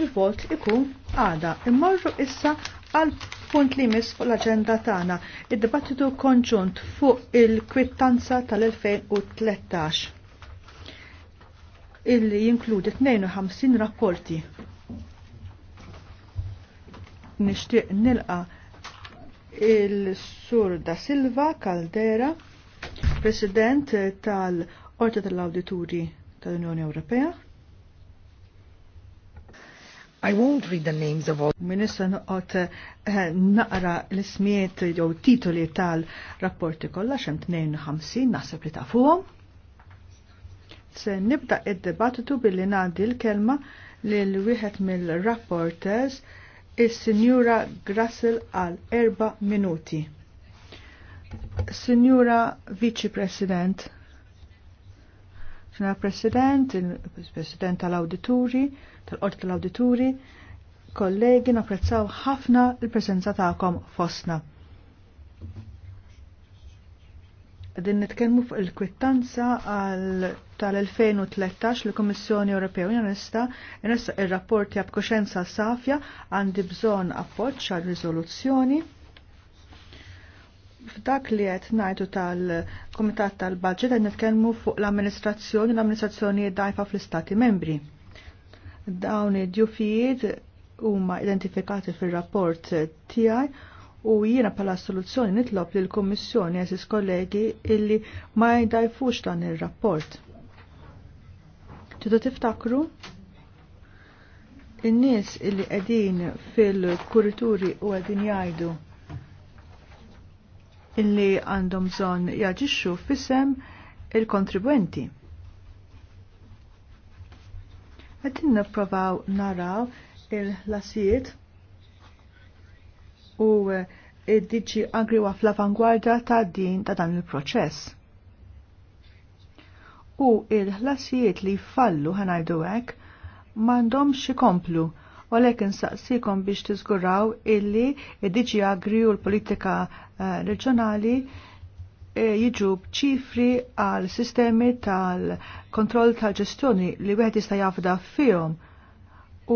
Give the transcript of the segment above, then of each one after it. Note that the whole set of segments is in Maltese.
il-vot ikun għada. Immorru issa għal punt li mis fuq l-agenda tagħna id-dibattitu konġunt fuq il-kwittanza tal-2013 illi jinkludi 52 rapporti. Nixtieq nilqa il-Sur da Silva Caldera, President tal-Orta tal-Awdituri tal-Unjoni Ewropea I won't read the names of all. Ministra noqot eh, naqra l-ismiet jew titoli tal-rapporti kollha xem 52 naħseb li tafuhom. Se nibda id-dibattitu billi ngħaddi l-kelma lil wieħed mill-rapporters is-Sinjura Grassel għal erba minuti. Sinjura Vice President, Sinjura President, il-President tal-Awdituri, tal-Qorti tal-Awdituri, kollegi napprezzaw ħafna il-presenza tagħkom fostna. Din nitkellmu fuq il-kwittanza tal-2013 l kummissjoni Ewropea Unjonista nista ir rapporti għab koxenza safja għandi bżonn appoġġ għal riżoluzzjoni. F'dak li qed ngħidu tal-Kumitat tal-Budget qed nitkellmu fuq l-amministrazzjoni l-amministrazzjoni dajfa fl-Istati Membri Dawn id-djufijiet huma identifikati fir-rapport tiegħi u jiena pala soluzzjoni nitlob li l-Kommissjoni eżis kollegi illi ma jdajfux dan il-rapport. Tidu tiftakru? In-nies illi qegħdin fil-kurituri u qegħdin jgħidu illi għandhom bżonn jaġixxu fisem il-kontribwenti. Għadin nipprovaw naraw il-lasijiet u eh, id-diġi agri wa fl-avangwarda ta' din ta' dan il-proċess. U il-ħlasijiet li fallu ħanajdu hekk m'għandhomx ikomplu u lekin saqsikom biex tiżguraw illi id-diġi agri u l-politika eh, reġjonali E, jiġu b'ċifri għal sistemi tal-kontroll tal-ġestjoni li wieħed jista' jafda fihom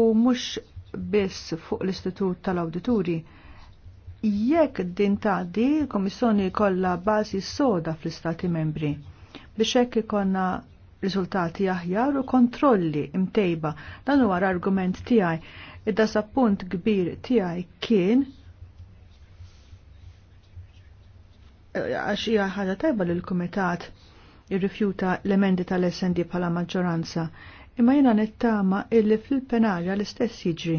u mhux biss fuq l-Istitut tal-Awdituri. Jekk din tgħaddi, l-Komissjoni kollha bażi soda fl-Istati membri biex hekk ikonna riżultati aħjar u kontrolli imtejba. Dan huwa l-argument tiegħi. Id-dasappunt kbir tiegħi kien għax hija ħaġa tajba l kumitat jirrifjuta l-emendi tal-SND bħala maġġoranza, imma jiena nittama illi fil-penarja l-istess jiġri.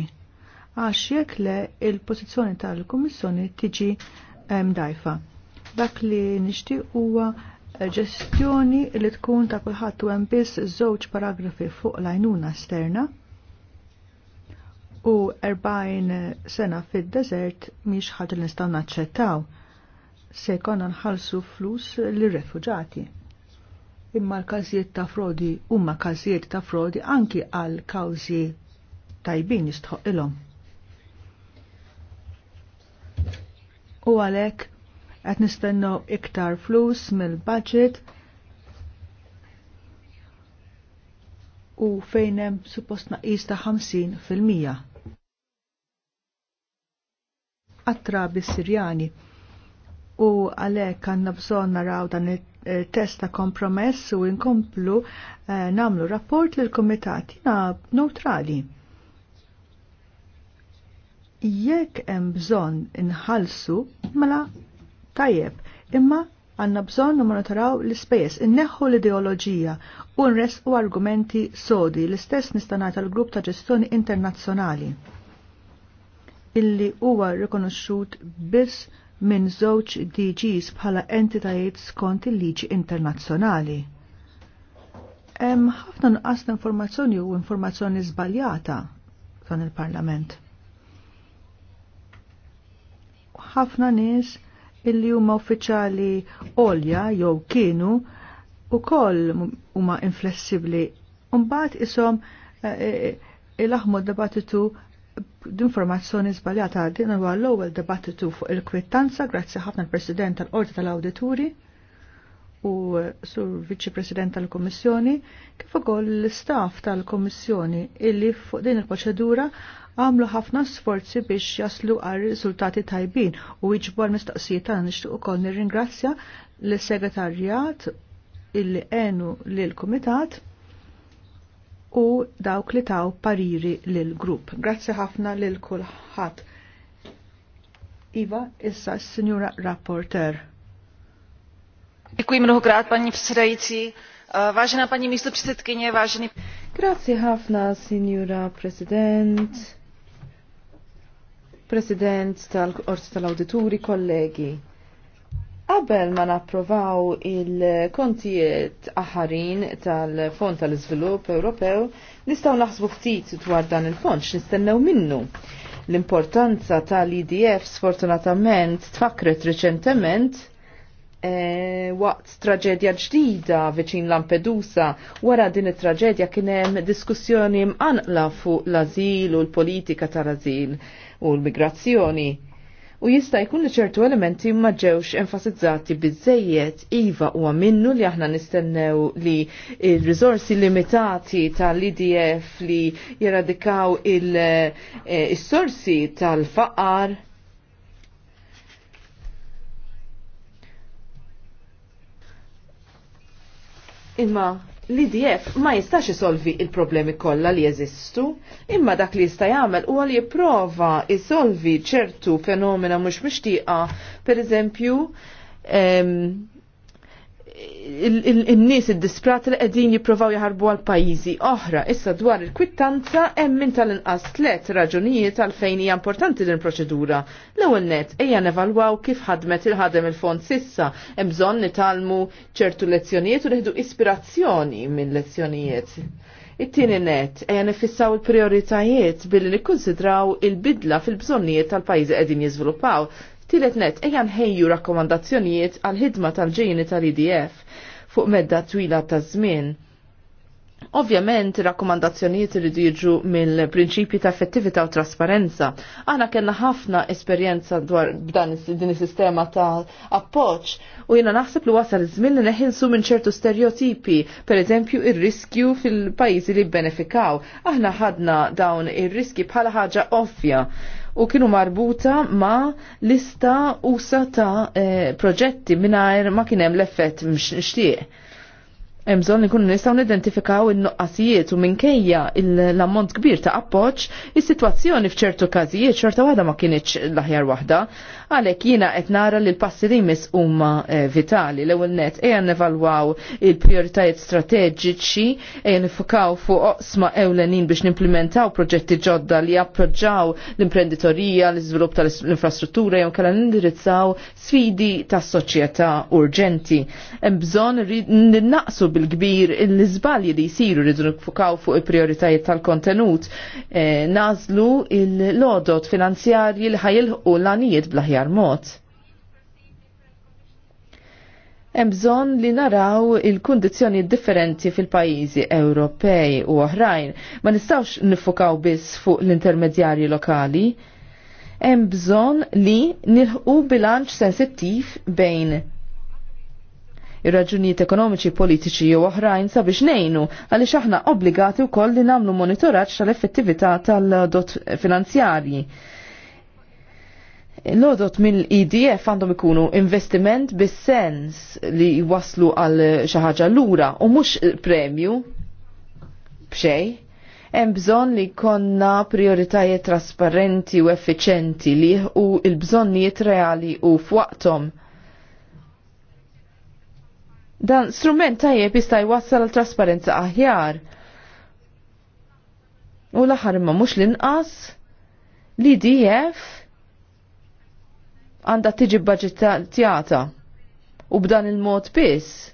Għax jekk le il-pożizzjoni tal-Kummissjoni tiġi mdajfa. Dak li nixtieq huwa ġestjoni li tkun ta' kulħadd u hemm biss żewġ paragrafi fuq l-għajnuna esterna u 40 sena fid-deżert miex ħaġa li nistgħu naċċettaw se jkollna nħallsu flus lir-refuġati. Imma l-każijiet ta' frodi huma każijiet ta' frodi anki għal kawżi tajbin jistħoq ilhom. U għalhekk qed nistennew iktar flus mill-budget u fejn hemm suppost naqis ta' 50 fil-mija. Attra bis-Sirjani u għalhekk għandna bżonn naraw dan it-test ta' kompromess u nkomplu eh, namlu rapport l kumitat jina neutrali. Jekk hemm bżonn inħallsu mela tajjeb, imma għanna bżon monitoraw l-ispejjeż, inneħħu l-ideoloġija u nres u argumenti sodi l-istess nistanat tal grupp ta' ġestjoni internazzjonali illi huwa rikonoxxut biss minn żewġ DGs bħala entitajiet skont il-liġi internazzjonali. Hemm ħafna nqas informazzjoni u informazzjoni żbaljata dan il-Parlament. Ħafna nies illi huma uffiċjali olja jew kienu ukoll huma inflessibbli. Mbagħad ishom eh, eh, il-aħmod dibattitu d-informazzjoni zbaljata din huwa l-ewwel dibattitu fuq il-kwittanza grazzi ħafna l-President tal-Qorti tal-Awdituri u sur Viċi President tal kummissjoni kif ukoll l-staff tal kummissjoni illi fuq din il-proċedura għamlu ħafna sforzi biex jaslu għal riżultati tajbin u iġbu għal mistaqsijiet tagħna nixtieq ukoll nirringrazzja l-Segretarjat illi għenu lil-Kumitat u dawk li taw pariri lil grupp. Grazzi ħafna lil kulħadd. Iva, issa s-Sinjura Rapporter. Děkuji mnohokrát, paní předsedající. Vážená paní místo předsedkyně, vážený... Grazie ħafna, Signora President, President tal-Orz tal-Auditori, kollegi. Qabel ma napprovaw il-kontijiet aħarin tal-Fond tal-Iżvilupp Ewropew, nistgħu naħsbu ftit dwar dan il-fond x'nistennew minnu. L-importanza tal-IDF sfortunatament tfakret riċentement e, waqt traġedja ġdida viċin Lampedusa wara din it-traġedja kien hemm diskussjoni mqanqla fuq l-azil u l-politika tal-azil u l-migrazzjoni u jista' jkun li ċertu elementi ma ġewx enfasizzati biżejjed iva huwa minnu li aħna nistennew li il-riżorsi limitati tal-IDF li jeradikaw il-sorsi eh, tal-faqar imma l-IDF ma jistax isolvi il-problemi kollha li jeżistu, imma dak li jista' jagħmel huwa li jipprova isolvi ċertu fenomena mhux mixtieqa, pereżempju, il-nies id disprat li qegħdin jippruvaw jaħarbu għal pajjiżi oħra. Issa dwar il-kwittanza hemm tal-inqas tliet raġunijiet għalfejn hija importanti din proċedura. L-ewwel net ejja nevalwaw kif ħadmet il-ħadem il-fond sissa, hemm bżonn nitalmu ċertu lezzjonijiet u neħdu ispirazzjoni minn lezzjonijiet. It-tieni net ejja nifissaw il-prioritajiet billi nikkunsidraw il-bidla fil-bżonnijiet tal-pajjiżi qegħdin jiżviluppaw Tillet net, eja nħejju rakkomandazzjonijiet għal ħidma tal-ġejni tal-IDF fuq medda twila ta' żmien. Ovvjament, rakkomandazzjonijiet irridu jiġu mill-prinċipji ta' effettività u trasparenza. Aħna kellna ħafna esperjenza dwar b'dan din is-sistema ta' appoġġ u jiena naħseb li wasal iż-żmien li neħinsu minn ċertu stereotipi, pereżempju ir-riskju fil-pajjiżi li benefikaw. Aħna ħadna dawn ir-riski bħala ħaġa ovvja u kienu marbuta ma lista usa ta' eh, proġetti mingħajr ma kien hemm l-effett mxtieq. Hemm bżonn li nkunu nistgħu nidentifikaw in-nuqqasijiet u minkejja l-ammont kbir ta' appoġġ, is-sitwazzjoni f'ċertu każijiet xorta waħda ma kienieċ l-aħjar waħda. Għalhekk jiena qed nara li l-passi li jmiss huma eh, vitali. L-ewwel net ejja nevalwaw il-prijoritajiet strateġiċi, għan nifukaw fuq oqsma ewlenin biex nimplementaw proġetti ġodda li jappoġġaw l-imprenditorija, l-iżvilupp tal-infrastruttura jew kellha nindirizzaw sfidi tas-soċjetà urġenti. Hemm bżonn naqsu bil-kbir l-iżbalji li jsiru rridu nifukaw fuq il-prioritajiet tal-kontenut. Eh, nażlu il-lodot finanzjarji li ħajilħu l-għanijiet blaħjar blaħjar mod. Hemm bżonn li naraw il-kundizzjoni differenti fil-pajjiżi Ewropej u oħrajn. Ma nistgħux nifukaw biss fuq l-intermedjarji lokali. Hemm bżonn li nilħu bilanċ sensittiv bejn ir-raġunijiet ekonomiċi, politiċi u oħrajn sabiex nejnu għaliex aħna obbligati wkoll li nagħmlu monitoraġġ tal-effettività tal-dot finanzjarji. L-odot mill-IDF għandhom ikunu investiment bis-sens li waslu għal xaħġa l-ura u mux premju bxej. Hemm bżonn li konna prioritajiet trasparenti u effiċenti li u l-bżonnijiet reali u f'waqthom. Dan strument tajjeb jista' jwassal għal trasparenza aħjar. U l-aħħar imma mhux l-inqas l-IDF e għanda tiġi budgetata u b'dan il-mod biss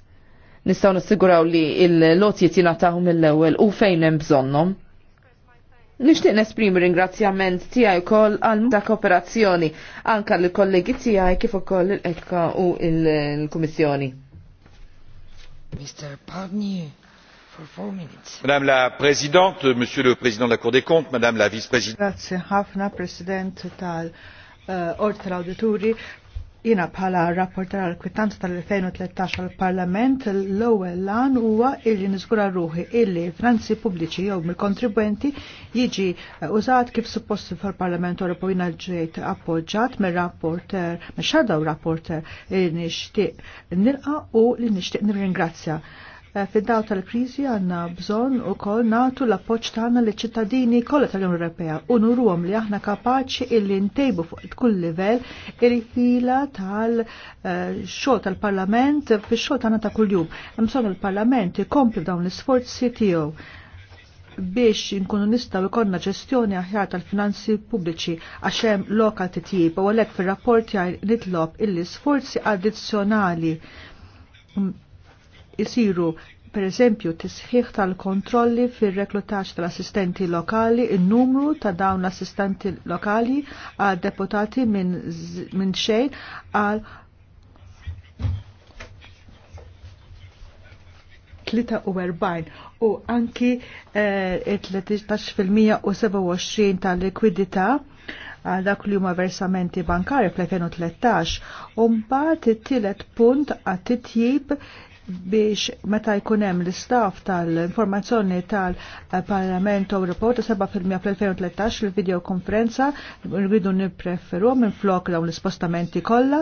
nistgħu nassiguraw li l-lotjiet jingħataw mill-ewwel u fejn hemm bżonnhom. Nixtieq nesprimi ringrazzjament tiegħi wkoll għal ta' kooperazzjoni anke lill kollegi tiegħi kif ukoll il-ekka u l-Kummissjoni. Mr. Pagni, Madame la Présidente, Monsieur le Président de la Cour des comptes, Madame la Vice-Présidente. Grazie, ħafna President tal Eh, orti l-awdituri jina bħala rapporter għal kwittanza tal-2013 għal parlament l-ewwel lan huwa illi niżgura ruħi illi finanzi pubbliċi jew mill-kontribwenti jiġi eh, użat kif suppost fil-Parlament Ewropew jiena ġejt appoġġat mir-rapporter mix-shadow rapporter li eh, nixtieq nilqa' u li nixtieq nirringrazzja Eh, fid-daw tal-kriżi għandna bżonn ukoll nagħtu l-appoġġ tagħna liċ ċittadini kollha tal-Unjoni Ewropea u nurhom li aħna kapaċi illi ntejbu fuq kull livell il-fila tal-xogħol eh, tal-Parlament fix-xogħol tagħna ta' kuljum. Hemm bżonn il-Parlament jikompli dawn l-isforzi tiegħu biex inkunu nistaw ikonna ġestjoni aħjar tal-finanzi pubbliċi għaxem lokal titjib u għalek fil-rapport jgħaj nitlob illi sforzi addizzjonali isiru per eżempju tisħiħ tal-kontrolli fir reklutaċ tal-assistenti lokali, in numru ta' dawn l-assistenti lokali għal deputati minn xejn għal 43 u anki eh, 13% u 27 tal-likwidità għal dak li huma versamenti bankari fl-2013 u mbagħad it-tielet punt għat titjib biex meta jkun hemm l-istaff tal-informazzjoni tal-Parlament Ewropew ta' 7 fil-2013 l videokonferenza rridu nippreferu minn flok dawn l-ispostamenti kollha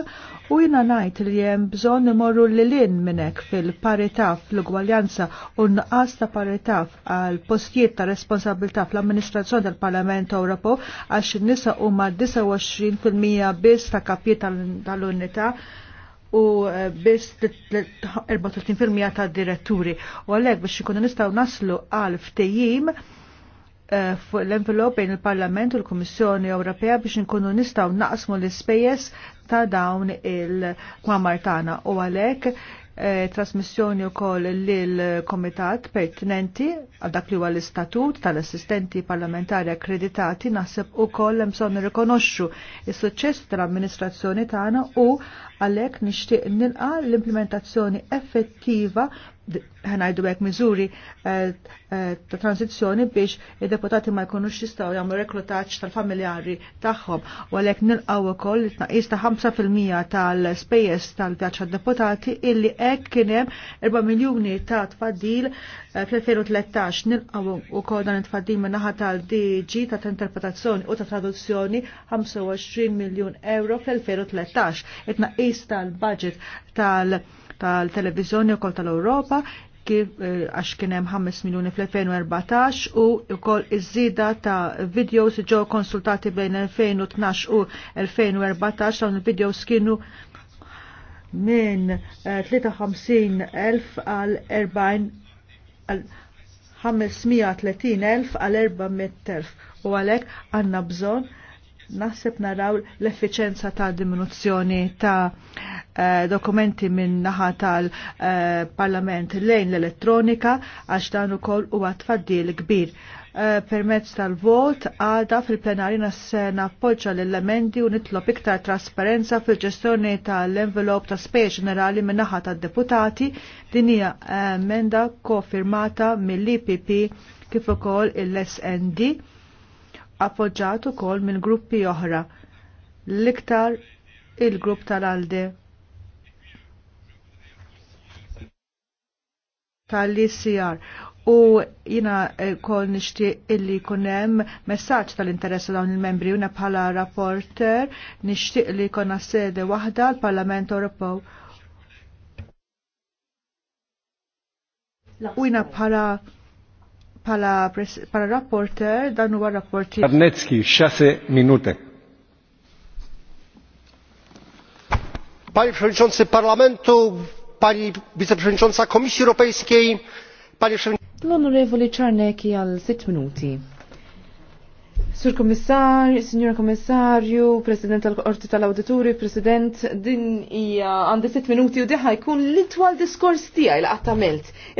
u jiena ngħid li hemm bżonn imorru lilin minn hekk fil-parità fl-ugwaljanza u nqas ta' parità għal postijiet ta' responsabilità fl-amministrazzjoni tal-Parlament Ewropew għax nisa huma 29% biss ta' kapji tal-unità tal unità u eh, biss 34% ta' diretturi. U għalhekk biex ikunu nistgħu naslu għal ftejim eh, fuq l-envelop bejn il-Parlament u l-Kummissjoni Ewropea biex nkunu nistgħu naqsmu l-ispejjeż ta' dawn il-kwamar tagħna u għalhekk eh, trasmissjoni u koll l-komitat pertinenti għal dak li huwa l-istatut tal-assistenti parlamentari akkreditati naħseb u koll hemm bżonn rikonoxxu il suċċess tal-amministrazzjoni tagħna u Għalhekk nixtieq ninqa l-implementazzjoni effettiva ħanajdu għek miżuri eh, eh, ta' transizjoni biex il-deputati ma' jkunux jistaw jgħamlu reklutaċ tal-familjari tagħhom u għalhekk nilqaw ukoll it-tnaqqis ta' 5% tal-spejjeż tal-vjaġġ deputati illi hekk kien hemm 4 miljuni ta' tfaddil eh, fl-2013 u ukoll dan it-tfaddil min-naħa tal-DG ta' interpretazzjoni u ta' traduzzjoni 25 miljun euro fl-2013. it tnaqis tal-budget tal-televizjoni wkoll tal-Ewropa kif eh, għax kien hemm 5 miljuni fl-2014 u kol iż żida ta' videos ġew konsultati bejn 2012 u 2014 dawn il-videos kienu minn 53,000 eh, għal 40 530,000 għal 400,000 u għalek għanna bżon naħseb naraw l-effiċenza ta' diminuzzjoni ta' eh, dokumenti minn naħa tal-Parlament eh, lejn l-elettronika għax dan ukoll huwa tfaddil kbir. Eh, permezz tal-vot għada fil-plenari nas-sena appoġġa l-elementi u nitlob iktar trasparenza fil-ġestjoni tal-envelop ta' spej ġenerali minn naħa tad-deputati din hija emenda kofirmata mill-IPP kif ukoll il-SND appoġġat ukoll minn gruppi oħra l-iktar il-grupp tal-Alde tal-ICR u jina eh, kol nishtiq illi kunem messaċ tal-interess dawn il-membri una bħala rapporter nishtiq li kuna sede wahda l-Parlament Ewropew. U jina bħala pala, pala rapporter dan huwa rapporti. Arnetski, xase minute. Panie Przewodniczący Parlamentu, Pani Wiceprzewodnicząca Komisji Europejskiej, Panie Przewodniczący... l Czarnecki għal 6 minuti. Sur Komissar, Signor Kommissarju, President tal-Qorti tal-Awdituri, President, din hija għandi sitt minuti u diħa jkun l-itwal diskors tiegħi li qatt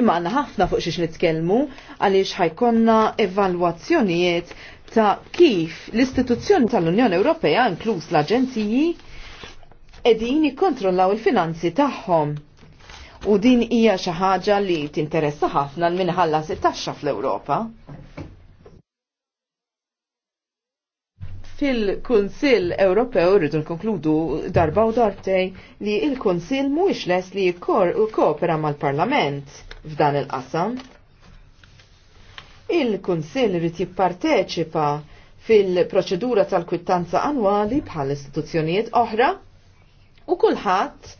Imma għandna ħafna fuq xiex nitkellmu għaliex ħajkonna evalwazzjonijiet ta' kif l-istituzzjoni tal-Unjoni Ewropea, inkluż l-Aġenziji, edin jikkontrollaw il-finanzi tagħhom. U din hija xi ħaġa li tinteressa ħafna l minħalla it-taxxa fl-Ewropa. Fil-Kunsill Ewropew rridu nkonkludu darba u darbtej li il-Kunsill mhuwiex les li koopera mal-Parlament f'dan il-qasam. Il-Kunsill rrid jipparteċipa fil-proċedura tal-kwittanza annwali bħal istituzzjonijiet oħra u kulħadd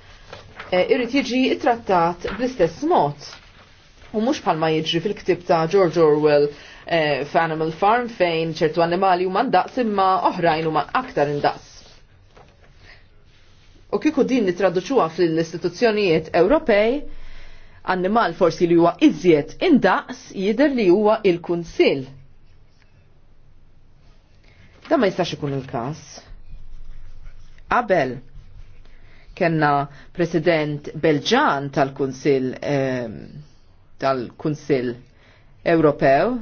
e, irrid jiġi trattat bl-istess mod. U mhux bħalma jiġri fil-ktib ta' George Orwell Eh, f'Animal Farm fejn ċertu annimali huma ndaqs imma oħrajn huma aktar indaqs. U kieku din nitraduċuha fl-istituzzjonijiet Ewropej, annimal forsi li huwa iżjed indaqs jidher li huwa il-Kunsill. Da ma jistax ikun il-każ. Qabel kenna President Belġan tal-Kunsill eh, tal-Kunsill Ewropew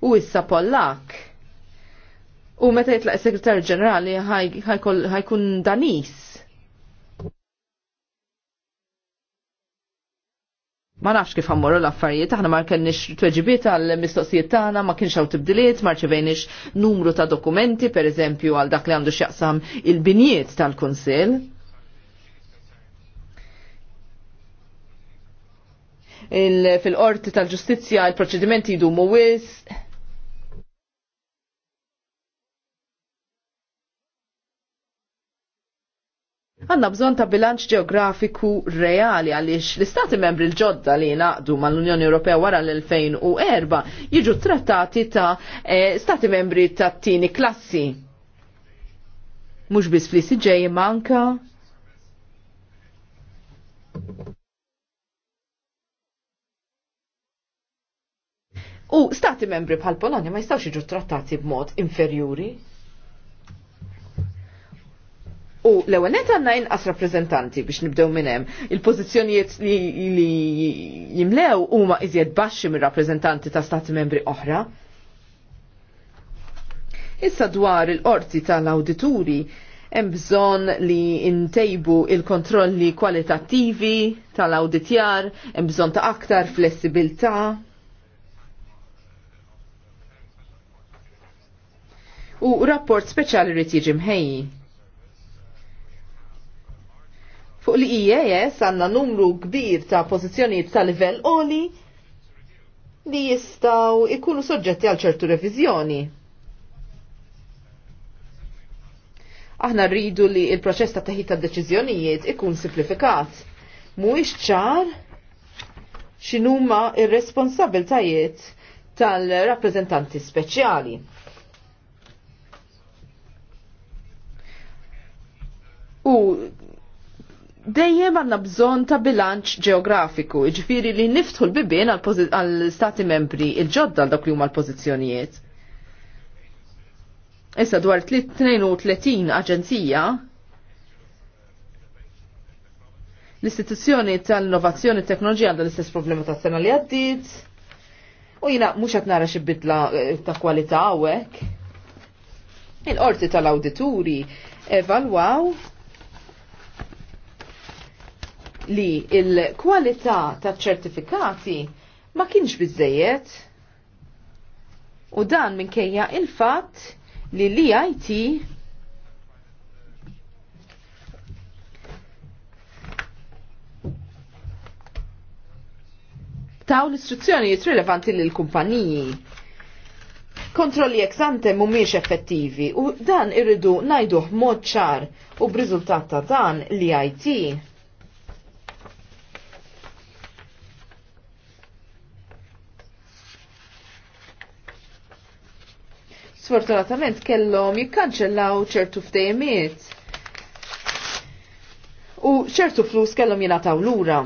u issa Pollak. U meta jitlaq segretar ġenerali ħajkun Danis. Ma nafx kif ħammorru l-affarijiet, aħna ma kenniex tweġibiet għall mistoqsijiet tagħna, ma kienx hawn tibdiliet, ma rċevejniex numru ta' dokumenti, pereżempju għal dak li għandu x'jaqsam il-binjiet tal-Kunsill. Il binjiet tal kunsill tal-ġustizzja il-proċedimenti jdumu wis. għanna bżon ta' bilanċ ġeografiku reali għaliex l-istati membri l-ġodda li naqdu mal-Unjoni Ewropea wara l-2004 jiġu trattati ta' eh, stati membri ta' tini klassi. Mux bis fl ġej manka U stati membri bħal Polonja ma jistawx jiġu trattati b'mod inferjuri. U l-ewwel net għandna inqas rappreżentanti biex nibdew minn hemm. Il-pożizzjonijiet li, li jimlew huma iżjed baxxi minn rappreżentanti ta' stati membri oħra. Issa dwar il-qorti tal-awdituri hemm bżonn li ntejbu il-kontrolli kwalitattivi tal-awditjar, hemm bżonn ta' aktar flessibilità. U rapport speċjali rrid jiġi mħejji Fuq li IES għanna numru kbir ta' pozizjonijiet ta' livell oli li jistaw ikunu soġġetti għal ċertu reviżjoni. Aħna rridu li il-proċess ta' taħit ta' deċiżjonijiet ikun simplifikat. Mhuwiex ċar x'inhuma ir-responsabiltajiet tal-rappreżentanti speċjali. U dejjem għanna bżon ta' bilanċ ġeografiku, ġifiri li niftħu l-bibien għal-stati membri il-ġodda l dak li huma l-pozizjonijiet. Issa dwar 32 aġenzija, l-istituzzjoni tal-innovazzjoni e teknoloġija għandha l-istess problema ta' sena li għaddit, u jina mux għat nara xibbitla eh, ta' kwalità għawek. Il-qorti tal-awdituri evalwaw li il-kwalità taċ ċertifikati ma kienx biżejjed u dan minkejja il-fatt li l-IT taw l-istruzzjonijiet rilevanti l kumpaniji Kontrolli ex ante mumiex effettivi u dan irridu najduh mod ċar u b'riżultat ta' dan li e IT sfortunatament kellhom jikkanċellaw ċertu ftejmiet. U ċertu flus kellhom jingħataw lura.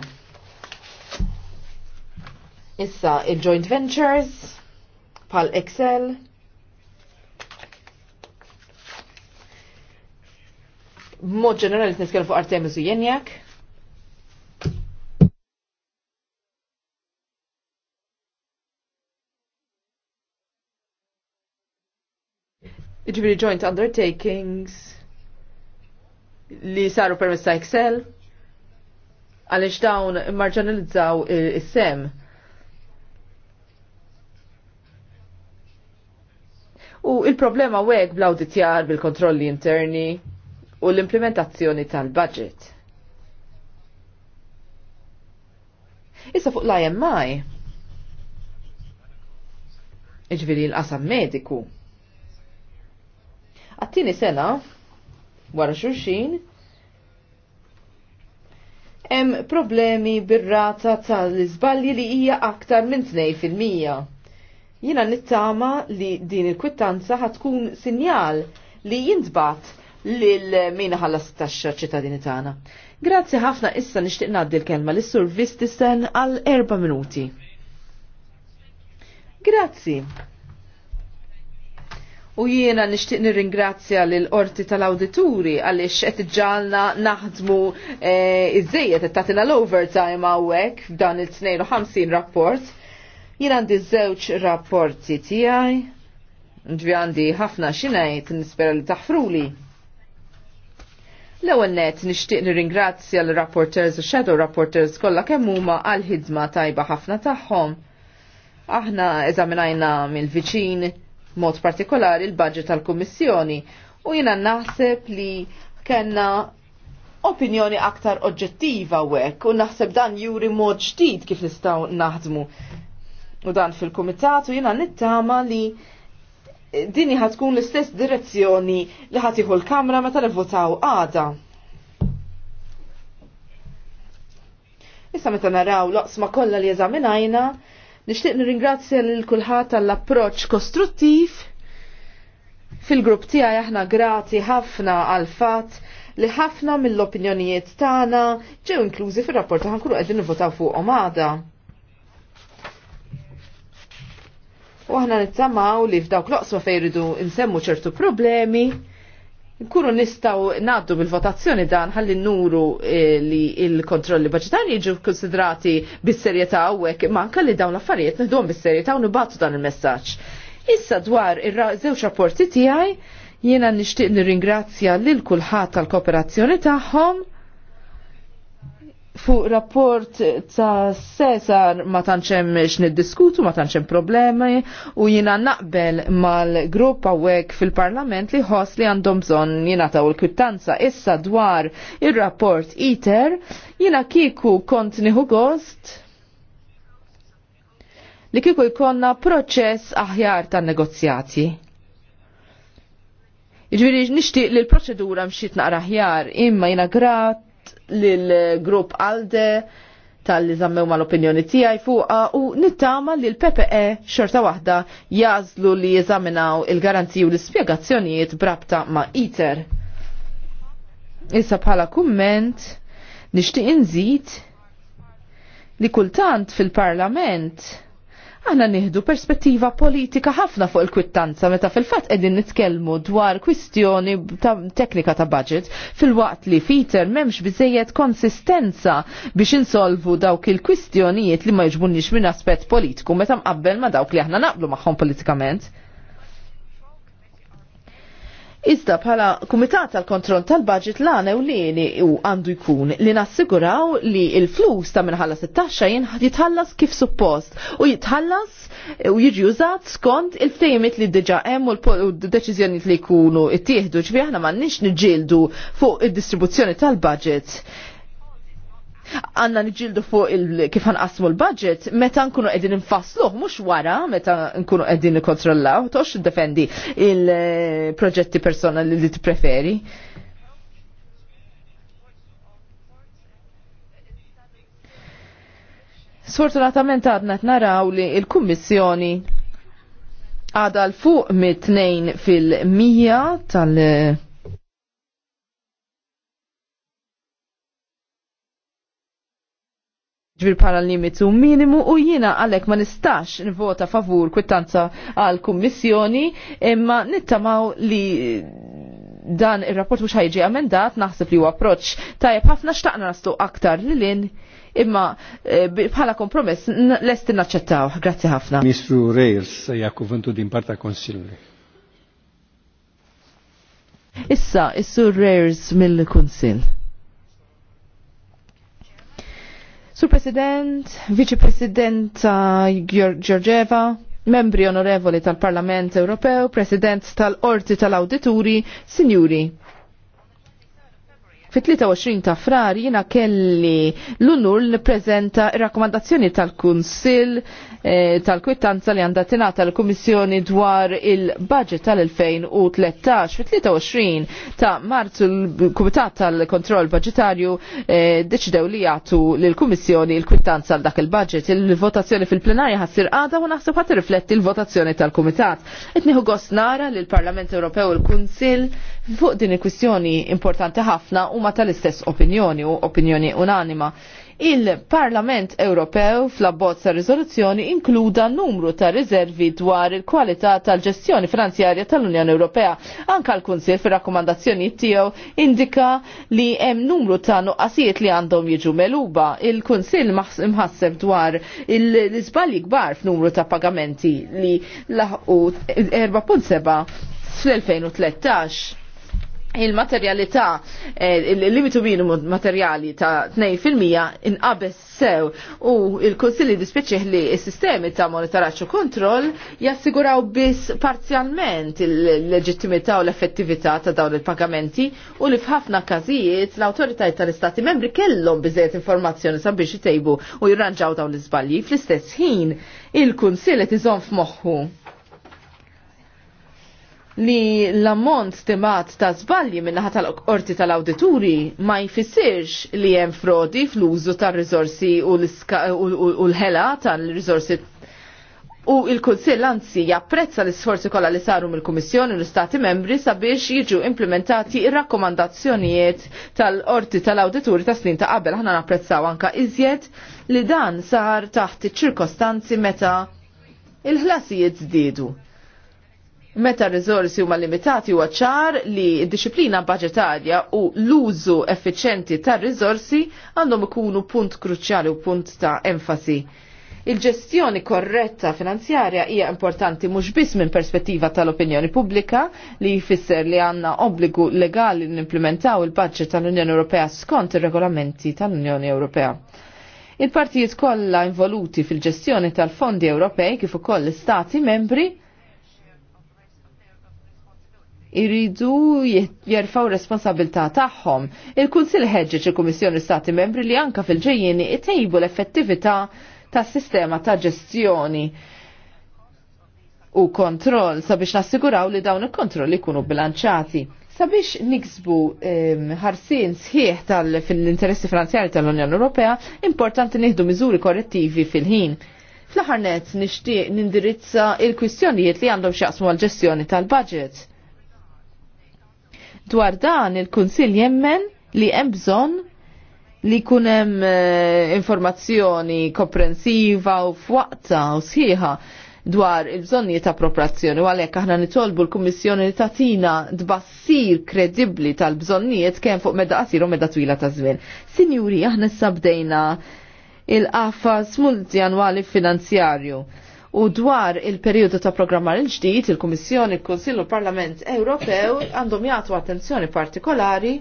Issa il-joint ventures pal Excel. Mod ġenerali nitkellem fuq Artemis u Jenjak. ġviri joint undertakings li saru permessa ta' Excel għalix dawn marġanalizzaw eh, il sem U il-problema weg bl-auditjar bil-kontrolli interni u l-implementazzjoni tal-budget. Issa fuq l-IMI, iġviri l-qasam mediku, Għattini sena, wara xurxin, hemm problemi bir-rata tal-iżbalji li hija aktar minn 2%. Jiena nittama li din il-kwittanza ħatkun sinjal li jintbat lil min ħallas taxxa ċittadini tagħna. Grazzi ħafna issa nixtieq ngħaddi l-kelma lis sur Vistisen għal erba' minuti. Grazzi. U jiena nixtieq nirringrazzja lil qorti tal-awdituri għaliex qed iġalna naħdmu eh, iżejjed qed tagħtina l-overtime hawnhekk f'dan il-52 rapport. Jiena għandi żewġ rapporti tiegħi. Ġvi għandi ħafna xinajt nispera li taħfruli. L-ewwel net nixtieq nirringrazzja l-rapporters u shadow rapporters kollha kemm huma għall-ħidma tajba ħafna tagħhom. Aħna eżaminajna mill-viċin mod partikolari l budget tal-Kummissjoni u jina naħseb li kena opinjoni aktar oġġettiva wek u naħseb dan juri mod ġdid kif nistaw naħdmu. U dan fil-komitat u jina nittama li dini ħatkun l-istess direzzjoni li ħatiħu l-kamra meta nivvotaw għada. Issa meta naraw loqsma kollha li eżaminajna, Nixtieq nirringrazzja lil kulħadd għall approċċ kostruttiv fil-grupp tiegħi aħna grati ħafna għal fatt li ħafna mill-opinjonijiet tagħna ġew inklużi fir-rapport ta' ħankunu qegħdin nivvotaw fuq għada. U aħna nittamaw li f'dawk loqsma fejn insemmu nsemmu ċertu problemi nkunu nistaw naddu bil-votazzjoni dan ħalli nuru eh, li il-kontrolli budgetari jiġu konsidrati bis-serjetà hawnhekk ma li dawn l-affarijiet nieħduhom bis-serjetà u nibatu dan il-messaġġ. Issa dwar ir-żewġ rapporti tiegħi jiena nixtieq nirringrazzja lil kulħadd tal-kooperazzjoni tagħhom fuq rapport ta' Cesar ma tanċem niddiskutu, ma tanċem problemi u jina naqbel mal-grupp għawek fil-parlament li hos li għandhom bżon jina ta' l-kwittanza issa dwar il-rapport ITER jina kiku kont niħu gost li kiku jkonna proċess aħjar ta' negozjati. Iġviri nishtiq li l-proċedura mxiet naqra aħjar imma jina grat lil grupp ALDE tal-li zammew ma l-opinjoni tijaj fuqa u nittama li l-PPE xorta wahda jazlu li jizaminaw il-garanziju u l-spiegazzjonijiet brabta ma ITER. Issa bħala kumment nishtiq inżid li kultant fil-parlament Għana nieħdu perspettiva politika ħafna fuq il-kwittanza meta fil-fatt qegħdin nitkellmu dwar kwistjoni ta' teknika ta' budget fil-waqt li fiter m'hemmx biżejjed konsistenza biex insolvu dawk il-kwistjonijiet li ma jġbunniex minn aspett politiku meta mqabbel ma dawk li aħna naqblu magħhom politikament. Iżda bħala kumitat tal-kontroll tal-budget l-għana u li u għandu jkun li nassiguraw li il-flus ta' minħallas it-taxxa jitħallas kif suppost u jitħallas u jiġi użat skont il-ftejmit li d-deġa hemm u l-deċiżjonijiet li jkunu ittieħdu ġbi aħna m'għandniex nġildu fuq id-distribuzzjoni tal-budget għanna nġildu fuq kif għanqasmu l-budget, meta nkunu għedin nfasluħ, mux wara, meta nkunu edin nikontrollaw, tox defendi il-proġetti personali li t-preferi. Sfortunatament għadna t-naraw li il-Kummissjoni għada l-fuq mit-2 fil-100 tal- ġbir pala limitu minimu u jina għalek ma nistax nivota favur kwittanza għal kummissjoni imma nittamaw li dan il-rapport mux ħajġi amendat naħseb li u approċ tajab ħafna xtaqna nastu aktar li l-in imma e, bħala kompromess l-estin naċċettaw. Grazzi ħafna. Ministru Reyes jakkuventu din parta konsilli. Issa, is-sur Reyes mill-Kunsil. Sur President, Vice President uh, Georgieva, membri onorevoli tal-Parlament Ewropew, President tal-Orti tal-Awdituri, Signuri. Fit-23 ta' frar jina kelli l-unur li prezenta rakkomandazzjoni tal-Kunsil eh, tal-kwittanza li għandha tingħata l-Kummissjoni dwar il-budget tal-2013. Fit-23 ta' Marzu l-Kumitat tal-Kontroll Budgetarju eh, deċidew li jagħtu lill-Kummissjoni l-kwittanza għal dak il-budget. Il-votazzjoni fil-plenarja ħassir għada u naħseb ħadd rifletti l-votazzjoni tal-Kumitat. Etniħu gost nara li l-Parlament Ewropew u l-Kunsil fuq din il-kwistjoni importanti ħafna huma tal-istess opinjoni u opinjoni unanima. Il-Parlament Ewropew fl-abbozz ta' riżoluzzjoni inkluda numru ta' riservi dwar il-kwalità tal-ġestjoni finanzjarja tal-Unjoni Ewropea. Anka l-Kunsil fir-rakkomandazzjonijiet tiegħu indika li hemm numru ta' nuqqasijiet li għandhom jiġu meluba. Il-Kunsil mħasseb dwar l-iżbalji kbar f'numru ta' pagamenti li laħqu 4.7 fl-2013 il-materjalità, eh, il-limitu minimu materjali ta' 2% inqabes sew u il-Konsilli dispieċeħ li s-sistemi ta' monitoraċ u kontroll jassiguraw biss parzjalment il-leġittimità u l-effettività ta' dawn il-pagamenti u li f'ħafna każijiet l-autoritajiet tal-Istati membri kellhom biżejjed informazzjoni sabiex jtejbu u jirranġaw dawn l-iżbalji fl-istess ħin il-Kunsill qed iżomm f'moħħu li l-ammont stimat ta' zbalji ħata tal-qorti tal-awdituri ma jfissirx li hemm frodi fl-użu tal-rizorsi u l-ħela tal-rizorsi u il-Kunsill anzi japprezza l-isforzi kollha li saru mill-Kummissjoni u l istati membri sabiex jiġu implementati ir-rakkomandazzjonijiet tal-qorti tal-awdituri ta' snin ta' qabel ħana napprezzaw anka iżjed li dan sar taħt iċ-ċirkostanzi meta il-ħlasijiet żdiedu Meta r-rizorsi huma limitati huwa ċar li d-disciplina budgetarja u l-użu effiċenti tar rizorsi għandhom ikunu punt kruċjali u punt ta' enfasi. Il-ġestjoni korretta finanzjarja hija importanti mhux biss minn perspettiva tal-opinjoni pubblika li jfisser li għandna obbligu legali nimplementaw il-budget tal-Unjoni Ewropea skont ir-regolamenti tal-Unjoni Ewropea. Il-partijiet kollha involuti fil-ġestjoni tal-fondi Ewropej kif ukoll l-istati membri iridu jerfaw responsabilità tagħhom. Il-Kunsil ħeġġeġ il-Kummissjoni Stati Membri li anka fil-ġejjeni it-tejbu l-effettività tas sistema ta' ġestjoni u kontroll sabiex nassiguraw li dawn il-kontrolli jkunu bilanċati. Sabiex niksbu ħarsin sħiħ tal-interessi finanzjari tal-Unjoni Ewropea, importanti nieħdu miżuri korrettivi fil-ħin. Fl-ħarnet nixtieq nindirizza il-kwistjonijiet li għandhom xaqsmu għal-ġestjoni tal-budget Dwar dan il-Kunsill jemmen li hemm bżonn li kunem eh, informazzjoni komprensiva u fwaqta u sħiħa dwar il-bżonni ta' proprazzjoni, u għalhekk aħna nitolbu l-Kummissjoni li tatina dbassir kredibbli tal-bżonnijiet kemm fuq medda qasir u medda twila ta' żmien. Sinjuri, aħna sabdejna bdejna il-qafas annwali finanzjarju. U dwar il-periodu ta' programmar il-ġdid, il-Kummissjoni, il konsillu u l-Parlament Ewropew għandhom jagħtu attenzjoni partikolari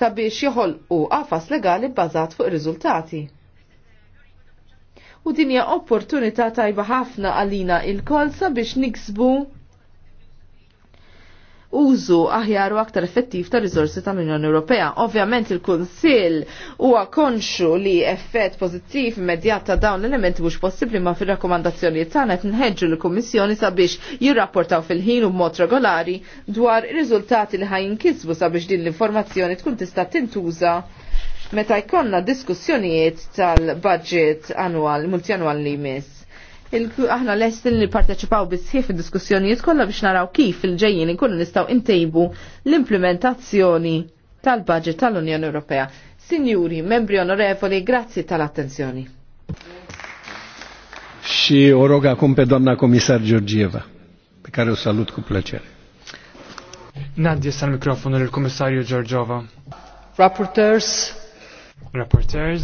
sabiex joħolqu għafas legali bbażat fuq ir-riżultati. U din hija opportunità tajba ħafna għalina il-kol sabiex niksbu użu aħjar u aktar effettiv ta' rizorsi tal-Unjoni Ewropea. Ovvjament il-Kunsill huwa konxu li effett pozittiv immedjat ta' dawn l-elementi mhux possibbli ma fir-rakkomandazzjonijiet tagħna qed nħeġġu l-Kummissjoni sabiex jirrapportaw fil-ħin u mod regolari dwar ir-riżultati li kisbu sabiex din l-informazzjoni tkun tista' tintuża meta jkollna diskussjonijiet tal-budget annwal multjanwal li jmiss aħna lest li parteċipaw bisħif id-diskussjonijiet kollha biex naraw kif il-ġejjin inkunu nistgħu intejbu l-implementazzjoni tal-budget tal-Unjoni Ewropea. Sinjuri, membri onorevoli, grazzi tal-attenzjoni. Xi oroga kumpe donna pe Giorgieva. comisar pe salut ku plăcere. Nadja sa mikrofonu l-komissarju Georgieva. Rapporteurs. Rapporteurs.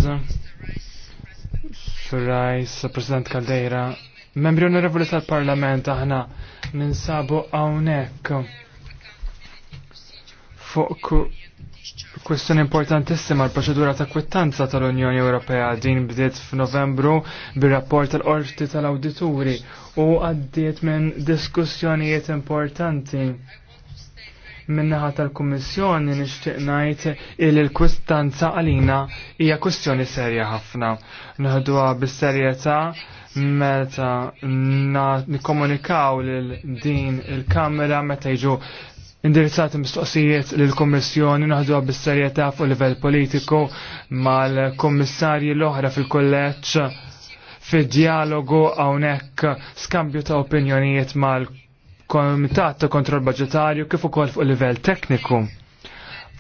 Rice, President Caldeira, membri onorevoli tal-Parlament, aħna minn sabu għawnek fuq kwestjon importantissima l-proċedura ta' kwittanza tal-Unjoni Ewropea din bdiet f'Novembru bir-rapport tal-Qorti tal-Awdituri u għaddiet minn diskussjonijiet importanti Minnaħa tal-Kummissjoni nixtieq ngħid il l-kwistanza għalina hija kwestjoni serja ħafna. Nħduha bis-serjetà meta nikkomunikaw lil din il-Kamra meta jiġu indirizzati mistoqsijiet lill kummissjoni naħduha bis-serjetà fuq livell politiku mal-kummissarji l-oħra fil-kolleġġ fid-dialogu hawnhekk skambju ta' opinjonijiet mal komitat ta' kontrol budgetarju kif ukoll fuq livell tekniku.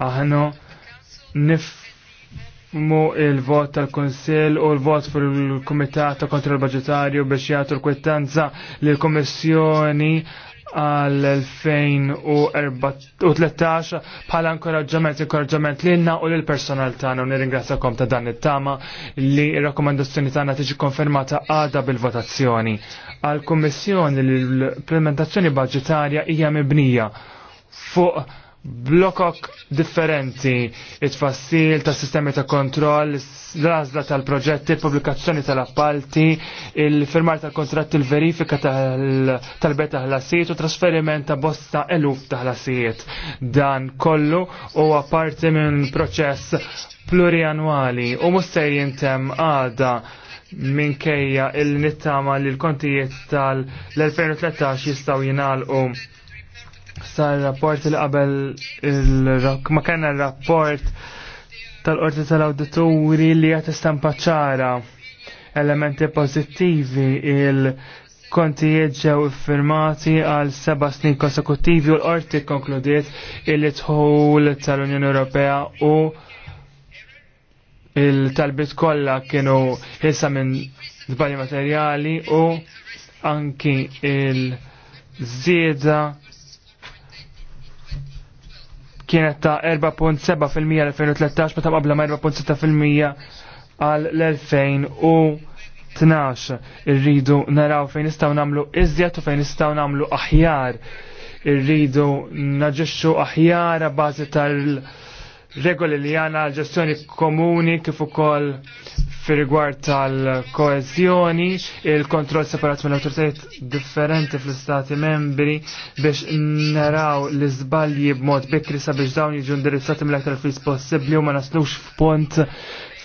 Aħna nifmu il-vot tal-Konsil u l-vot fuq il komitat ta' kontrol budgetarju biex jagħtu l-kwittanza lill kummissjoni għal 2013 bħala inkoraġġament inkoraġġament lilna u lil personal tagħna u nirringrazzakom ta' dan it-tama li r rakkomandazzjoni tagħna tiġi konfermata għada bil-votazzjoni għal kummissjoni li l-implementazzjoni budgetarja hija mibnija fuq blokok differenti, it-fassil ta' sistemi ta' kontroll, l-azla tal-proġetti, il-publikazzjoni tal-appalti, il-firmar tal-kontratti, il-verifika tal-beta tal ħlasijiet u trasferiment ta' bosta eluf ta' ħlasijiet. Dan kollu u parti minn proċess plurianwali u muster jintem għada minkejja il-nittama li l-kontijiet tal-2013 jistaw u sal rapport li qabel ma kena rapport tal-qorti tal auditori li għat istampa ċara elementi pozittivi il kontijiet ġew iffirmati għal seba snin konsekutivi u l-qorti konkludiet il-tħol tal-Unjoni Ewropea u il-talbit kollha kienu ħilsa minn żbalji materjali u anki il-żieda kienet ta' 4.7% l-2013 ta' qabla ma' 4.6% għal l-2012. Irridu naraw fejn nistgħu nagħmlu iżjed u fejn nistgħu nagħmlu aħjar. Irridu naġixxu aħjar a bażi tal- regoli li għana ġestjoni komuni kif ukoll fi rigward tal-koezjoni, il-kontroll separat minn autoritajiet differenti fl-istati membri biex naraw l iżbalji b'mod bikri sabiex dawn jiġu ndirizzati mill-aktar fis possibbli u ma naslux f'punt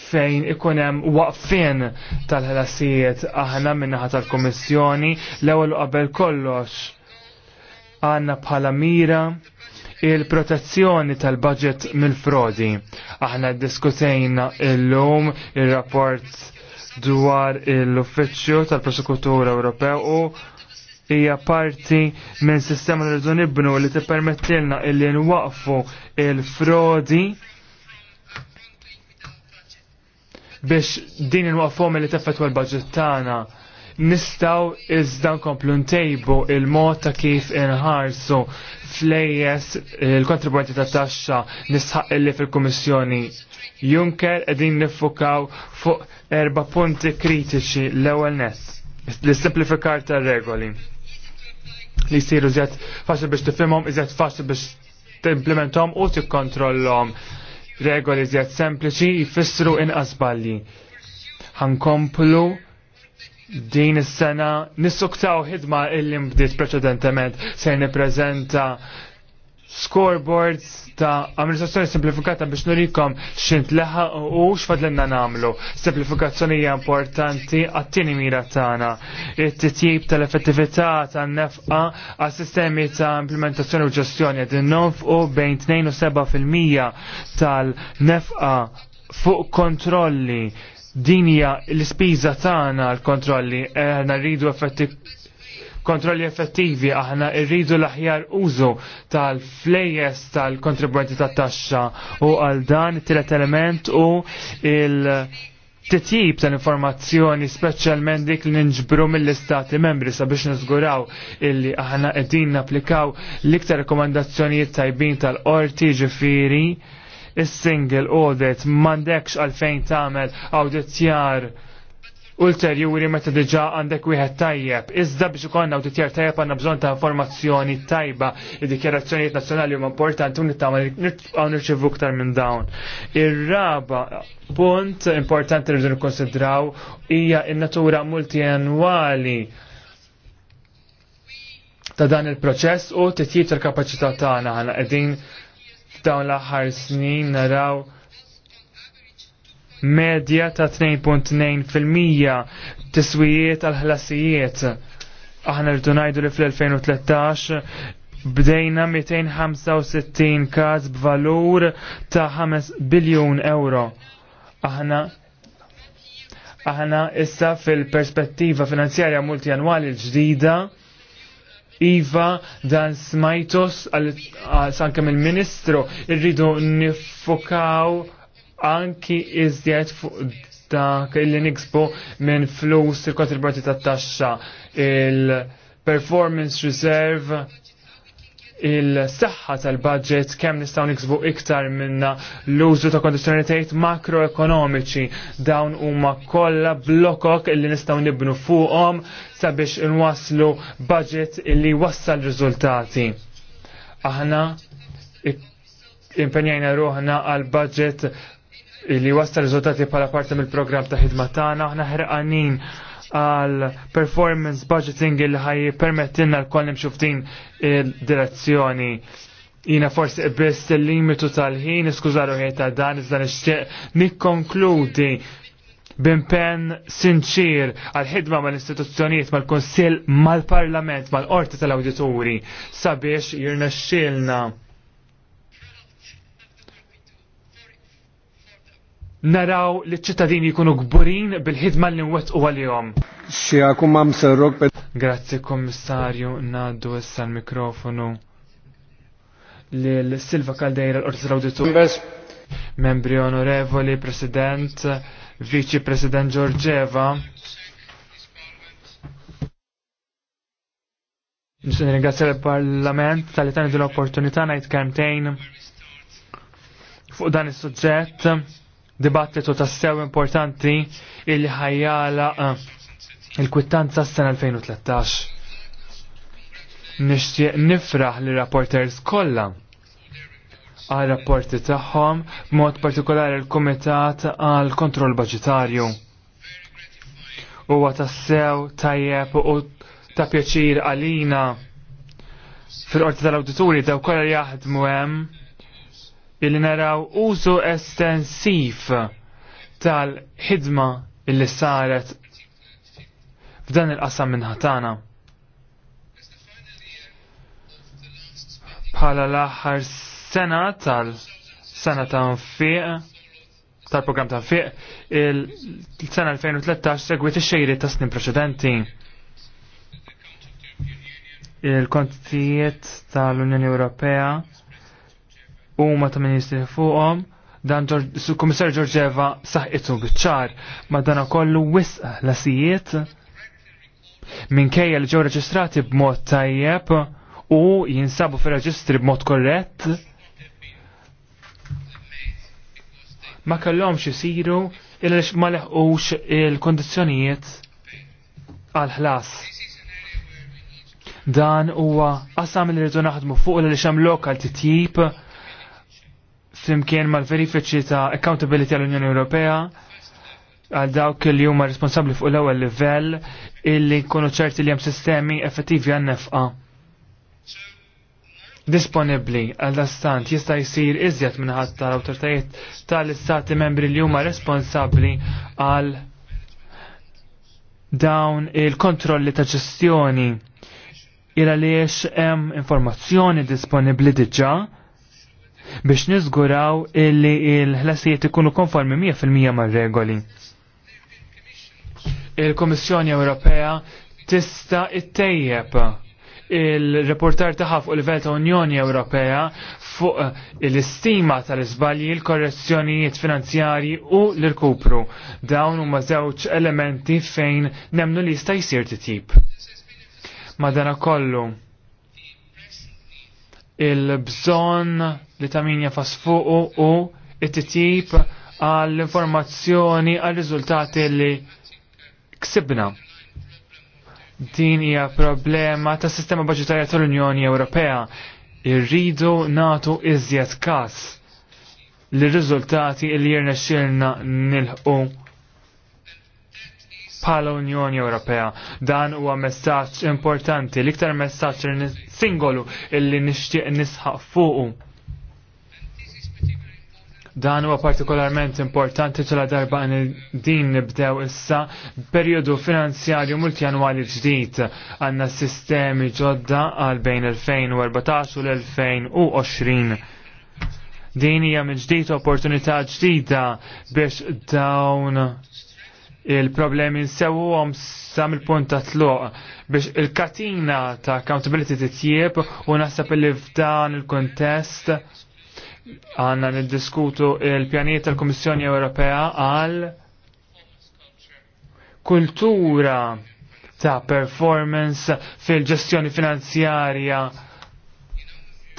fejn ikun hemm waqfien tal-ħelasijiet aħna minnaħa tal-Kummissjoni l-ewwel qabel kollox għandna bħala mira il-protezzjoni tal-budget mill-frodi. Aħna diskutejna il-lum il-rapport dwar l-Uffiċċju tal-Prosekutur Ewropew u hija parti minn sistema li rridu nibnu li tippermettilna illi nwaqfu il-frodi biex din nwaqfhom li teffettwa l-budget tagħna nistaw iżda nkomplu ntejbu il-mod ta' kif inħarsu flejjes il-kontribuenti ta' taxxa nisħaq illi fil-Kummissjoni Juncker qegħdin nifukaw fuq erba punti kritiċi l-ewwel ness l-simplifikar ta' regoli li jsiru zjed faċli biex tifhimhom iżjed faċli biex timplementom u tikkontrollhom regoli żjed sempliċi jfissru inqas balli. Ħankomplu din is-sena nissuktaw ħidma illi mbdiet preċedentement se nippreżenta scoreboards ta' amministrazzjoni simplifikata biex nurikom xint leħa u xfadlenna namlu. Simplifikazzjoni hija importanti għattini mira tagħna. It-titjib tal-effettività tan-nefqa għas sistemi ta' implementazzjoni u ġestjoni nof u bejn 2 u 7% tal-nefqa fuq kontrolli Din hija l-ispiża tagħna l-kontrolli, aħna rridu kontrolli effettivi, aħna rridu l-aħjar użu tal-flejes tal-kontribwenti tat-taxxa u għal dan it-tielet element u il- titjib tal-informazzjoni speċjalment dik li nġbru mill-istati membri sabiex nizguraw illi aħna qegħdin napplikaw l-iktar rekomandazzjonijiet tajbin tal-qorti ġifiri is-single audit m'għandekx għalfejn tagħmel audizjar ulterjuri meta diġa għandek wieħed tajjeb. Iżda biex ikonna awditjar tajjeb għandna bżonn ta' informazzjoni tajba. Id-dikjarazzjonijiet nazzjonali huma importanti u nittama' għaw nirċivu ktar minn dawn. Ir-raba punt importanti li rridu nikkonsidraw hija n-natura multianwali ta' dan il-proċess u titjib tal-kapacità tagħna ħana qegħdin Dawn l-aħħar snin naraw medja ta' 2.2% tiswijiet għal ħlasijiet. Aħna rridu ngħidu li fl-2013 bdejna 265 każ b'valur ta' 5 biljun euro. Aħna aħna issa fil-perspettiva finanzjarja multianwali l-ġdida Iva dan smajtos sanke mill-ministru irridu nifokaw anki iżjed fuq dak illi niksbu minn flus il-kontributi tat-taxxa il-performance reserve il-saħħa tal-budget kemm nistgħu niksbu iktar minna l-użu ta' kondizjonalitajiet makroekonomiċi dawn huma kollha blokok li nistgħu nibnu fuqhom sabiex inwasslu budget li wassal riżultati. Aħna impenjajna ruħna għal budget li wassal riżultati bħala parti mill-programm ta' ħidma tagħna aħna ħraqanin għal performance budgeting il ħaj permettinna l-koll nimxu il e, direzzjoni. Jina forsi biss il-limitu tal-ħin, iskużaru ħej ta' dan, iżda nixtieq nikkonkludi bimpen sinċir għal-ħidma mal-istituzzjonijiet, mal-Konsil, mal-Parlament, mal-Qorti tal-Awdituri sabiex jirnexxilna naraw li ċittadini jkunu gburin bil-ħidma li nwettqu għal-jom. Xiakum mam serrok per. Grazzi kommissarju, naddu issa l-mikrofonu l-Silva Caldeira l-Ortis Rauditu. Membri onorevoli, President, Vici President Giorgeva. Nisun ringrazzja l-Parlament tal-li tani l-opportunità najt kemtejn fuq dan is-suġġett dibattitu ta' sew importanti il-ħajjala eh, il-kwittanza s-sena 2013. Nixtieq nifraħ li rapporters kollha għal rapporti tagħhom mod partikolari l-Kumitat għal kontroll Baġitarju. Huwa tassew tajjeb u ta' pjaċir għalina fil-qorti tal-awdituri daw kollha jaħdmu hemm illi naraw użu estensiv tal-ħidma illi saret f'dan il-qasam minn ħatana. Bħala l-aħħar sena tal-sena ta' fiq tal-programm ta' fiq il-sena 2013 segwit ix-xejri ta' snin preċedenti. Il-kontijiet tal-Unjoni Ewropea u ma ta' ministri fuqom dan kummissar Giorgeva saħqitu bitċar ma dan kollu wisq lasijiet minkejja li ġew reġistrati b'mod tajjeb u jinsabu fir-reġistri b'mod korrett ma kellhomx isiru illa ma leħqux il-kondizzjonijiet għal ħlas dan huwa qasam li rridu naħdmu fuq li xamlok lokal titjib flimkien mal-verifiċi ta' accountability għall-Unjoni Ewropea għal dawk li huma responsabbli fuq l-ewwel livell illi nkunu ċerti li hemm sistemi effettivi għan-nefqa. Disponibbli għal dastant jista' jsir iżjed minn ħadd tal-awtoritajiet tal-istati membri li huma responsabbli għal dawn il-kontrolli ta' ġestjoni il għaliex hemm informazzjoni disponibbli diġà biex niżguraw illi il-ħlasijiet ikunu konformi 100% mar-regoli. Il-Komissjoni Ewropea tista' it-tejjeb il-reportar taħaf il livell ta' Unjoni Ewropea fuq l-istima tal-izbalji, l-korrezzjonijiet finanzjari u l-irkupru. Dawn huma żewġ elementi fejn nemnu li jista' jsir titjib. Madana kollu il-bżon li ta' min jafas fuqu u it tip għall-informazzjoni għal-riżultati li ksibna. Din hija problema ta' sistema budgetarja tal-Unjoni Ewropea. Irridu natu iżjed kas li riżultati li xilna nilħu bħala Unjoni Ewropea. Dan huwa messaġġ importanti, l-iktar messaġġ singolu illi nixtieq nisħaq fuqu Dan huwa partikolarment importanti ċala darba għan din nibdew issa periodu finanzjarju multjanwali ġdid għanna sistemi ġodda għal bejn 2014 u l-2020. Din hija ġdid opportunità ġdida biex dawn il-problemi nsewwhom għom sam il-punt ta' tluq biex il-katina ta' accountability titjieb u nasab li f'dan il-kontest għanna niddiskutu il-pjaniet tal-Komissjoni Ewropea għal kultura ta' performance fil-ġestjoni finanzjarja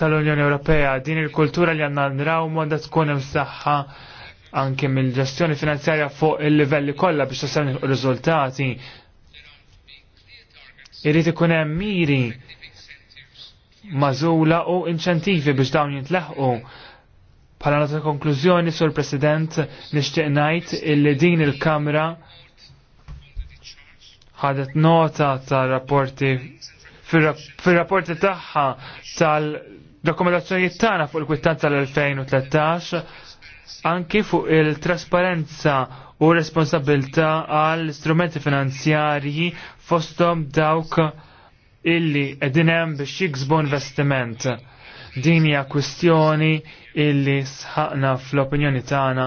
tal-Unjoni Ewropea. Din il-kultura li għanna nraw għanda tkun imsaħħa anke mill-ġestjoni finanzjarja fuq il-livelli kollha biex tasem il-riżultati. Irrid ikun hemm miri mażula u inċentivi biex dawn jintlaħqu Bħala nota konklużjoni sur President nixtieq ngħid illi din il-Kamra ħadet nota tar-rapporti fir-rapporti tagħha tal dokumentazzjoni tagħna fuq il-kwittanza tal-2013 anki fuq il-trasparenza u responsabilta għal strumenti finanzjarji fostom dawk illi edinem biex jiksbu investiment. Din hija kwistjoni illi sħaqna fl-opinjoni tagħna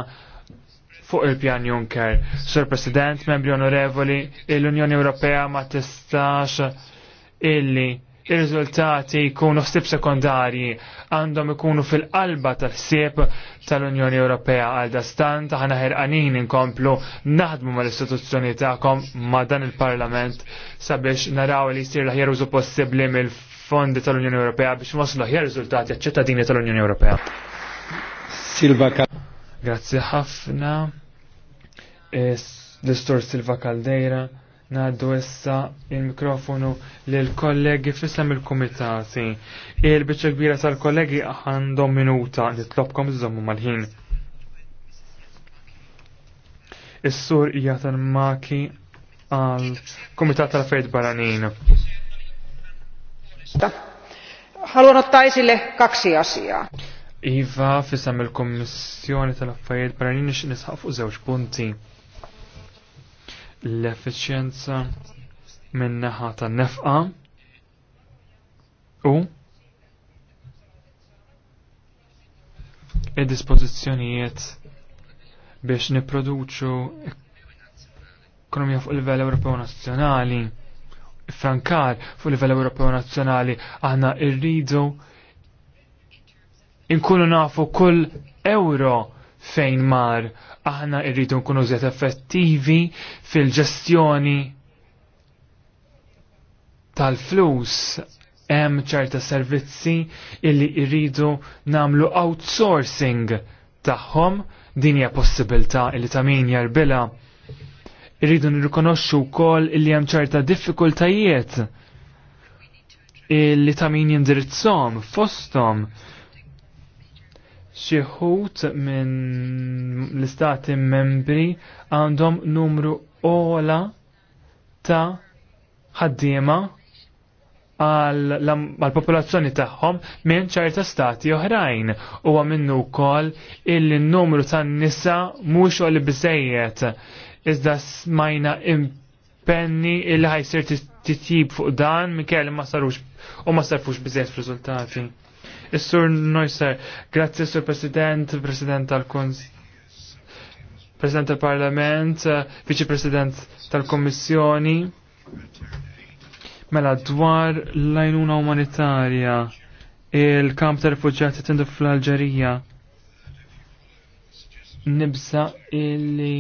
fuq il-pjan Juncker. Sur President, membri onorevoli, l-Unjoni Ewropea ma tistax illi il-riżultati jkunu ħsieb sekondarji għandhom ikunu fil-qalba tal-ħsieb tal-Unjoni Ewropea għal dastan taħna ħerqanin inkomplu naħdmu mal-istituzzjoni taħkom ma' dan il-Parlament sabiex naraw li jsir l-ħjerużu possibbli mill fondi tal-Unjoni Ewropea biex waslu ħjar riżultati ċittadini tal-Unjoni Ewropea. Silva Grazzi ħafna. l Silva Caldeira naddu issa il-mikrofonu lill kollegi fissam il-komitati. il biċċa kbira tal-kollegi għandhom minuta nitlobkom tlobkom iżommu mal-ħin. Is-sur hija tal-maki għal Komitat tal-Affarijiet baranin. Haluan ottaa esille kaksi asiaa. Iva, fissam il-Kommissjoni tal-Affarijiet Barranin nisħaf u żewġ punti. L-effiċjenza minn naħa ta' nefqa u id-dispożizzjonijiet biex niproduċu ekonomija fuq il-livell Ewropew nazzjonali frankar fuq livell Ewropew nazzjonali aħna rridu inkunu nafu kull euro fejn mar aħna rridu nkunu żed effettivi fil-ġestjoni tal-flus hemm ċerta servizzi illi rridu namlu outsourcing tagħhom din hija possibilità illi ta' min jarbilha Irridu nirrikonoxxu wkoll li hemm ċerta diffikultajiet li ta' min jindirizzhom fosthom xieħut minn l-istati membri għandhom numru ola ta' ħaddiema għal-popolazzjoni tagħhom minn ċerta stati oħrajn u minnu wkoll illi n numru tan-nisa mhux oli biżejjed iżda smajna impenni illi ħajsir titjib fuq dan mikel ma sarux u ma sarfux bizzejt f'riżultati. Is-Sur Noiser, grazzi Sur President, President tal-Kunst. President tal-Parlament, Viċi President tal-Kommissjoni. Mela dwar l lajnuna umanitarja il-kamp ta' rifugġati tindu fl-Alġerija. Nibsa illi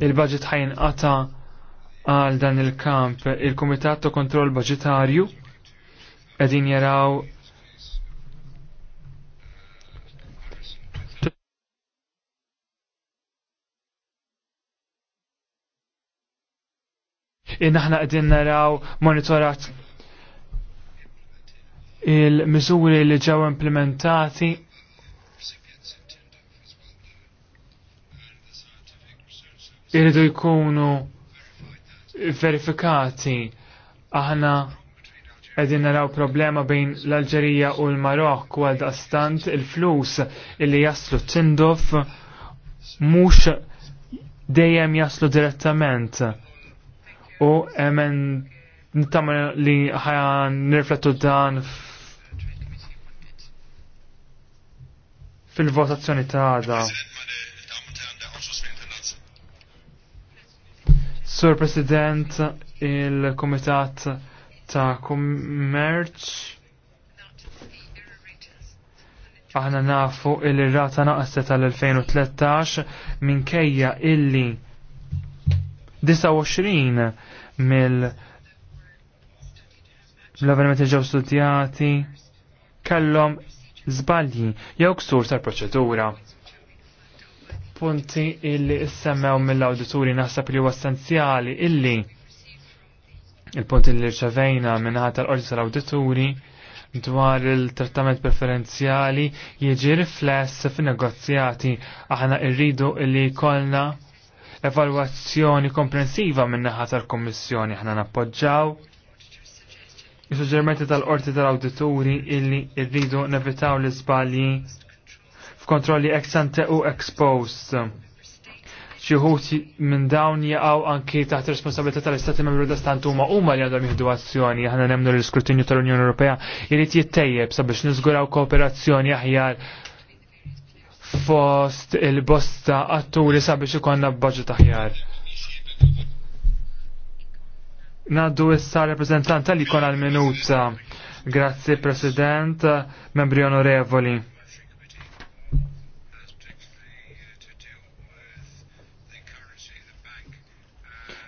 il-budget ħajnqata għal dan il-kamp il-Kumitat ta' Kontroll Budgetarju qegħdin jaraw Inaħna qegħdin naraw monitorat il-miżuri li ġew implementati irridu jkunu verifikati aħna għedin naraw problema bejn l-Alġerija u l marokk u għal-dastant il-flus illi jaslu tindof mux dejjem jaslu direttament. U emen nittamma li ħajan nirflettu dan fil-votazzjoni ta' għada. Sur President, il-Komitat ta' kommerċ Aħna nafu il-rata naqset tal-2013 minkejja illi 29 mill l-avvenimenti ġew studjati kellhom żbalji jew ksur tal-proċedura punti illi issemmew mill-awdituri naħseb li huwa essenzjali illi il-punti li rċevejna minnaħat tal-qorti tal-awdituri dwar il-trattament preferenzjali jieġi rifless fin-negozjati aħna irridu illi kolna evalwazzjoni komprensiva minnaħat tal-Kommissjoni aħna nappoġġaw il-suġġermenti tal-qorti tal-awdituri illi irridu nevitaw l-iżbalji kontrolli ex ante u ex post. Xieħut minn dawn jaqaw anki taħt responsabilità tal-Istati Membru da stant huma huma li għandhom jieħdu azzjoni aħna nemmnu l-iskrutinju tal-Unjoni Ewropea jrid jittejjeb sabiex niżguraw kooperazzjoni aħjar fost il-bosta atturi sabiex ikonna b'baġġet aħjar. Naddu issa reprezentanta li ikon għal-minuta. Grazzi President, membri onorevoli.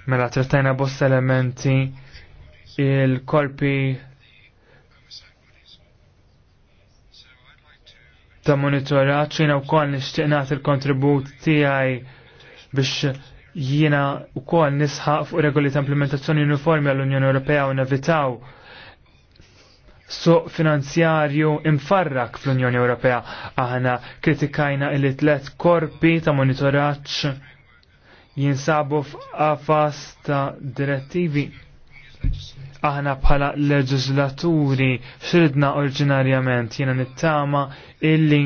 Mela trattajna bost elementi il-korpi ta' monitorat ċina u koll nishtiqnaħt il-kontribut tijaj biex jina u koll nisħaq fuq regoli ta' implementazzjoni uniformi għall-Unjoni Ewropea u nevitaw suq finanzjarju imfarrak fl-Unjoni Ewropea. Aħna kritikajna il-tlet korpi ta' monitoraċ jinsabu f'qafas ta' direttivi. Aħna bħala leġislaturi xridna oriġinarjament jiena nittama illi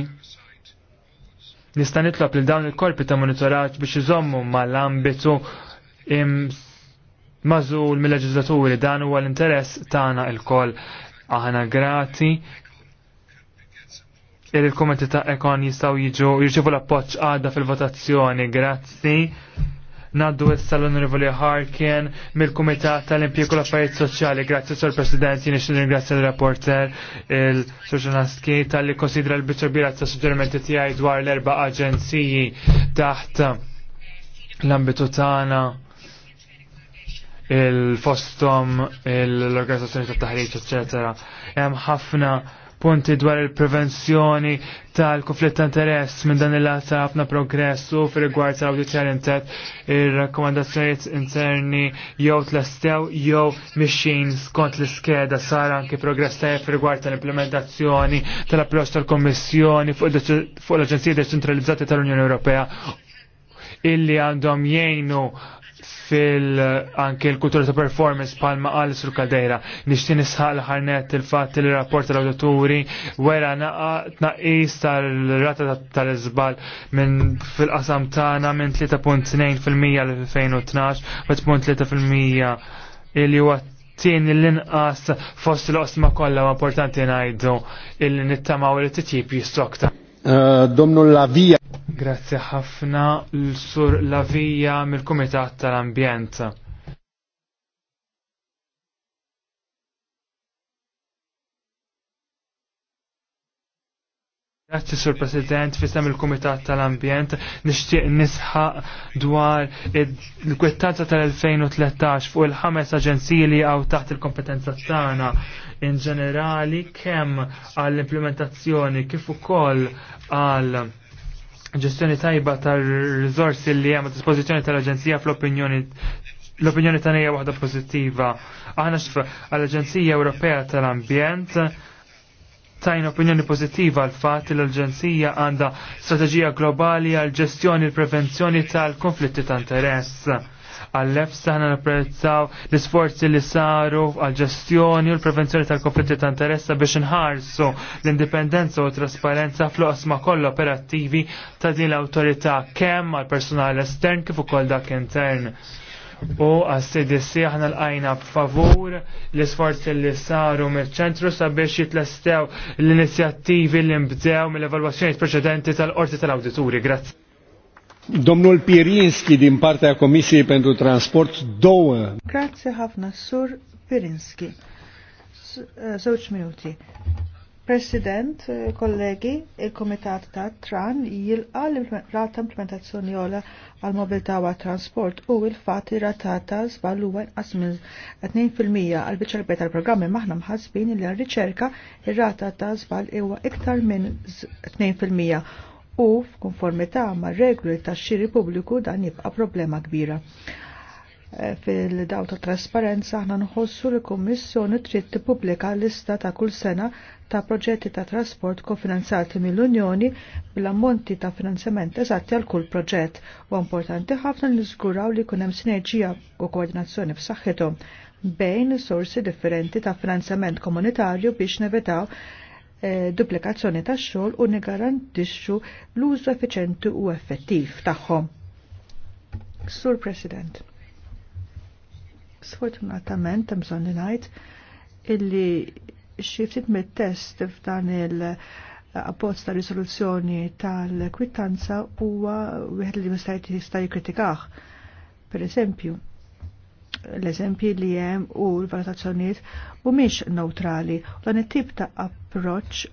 nista' nitlob lil dawn il-korpi ta' monitoraġġ biex iżommu mal-ambitu mażul mill-leġislaturi dan huwa l-interess tagħna lkoll aħna grati il-kommenti ta' ekon jistaw jiġu jirċivu l appoġġ għadda fil-votazzjoni. Grazzi. Naddu issa l-Onorevoli Harkin mill-Kumitat tal u l-Affarijiet Soċjali. Grazzi Sor President, jien ixtieq ringrazzja l-rapporter il-Soċjanaski tal-li konsidra l-biċċa bira ta' suġġerimenti tiegħi dwar l-erba' aġenziji taħt l-ambitu tagħna il-fostom l-organizzazzjoni tat taħriġ, eccetera. Hemm ħafna punti dwar il-prevenzjoni tal-konflitt ta' interess minn dan il-lat ħafna progress u rigward tal-awditjar intet ir-rakkomandazzjonijiet interni jew tlastew jew mixin skont l-iskeda sar anki progress tajjeb fi rigward tal-implementazzjoni tal-approċċ tal-Kommissjoni fuq l-Aġenzija Deċentralizzati tal-Unjoni Ewropea illi għandhom jgħinu fil anke l-kultura ta' performance palma għal sur kadejra. Nixtin l ħarnet il-fat li rapport tal-auditori wera naqa tal-rata tal-izbal minn fil-qasam tana minn 3.2% l-2012 u 8.3% il huwa tieni l-inqas fost l-osma kollha importanti ngħidu il-nittamaw li titjib jistokta. Eh, domnu la via Grazzi ħafna l-sur Lavija mill-Kumitat tal-Ambjent. Grazzi Sur President, fissa il kumitat tal-Ambjent, nishtiq nisħa dwar il-kwittanza tal-2013 fuq il-ħames aġenziji li għaw taħt il-kompetenza tagħna in ġenerali kemm għall-implementazzjoni kif ukoll għall- -implementazzjoni, kif ukoll għal ġestjoni tajba tal-rizorsi li hemm dispożizzjoni tal-Aġenzija fl-opinjoni l-opinjoni nija waħda pozittiva. Aħna xfa għall-Aġenzija Ewropea tal-Ambjent tajn opinjoni pozittiva għal fatt li l-Aġenzija għandha strateġija globali għal ġestjoni l-prevenzjoni tal-konflitti ta' interess għallef saħna napprezzaw l-isforzi li saru għal-ġestjoni u l-prevenzjoni tal-konflitti ta' interessa biex nħarsu l-indipendenza u trasparenza fl-osma kollu operattivi ta' din l-autorità kemm għal-personal estern kif ukoll dak intern. U għas-CDC aħna l-għajna b'favur l-isforzi li saru mill-ċentru sabiex jitlestew l-inizjattivi li mbdew mill-evalwazzjoni preċedenti tal-Qorti tal-Awdituri. Grazzi. Domnul Pirinski din partea Comisiei pentru Transport, 2. Grazie, Hafna, sur Pirinski. Eh, zewċ minuti. President, eh, kollegi, il-Komitat ta' Tran jilqa l-rata implementazzjoni ola għal mobilità u trasport u il-fat ratata rata ta' zbal huwa inqas minn 2% għal biċċerbet tal-programmi maħna mħassbin li għal riċerka ir-rata ta' zbal huwa iktar minn 2% u f'konformità ma' regoli ta' xiri pubbliku dan jibqa' problema kbira. E, fil-daw ta' trasparenza aħna nħossu li kummissjoni trid tippubblika lista ta' kull sena ta' proġetti ta' trasport kofinanzati mill-Unjoni bl-ammonti ta' finanzjament eżatti għal kull proġett u importanti ħafna li żguraw li jkun hemm sinerġija u koordinazzjoni f'saħħithom bejn sorsi differenti ta' finanzjament komunitarju biex nevetaw Eh, duplikazzjoni tax xogħol u nigarantixxu l-użu effiċenti u effettiv tagħhom. Sur President, sfortunatament hemm bżonn ngħid illi xi ftit mit-test f'dan il- appost ta' risoluzzjoni tal-kwittanza huwa wieħed li mistajt jista' jikkritikah. Per eżempju, l-eżempji li hemm u l-valutazzjonijiet u miex neutrali. Dan it-tip ta' approċ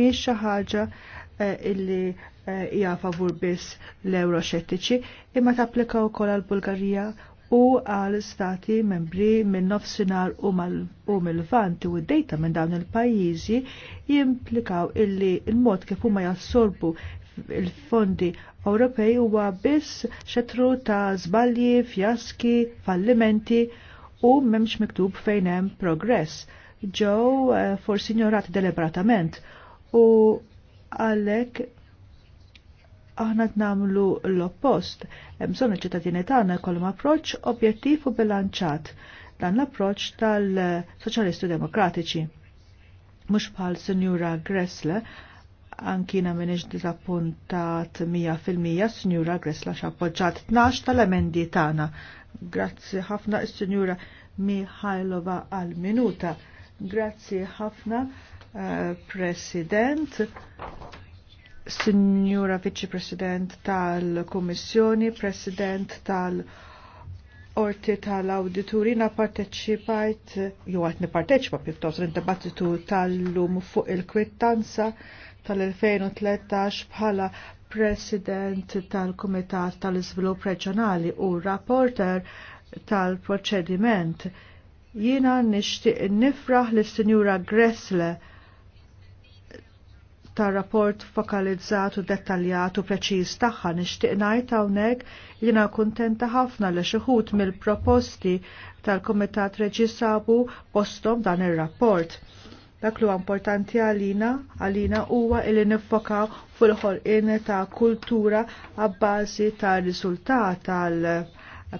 miex xi ħaġa eh, illi eh, hija favur biss l-euroxettiċi imma tapplika wkoll għal Bulgarija u għal stati membri minn nofsinar u mill-vanti u d-dejta minn dawn il-pajjiżi jimplikaw illi il-mod kif huma jassorbu il-fondi Ewropej huwa biss xetru ta' żbalji, fjaski, fallimenti u m'hemmx miktub fejn hemm progress. Ġew eh, forsi ignorat deliberatament u għalhekk aħna namlu l-oppost. Hemm bżonn iċ-ċittadini tagħna jkollhom approċċ objettiv u bilanċat dan l-approċċ tal-Soċjalisti Demokratiċi. Mhux bħal Sinjura Gressle ankina minix disappuntat 100% s-Sinjura Gresla xappoġġat 12 tal-emendi tana. Grazzi ħafna s-Sinjura Mihajlova għal-minuta. Grazzi ħafna uh, President, Sinjura Viċi President tal-Kommissjoni, President tal orti tal-awdituri na parteċipajt, jo għat niparteċipa pjuttos rintabattitu tal-lum fuq il-kwittanza tal-2013 bħala President tal-Kumitat tal-Iżvilupp Reġjonali u rapporter tal-proċediment. Jiena nixtieq nifraħ lis sinjura Gressle ta' rapport fokalizzat u dettaljat u preċiż tagħha nixtieq ngħid hawnhekk jiena kuntenta ħafna li xi ħud mill-proposti tal-Kumitat Reġisabu posthom postom dan ir-rapport. Dak li huwa importanti għalina għalina huwa li niffokaw fuq il-ħolqien ta' kultura għabbażi ta' riżultat tal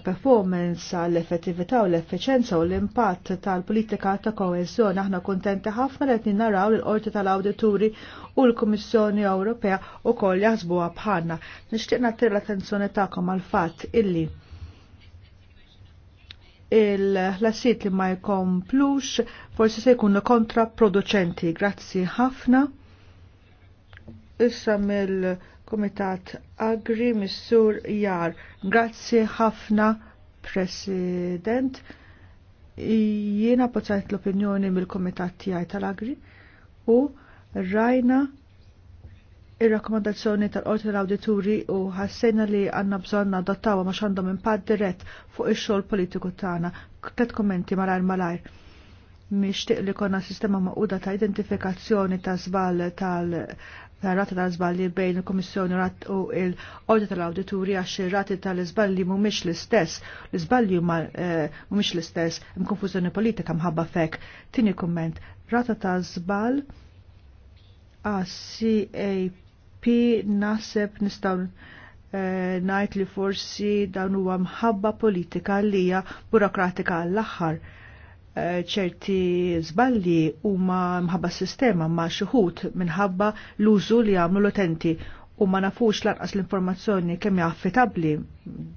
performance l effettività u l effiċjenza u l-impatt tal-politika ta' koesjon. Aħna kontenti ħafna qed naraw l-Qorti tal-Awdituri u l-Kummissjoni Ewropea u koll jaħsbuha bħalna. Nixtieq nattir l-attenzjoni tagħkom għal fatt illi il-ħlasijiet li ma jkomplux forsi se jkunu kontraproducenti. Grazzi ħafna. Issa mill-Komitat Agri Missur Jar. Grazzi ħafna, President. Jiena pozzajt l-opinjoni mill-Komitat tiegħi tal-Agri u rajna ir-rakkomandazzjoni tal-qorti tal-awdituri u ħassejna li għanna bżonn dottawa ma xandom impatt dirett fuq ix-xogħol politiku tagħna. Tlet kommenti malajr malajr. Mixtieq li konna sistema maquda ta' identifikazzjoni ta' żball tal rata tal żballi bejn il-Komissjoni u l-Ordi tal-Awdituri għax ir-rati tal-iżballi mhumiex l-istess. L-iżballi huma eh, mhumiex l-istess, hemm konfużjoni politika mħabba fek. Tieni kumment, rata ta' żball a CAP Pi naseb nistaw eh, najt li forsi dan huwa mħabba politika li hija burokratika għall-aħħar eh, ċerti eh, zballi huma mħabba sistema ma xuħut minħabba l-użu li għamlu l-utenti u ma nafux lanqas l-informazzjoni kemm jaffitabli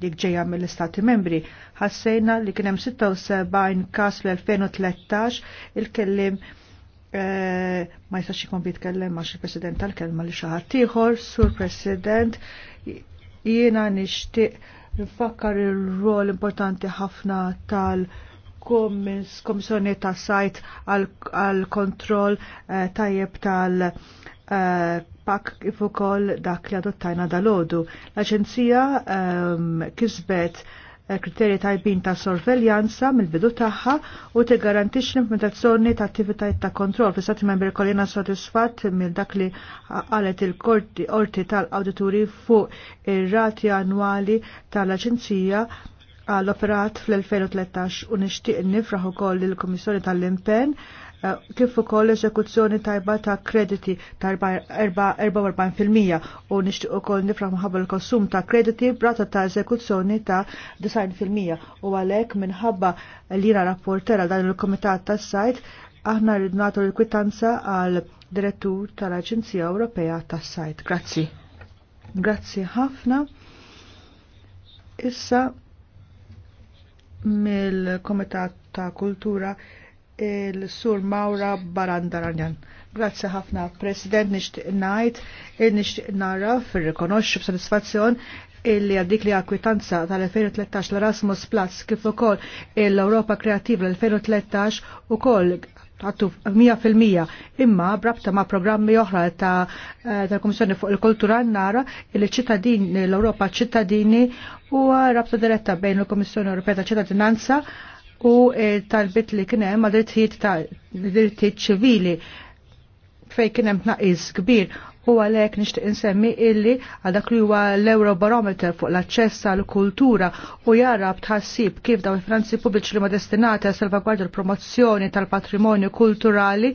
dik ġejja mill-Istati Membri, ħassejna li kien hemm 76 każ fl-2013 il-kellim Eh, ma jistax ikun bitkellem ma' xi president tal-kelma li ħadd ieħor, sur President, jiena nixtieq nfakkar ir rol importanti ħafna tal- komissjoni ta' sajt għal kontroll eh, tajjeb tal eh, pak kif ukoll dak li adottajna dal-ħodu. L-Aġenzija ehm, kisbet Eh, kriterji tajbin ta' sorveljanza mill-bidu tagħha u tigarantix l-implementazzjoni ta' attivitajiet ta' kontroll fi stati membri kollina sodisfatt mill dak li qalet il-korti orti tal-awdituri fuq ir-rati annwali tal-Aġenzija għall-operat fl-2013 u nixtieq nifraħ ukoll il-Kummissjoni tal-Impenn Eh, kif ukoll eżekuzzjoni tajba ta' krediti ta' 44% u nixtieq ukoll nifra minħabba l-konsum ta' krediti brata ta' eżekuzzjoni ta' 90% u għalhekk minħabba li jiena rapportera dan il-Kumitat tas-Sajt aħna rridu nagħtu l-kwitanza għal direttur tal-Aġenzija Ewropea tas-Sajt. Grazzi. Grazzi ħafna. Issa mill kumitat ta' Kultura il-sur Maura Barandaranjan. Grazzi ħafna, President, nishtiq najt, eh, nishtiq nara fil-rikonoxxu b'satisfazzjon illi għaddik li għakwitanza tal-2013 l-Erasmus Plus kif ukoll l-Europa Kreativa l-2013 koll għattu 100% imma brabta ma' programmi oħra ta' eh, tal-Komissjoni fuq il-Kultura nara il-ċittadini l-Europa ċittadini u rabta diretta bejn il-Komissjoni Ewropea ta' ċittadinanza u e, talbit li kienem ma drittijiet ta' drittijiet ċivili fej kienem tnaqis kbir u għalek nishtiq insemmi illi għadak li huwa l-Eurobarometer fuq l-aċċess għal kultura u jara b'ħassib kif daw il-Franzi pubbliċi li ma destinati għal salvagwardja l-promozzjoni tal-patrimonju kulturali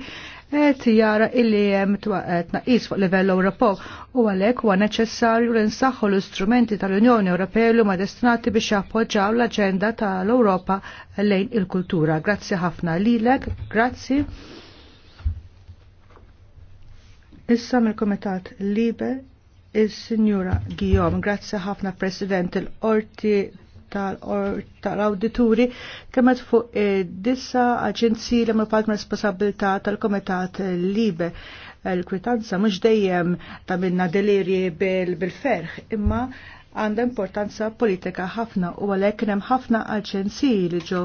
qed jara illi tuqetna eh, is fuq livell Ewropew u għalhekk huwa neċessarju li nsaħħu l-istrumenti tal-Unjoni Ewropea li huma destinati biex jappoġġaw l-aġenda tal-Ewropa lejn il-kultura. Grazzi ħafna lilek, grazzi. Issa mill-Komitat Libe is-Sinjura Guillaume, grazzi ħafna President il qorti tal-awdituri kemet fuq eh, dissa aġenziji li mrfalt responsabilità tal-Komitat Libe. L-kwitanza mhux dejjem ta' minna deliri bil-ferħ, imma għandha importanza politika ħafna u għalhekk kien hemm ħafna aġenziji li ġew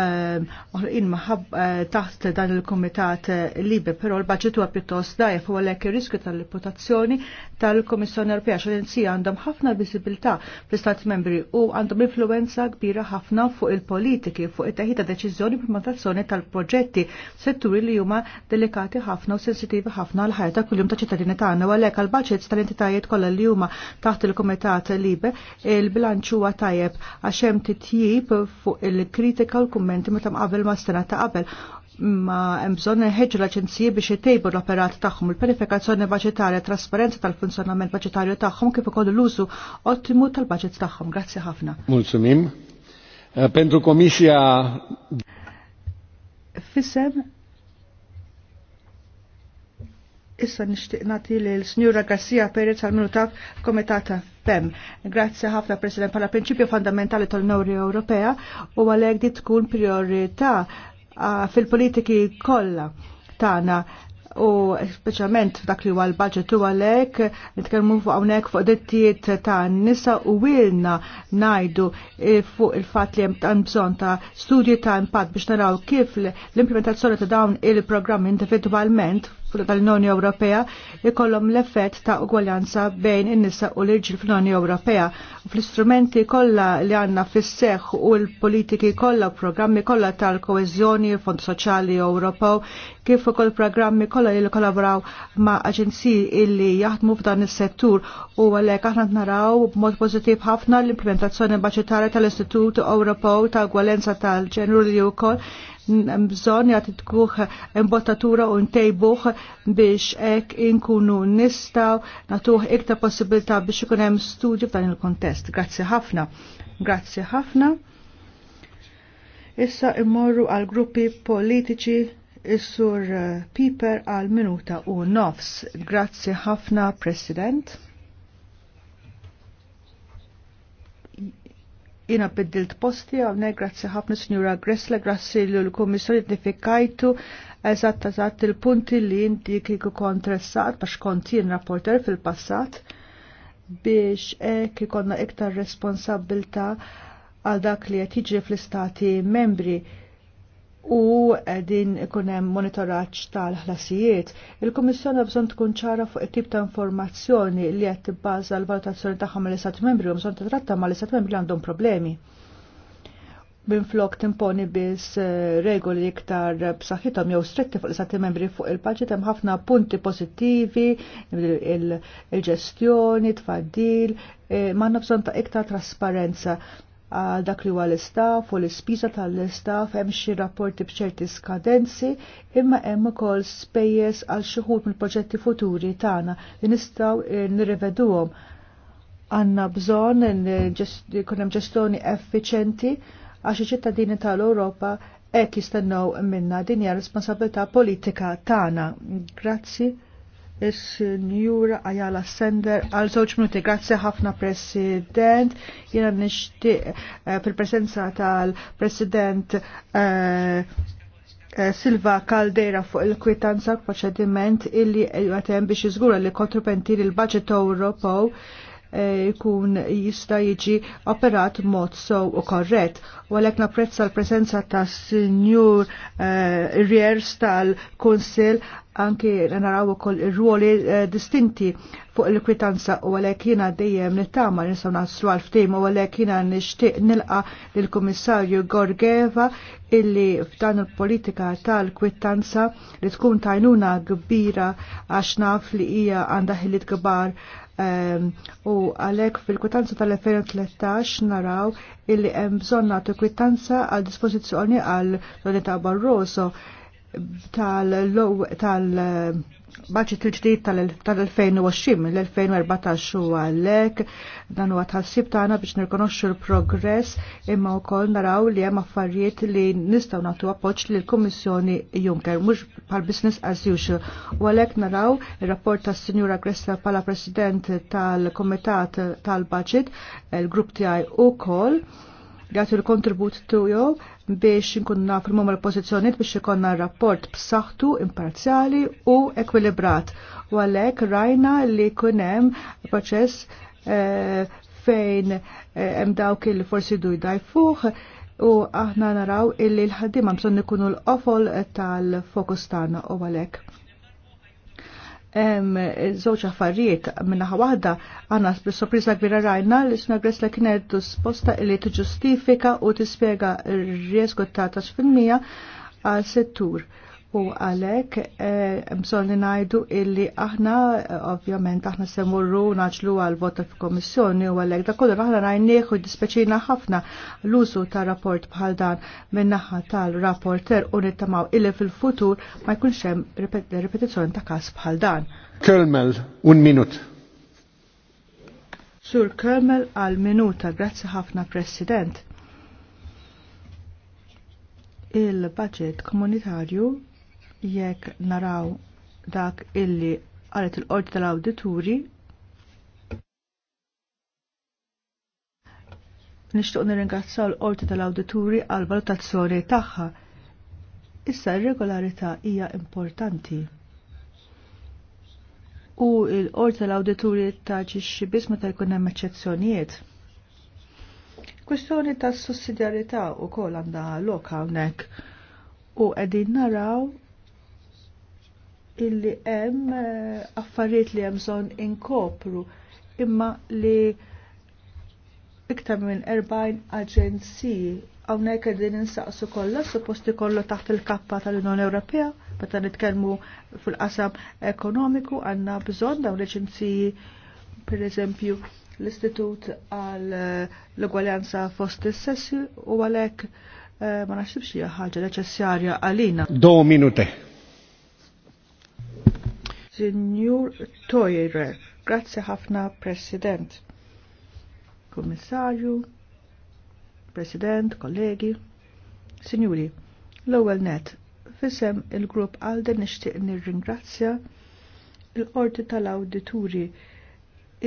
ehm, oħrqin eh, taħt dan il-Kumitat eh, Libe, però l-baġit huwa pjuttost dajjef u għalhekk ir-riskju tal-reputazzjoni tal-Kummissjoni Ewropea x'aġenzija għandhom ħafna viżibilità fl-Istati Membri u għandhom influenza kbira ħafna fuq il-politiki, fuq it-teħid ta' deċiżjoni implementazzjoni tal-proġetti setturi li huma delikati ħafna u sensitivi ħafna għal ħajta kuljum ta' ċittadini tagħna u għalhekk għall-baġits tal-entitajiet kollha li huma taħt il-Kumitat libe il-bilanċ huwa tajjeb għax hemm titjib fuq il-kritika u l-kummenti meta mqabel ma' sena ta' qabel ma hemm bżonn inħeġġu l-aġenziji biex itejbu l-operat tagħhom il-perifikazzjoni baġitarja, trasparenza tal-funzjonament baġitarju tagħhom kif ukoll l-użu ottimu tal-baġit tagħhom. Grazzi ħafna. Mulsumim. Pentru Komisja Fissem issa nixtieq nagħti l Snjura Garcia Perez għal minuta komitata PEM. Grazzi ħafna President pala prinċipju fondamentali tal-Unjoni Ewropea u għalhekk di tkun priorità fil-politiki kollha tagħna u speċjalment dak li huwa l-budget u għalhekk nitkellmu fuq hawnhekk fuq dettijiet ta' nisa u wilna ngħidu e, fuq il-fatt li hemm bżonn ta' studji ta' impatt biex naraw kif l-implementazzjoni ta' dawn il-programm individwalment tal-Unjoni Ewropea ikollhom l-effett ta' ugwaljanza bejn in-nisa u l-irġil fl-Unjoni Ewropea. Fl-istrumenti kollha li għandna fis-seħħ u l-politiki kollha u programmi kollha tal-koeżjoni, il-Fond Soċjali Ewropew, kif ukoll programmi kollha li kollaboraw ma' aġenziji illi jaħdmu f'dan is-settur u għalhekk aħna naraw b'mod pożittiv ħafna l-implementazzjoni baċitarja tal-Istitut Ewropew ta' Ugwaljanza tal-Ġenru li wkoll bżonn jagħti tkuħ imbottatura u ntejbuh biex hekk inkunu nistaw natuh iktar possibilità biex ikun hemm studju f'dan il-kontest. Grazzi ħafna. Grazzi ħafna. Issa immorru għal gruppi politiċi is-sur Piper għal minuta u nofs. Grazzi ħafna, President. jina biddilt posti għawne, grazzi ħafna Signora Gressle, grazzi l-Komissar identifikajtu eżatt eżatt il-punti li inti kiku kontressat bax konti rapporter fil-passat biex ek ikonna iktar responsabilta għal dak li jtiġi fl-istati membri u din ikunem monitoraċ tal-ħlasijiet. Il-Komissjoni bżon tkun ċara fuq it-tip ta' informazzjoni li qed tibbaża l-valutazzjoni tagħha mal-Istat Membri u bżon titratta mal-Istat Membri li għandhom problemi. Minflok timponi biss eh, regoli iktar b'saħħithom jew stretti fuq l-Istati Membri fuq il-paġit hemm ħafna punti pożittivi, il-ġestjoni, tfaddil, eh, ma' bżon ta' iktar trasparenza għal dak li huwa l-istaff u l-ispiża tal-istaff hemm xi rapporti b'ċerti skadenzi imma hemm ukoll spejjeż għal xi ħud mill-proġetti futuri tagħna li nistgħu eh, nirriveduhom. Għandna bżonn jkun hemm ġestjoni effiċenti għax iċ-ċittadini tal-Ewropa hekk jistennew minna din hija responsabilità politika tagħna. Grazzi is njura Ajala Sender għal żewġ minuti. Grazzi ħafna President. Jiena nixtieq eh, fil-presenza tal-President eh, eh, Silva Caldera fuq il-kwitanza proċediment illi għatem biex iżgura li kontrupenti li l-budget Ewropew jkun jista jiġi operat mod so u korret. U għalek napprezza l-presenza ta' Sinjur Riers tal-Kunsil anki naraw ukoll ir-ruoli eh, distinti fuq il-kwitanza u għalhekk jiena dejjem nittama nistgħu naslu għal ftehim u għalhekk jiena nixtieq nilqa lill-Kummissarju Gorgeva illi f'dan il-politika tal-kwittanza li tkun tajnuna kbira għax naf li hija għandha ħiliet kbar ehm, u għalek fil-kwitanza tal-2013 naraw illi hemm bżonn nagħtu kwittanza għal dispożizzjoni għal Donita Barroso tal tal Baċet il-ġdid tal-2020 l-2014 u għallek dan huwa tħassib tagħna biex nirkonoxxu l-progress imma wkoll naraw li hemm affarijiet li nistgħu nagħtu appoġġ l kummissjoni Juncker mhux bħal business as usual. U għalhekk naraw ir-rapport tas-Sinjura Gressa bħala President tal-Komitat tal-Baċet il-grupp tiegħi ukoll jgħatu l-kontribut jo biex nkunna firmum l pozizjoniet pożizzjonijiet biex ikonna rapport b'saħħtu, imparzjali u ekwilibrat. U għalhekk rajna li kunem hemm proċess eh, fejn eh, hemm dawk il forsi du jdajfuh u aħna naraw illi l ħaddim għamson nikunu l-qofol tal-fokus tagħna u għalhekk Zoċ affarijiet minnaħa waħda għanna sorpriża kbira rajna li sna għresla kienet sposta li t-ġustifika u tispjega r-riesku ta' 10% għal settur U għalek, mson eh, li najdu illi aħna, eh, ovvjament, aħna semurru naġlu għal vota f-komissjoni u għalek, da kollu aħna rajnieħu dispeċina ħafna l-użu ta' rapport bħal dan minnaħa tal-rapporter u nittamaw illi fil-futur ma jkunx hemm ripetizzjoni ta' kas bħal dan. Kermel, un minut. Sur Kermel għal minuta, grazzi ħafna President. Il-budget komunitarju jekk naraw dak illi għalet il-qorti tal-awdituri nishtuq nirringazzaw l-qorti tal-awdituri għal valutazzjoni tagħha. Issa r-regolarità hija importanti. U l-qorti tal-awdituri taġixxi biss meta jkun hemm eċċezzjonijiet. Kwestjoni tas sussidjarità wkoll għandha lok hawnhekk u qegħdin naraw illi hemm eh, affarijiet li hemm bżonn inkopru imma li iktar minn 40 aġenziji hawnhekk qegħdin insaqsu kollha suppost ikollu taħt il-kappa tal-Unjoni Ewropea meta nitkellmu fil-qasam ekonomiku għandna bżonn dawn l-aġenziji pereżempju l-Istitut għal eh, l-Egwaljanza fost is-sessi u għalhekk eh, ma naħsibx hija ħaġa neċessarja għalina. Do minute. Signor Toirer. Grazzi ħafna, President. Kommissarju, President, kollegi, Signori, l-ewwel net, fisem il-grupp għalden nixtieq nirringrazzja l-Qorti tal-Awdituri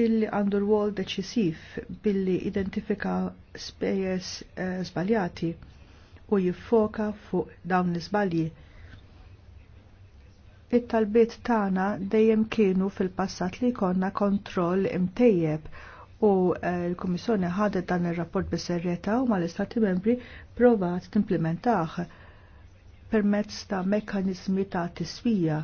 illi għandu rwol deċisiv billi identifika spejjeż eh, żbaljati u jiffoka fuq dawn l-iżbalji it-talbiet tagħna dejjem kienu fil-passat li jkollna kontroll imtejjeb u eh, l komissjoni ħadet dan ir-rapport bis-serjetà u mal-Istati Membri provat timplementaħ permezz ta' mekkaniżmi ta' tiswija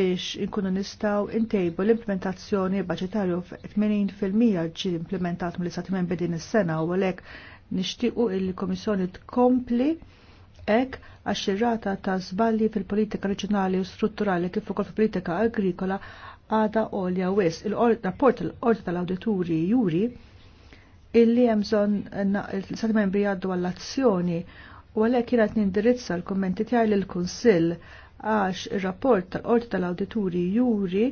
biex inkunu nistaw intejbu l-implementazzjoni budgetarju f-80% ġi implementat mill-istati membri din is-sena u għalhekk nixtiequ il-Komissjoni tkompli ek għax ir-rata ta' żbalji fil-politika reġjonali u strutturali kif ukoll fil-politika agrikola għada olja wis. Il-rapport l-Qorti tal-Awdituri juri illi hemm bżonn il-Stati Membri għaddu għall-azzjoni u għalhekk kienet nindirizza l-kummenti tiegħi lill-Kunsill għax ir-rapport tal-Qorti tal-Awdituri juri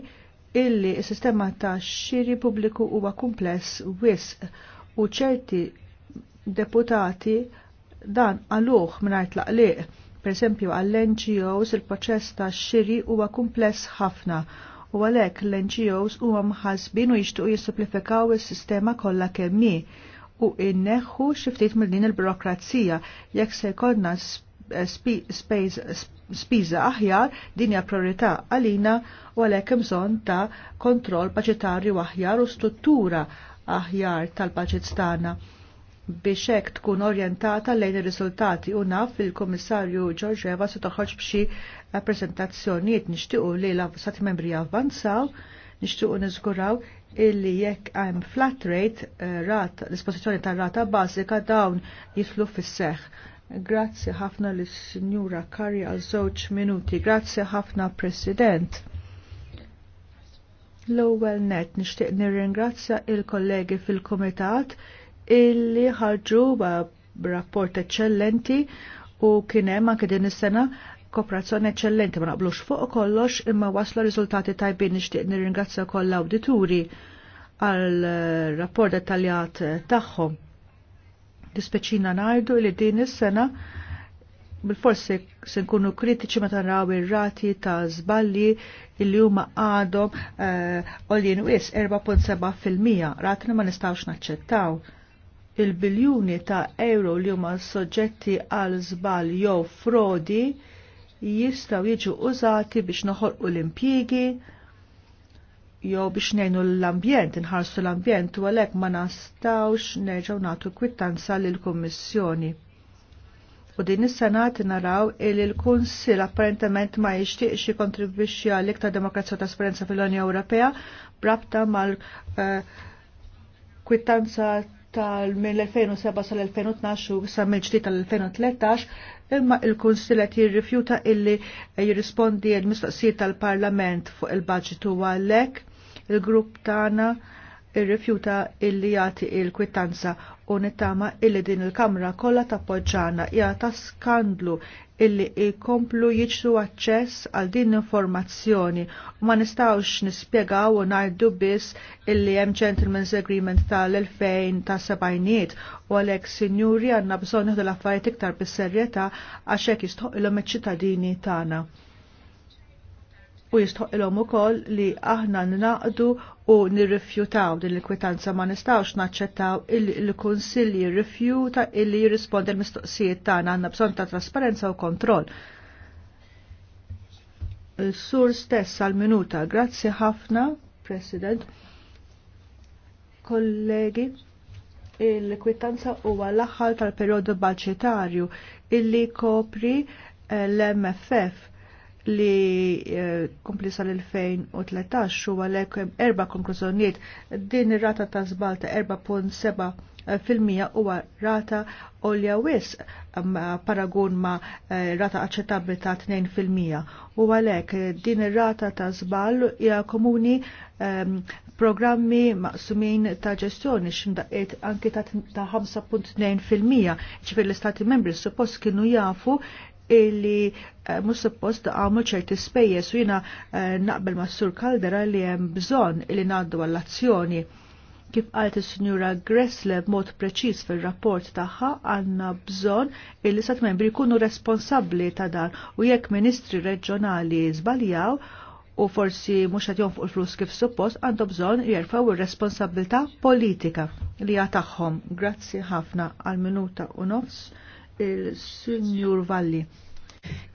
illi s-sistema ta' xiri pubbliku huwa kumpless wisq u ċerti deputati Dan għaluħ minajt laqliq, per esempio għall-NGOs il-proċess ta' xiri huwa kumpless ħafna u għalek l-NGOs huwa mħasbin u jixtuq jissimplifikaw is-sistema kollha kemmi u inneħħu xiftit mill din il birokrazija jekk se jkollna spiża aħjar din hija priorità għalina u għalhekk imżon ta' kontroll paċetarju aħjar u struttura aħjar tal-paċit tagħna biex hekk tkun orjentata lejn ir-riżultati u naf il-Kummissarju Eva se toħroġ b'xi prezentazzjonijiet nixtiequ li l-Stati Membri avvanzaw, nixtiequ niżguraw illi jekk hemm flat rate eh, rat l ispożizzjoni tar-rata bażika dawn jitlu fis-seħħ. Grazzi ħafna lis-Sinjura Karja għal żewġ minuti. Grazzi ħafna President. L-ewwel net nixtieq nirringrazzja il-kollegi fil-Kumitat illi ħarġu b'rapport eċċellenti u kien hemm anke din is-sena kooperazzjoni eċċellenti ma naqblux fuq kollox imma waslu riżultati tajbin nixtieq nirringrazzja koll awdituri għal rapport dettaljat tagħhom. Dispeċina ngħidu li din is-sena bil-forsi se nkunu kritiċi meta naraw ir-rati ta' żballi li huma għadhom eh, għoljen uh, wis 4.7 fil-mija, ratni ma nistgħux naċċettaw il-biljuni ta' euro li huma soġġetti għal żball jew frodi jistgħu jiġu użati biex noħolqu l-impjiegi jew biex ngħinu l-ambjent, inħarsu l-ambjent u għalhekk ma nastawx nerġgħu nagħtu kwittanza lil kummissjoni. U din is-senat naraw li l-Kunsill apparentement ma jixtieqx jikkontribwixxi għal iktar demokrazija u trasparenza fil-Unja Ewropea brabta mal-kwittanza eh, uh, tal mill-2007 sal-2012 sa mill-ġdid tal-2013 imma il-Kunsillet jirrifjuta illi jirrispondi l-mistoqsijiet tal-Parlament fuq il-Baġitu għalhekk il-grupp tagħna irrifjuta illi jagħti il-kwittanza u nittama illi din il-Kamra kollha tappoġġana hija ta' skandlu illi jkomplu jiġru aċċess għal din l-informazzjoni u ma nistgħux nispjegaw u ngħidu biss illi hemm gentleman's agreement tal-2000 ta' sebajniet u għalhekk sinjuri għandna bżonn l affarijiet iktar bis-serjetà għax hekk jistħoqilhom iċ-ċittadini tagħna u u ukoll li aħna n-naqdu u nirrifjutaw din il-kwitanza ma nistawx naċċettaw il-Kunsill jirrifjuta illi jirrispondi l-mistoqsijiet tagħna għandna bżonn ta' trasparenza u kontroll. Sur stess għal minuta, grazzi ħafna, President, kollegi il-kwittanza huwa l-aħħar tal-perjodu budġetarju illi kopri eh, l-MFF li eh, kompli sal-2013 u għalek erba konklużjonijiet din ir-rata ta' zbalta ta' 4.7 fil-mija huwa rata olja wis paragun ma' eh, rata aċċettabbli ta' 2 fil-mija u għalek eh, din ir-rata ta' zbal hija komuni ehm, programmi maqsumin ta' ġestjoni x'indaqiet anki ta' 5.2 fil-mija ċifir l-Istati Membri suppost kienu jafu illi eh, mhux suppost għamu ċerti spejjeż u jiena eh, naqbel ma' Sur Kaldera li hemm bżonn li ngħaddu għall-azzjoni. Kif qalt is-Sinjura Gressle b'mod preċiż fir-rapport tagħha għandna bżonn illi sat membri jkunu responsabbli ta' dan u jekk ministri reġjonali żbaljaw u forsi mhux qed fuq il-flus kif suppost għandhom bżonn jerfgħu ir-responsabilità politika li hija tagħhom. Grazzi ħafna għal minuta u nofs il signor Valli.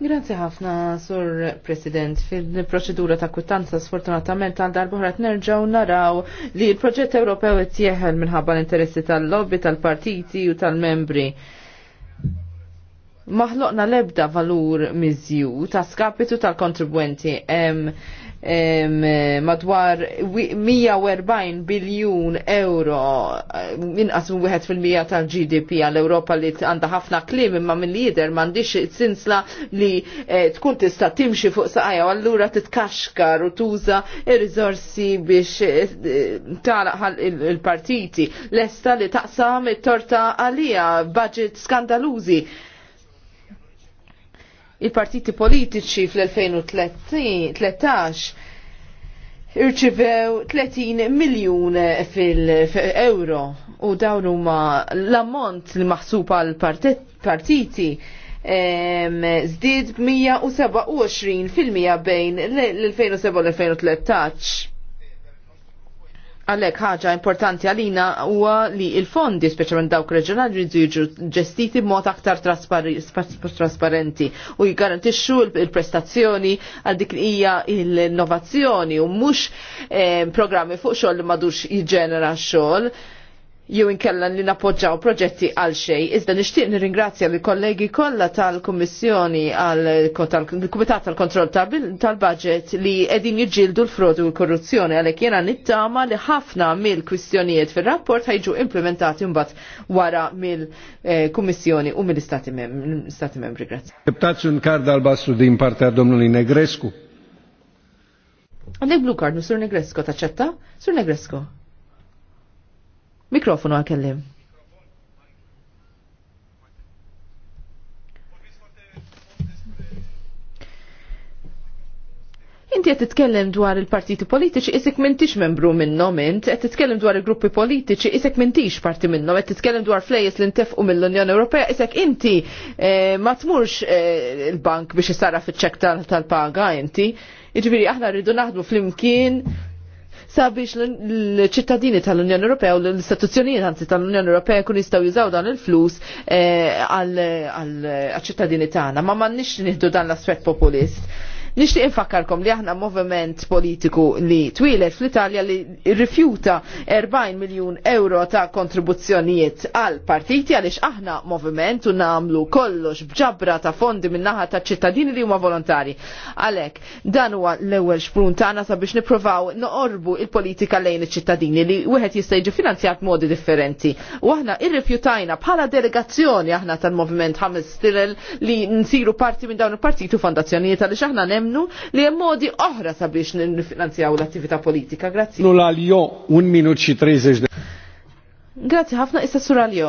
Grazie ħafna, Sur President. Fil-proċedura ta' kwittanza sfortunatament għal darbohra nerġaw naraw li l-proġett Ewropew qed minħabba l-interessi tal-lobby, tal-partiti u tal-membri maħloqna lebda valur miżju ta' skapitu tal-kontribwenti madwar 140 biljun euro inqas minn wieħed fil-mija tal-GDP għall-Ewropa li għandha ħafna klim imma mill lider m'għandix sinsla li eh, tkun tista' timxi fuq saqajja u allura titkaxkar u tuża ir-riżorsi biex eh, tagħlaq il-partiti lesta li taqsam it-torta għalija budget skandalużi il-partiti politiċi fl-2013 irċivew 30 miljun fil-euro u dawn huma l-ammont li maħsub għal partiti zdid b-127% bejn l-2007 u l-2013. Għalek ħaġa importanti għalina huwa li il-fondi, speċjalment dawk reġjonali, jiġu ġestiti b'mod aktar trasparenti u jgarantixxu il-prestazzjoni għal dik hija l-innovazzjoni u mhux eh, programmi fuq xogħol li madux jiġġenera xogħol jew inkella li napoġġaw proġetti għal xej. Iżda nixtieq nirringrazzja li kollegi kollha tal-Kummissjoni għal kumitat tal-Kontroll tal-Budget li qegħdin jiġġieldu l-frodu u l-korruzzjoni għalhekk jiena nittama li ħafna mill-kwistjonijiet fir-rapport ħajġu implementati mbagħad wara mill-Kummissjoni u mill-Istati Membri. Grazzi. Deputat Karda bassu din parte domnului Negrescu. Għandek blu card, Sur Negresco, taċċetta? Sur Negresco. Mikrofonu għakellim. Inti qed titkellem dwar il-partiti politiċi isek m'intix membru minnhom int, qed titkellem dwar il-gruppi politiċi isek m'intix parti minnhom, qed titkellem dwar flejes li ntefqu mill-Unjoni Ewropea isek inti eh, ma tmurx eh, il-bank biex isara fiċ-ċek tal-paga inti. Jiġifieri aħna rridu naħdmu flimkien sabiex l-ċittadini tal-Unjoni Ewropea u l-istituzzjonijiet anzi tal-Unjoni Ewropea kun jistgħu jużaw dan il-flus eh, għal ċittadini tagħna, ma m'għandniex nieħdu dan l-aspett populist Nixtieq infakkarkom li aħna moviment politiku li twilet fl-Italja li rifjuta 40 miljun euro ta' kontribuzzjonijiet għal partiti għaliex aħna moviment u namlu kollox bġabra ta' fondi minnaħa ta' ċittadini li huma volontari. Għalek, dan huwa l-ewwel xprun tagħna sabiex nippruvaw noqorbu il-politika lejn iċ-ċittadini li wieħed jista' jiġi finanzjat modi differenti. U aħna irrifjutajna bħala delegazzjoni aħna tal-Moviment Ħames Stirel li nsiru parti minn dawn il-partitu fondazzjonijiet għaliex aħna nemmnu li hemm modi oħra sabiex nifinanzjaw l-attività politika. Grazzi. Nula un minut xi 30. Grazzi ħafna issa sura li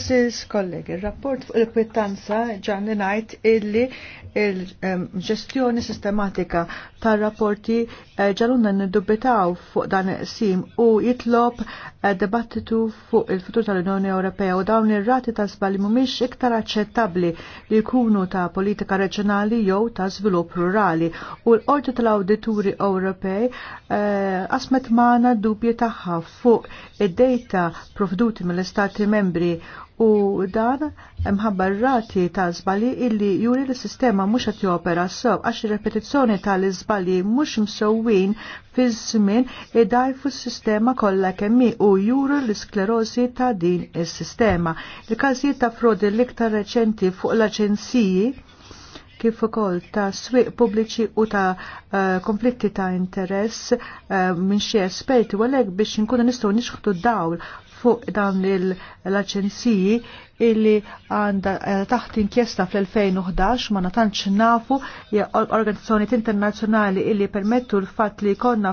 Sis kollegi, il-rapport fuq il-kwittanza ġanni najt illi il-ġestjoni sistematika tal-rapporti eh, ġalunna n-dubbitaw fuq dan sim u jitlob eh, debattitu fuq il-futur tal-Unjoni Ewropea u dawn ir-rati ta' sbali mhumiex iktar aċċettabbli li jkunu ta' politika reġjonali jew ta' żvilupp rurali u l-Qorti tal-Awdituri Ewropej eh, asmet magħna dubji tagħha fuq id-dejta provduti mill-Istati membri u dan mħabba rati ta' zbali illi juri l sistema mux għat jopera sob għax repetizzjoni tal-zbali mux msowin fi żmien idajfu s-sistema kollha kemmi u juru l-sklerosi ta' din is-sistema. Il-każijiet ta' frodi l-iktar reċenti fuq l-aġenziji kif ukoll ta' swieq pubbliċi u ta' uh, konflitti ta' interess uh, minn xi esperti u għalhekk biex inkunu nistgħu nixħtu dawl fuq dan l-aċenziji illi għanda eh, taħt inkjesta fl-2011 ma natantx nafu organizzazzjoniet internazzjonali illi permettu l-fatt li konna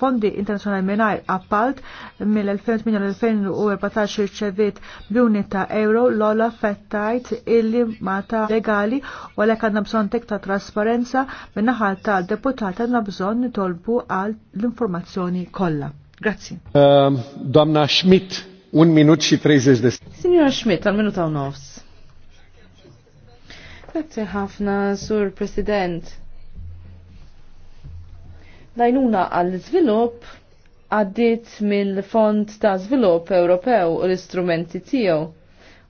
fondi internazzjonali menaj appalt mill-2008 l-2014 ċevit b'unita ta' euro l-ola fettajt illi ma ta' legali u għalek għanna bżon tek ta' trasparenza minnaħal ta' deputata għanna bżon nitolbu għal l-informazzjoni kollha. Grazie. Uh, Donna Schmidt, un minut xi 30 des. Signora Schmidt, għal minuta u nofs. Grazzi ħafna, Sur President. Lajnuna għall-izvilup għaddit mill-Fond ta' Zvilup Ewropew u l-istrumenti tiegħu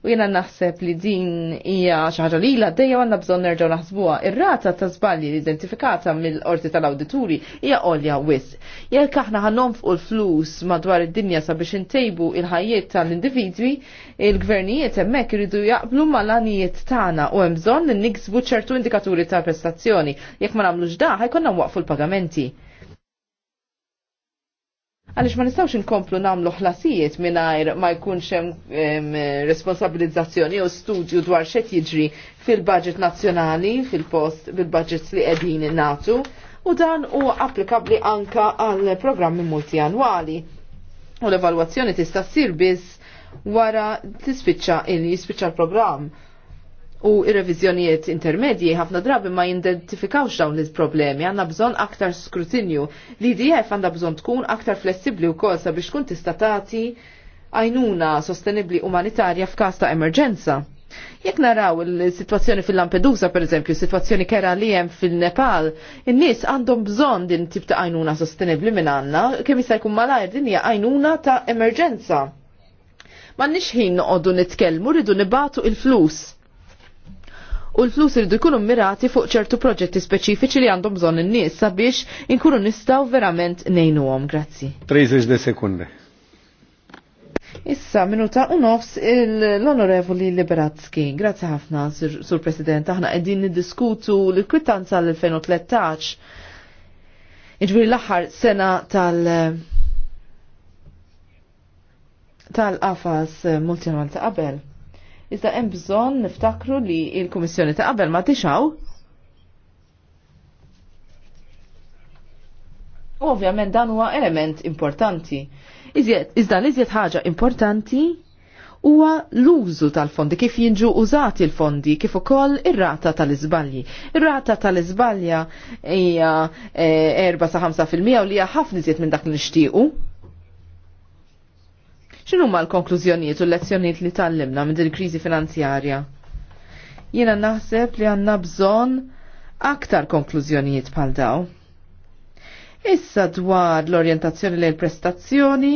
U jena naħseb li din hija xi ħaġa li ilha dejjem għandna bżonn nerġgħu naħsbuha. Ir-rata ta' żbalji li identifikata mill-qorti tal-awdituri hija għolja wis. Jekk aħna ħanhom fuq il-flus madwar id-dinja sabiex intejbu il-ħajjiet tal-individwi, il-gvernijiet hemmhekk iridu jaqblu mal-għanijiet tagħna u hemm bżonn li niksbu ċertu indikaturi ta' prestazzjoni. Jekk ma nagħmlux da ħajkonna waqfu l-pagamenti. Għalix ma nistawx inkomplu namlu ħlasijiet minnajr ma jkunx hemm responsabilizzazzjoni u studju dwar xed jiġri fil-budget nazzjonali, fil-post, bil-budgets li qegħdin natu, u dan u applikabli anka għal programmi multianwali. U l-evalwazzjoni tista' ssir biss wara tispiċċa il jispiċċa l-programm u ir-reviżjonijiet intermedji ħafna drabi ma jidentifikawx dawn il-problemi, għandna bżonn aktar skrutinju. L-IDF għandha bżonn tkun aktar flessibbli wkoll sabiex tkun tista' tagħti għajnuna sostenibbli umanitarja f'każ ta' emerġenza. Jekk naraw il-situazzjoni fil-Lampedusa, per eżempju, situazzjoni kera li hemm fil-Nepal, in-nies għandhom bżonn din tip ta' għajnuna sostenibli minn għandna, kemm jista' jkun malajr din hija għajnuna ta' emerġenza. Ma nix ħin noqogħdu nitkellmu, rridu nibatu il-flus u l-flus irridu jkunu mirati fuq ċertu proġetti speċifiċi li għandhom bżonn in-nies sabiex inkunu nistgħu verament ngħinuhom. Grazzi. 30 sekunde. Issa minuta u nofs l-onorevoli Liberatski. Grazzi ħafna, Sur President, aħna qegħdin niddiskutu l-kwittanza l-2013. Iġbiri l-aħħar sena tal- tal-qafas multinwal ta' qabel. Iżda hemm bżonn niftakru li l-Kummissjoni ta' qabel ma tixaw. Ovvjament dan huwa element importanti. Iżda l-iżjed ħaġa importanti huwa l-użu tal-fondi, kif jinġu użati l-fondi, kif ukoll ir-rata tal-iżbalji. Ir-rata tal-iżbalja hija 4 eh, sa 5% u li hija ħafna iżjed minn dak li nixtiequ. X'inhu ma l-konklużjonijiet u l-lezzjonijiet li tallimna minn din il-kriżi finanzjarja? Jiena naħseb li għandna bżonn aktar konklużjonijiet bħal daw. Issa dwar l-orjentazzjoni l prestazzjoni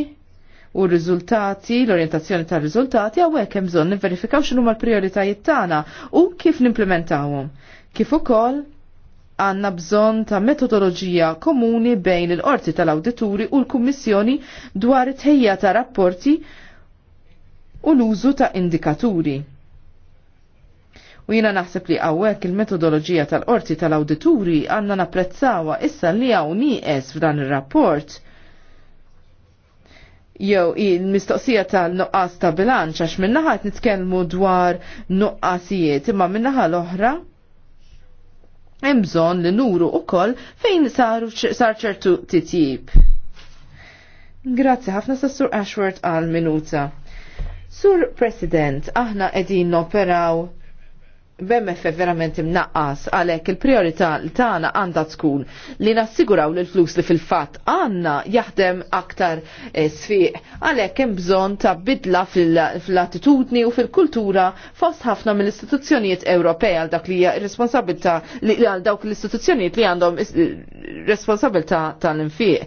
u r-riżultati, l-orjentazzjoni tar riżultati għawek hemm bżonn nivverifikaw x'inhuma l prioritajiet tagħna u kif nimplementawhom. Kif ukoll għanna bżon ta' metodoloġija komuni bejn il-qorti tal-awdituri u l-Kummissjoni dwar it ta' rapporti u l-użu ta' indikaturi. U jina naħseb li għawek il-metodoloġija tal-qorti tal-awdituri għanna napprezzawa issa li għaw nieqes f'dan il-rapport jew il-mistoqsija tal-nuqqas ta' bilanċ għax minnaħat nitkelmu dwar nuqqasijiet imma minnaħa l-oħra hemm bżonn li nuru wkoll fejn sar ċertu titjib. Grazzi ħafna sa' Sur Ashworth għal minuta. Sur President, aħna qegħdin noperaw BMF verament imnaqqas għalhekk il-priorità tagħna għandha tkun li nassiguraw li l-flus li fil-fatt għandna jaħdem aktar eh, sfiq għalhekk hemm bżonn ta' bidla fil-attitudni u fil-kultura fost ħafna mill-istituzzjonijiet Ewropea għal dak li hija responsabilità għal dawk l-istituzzjonijiet li għandhom responsabilità tal-infiq.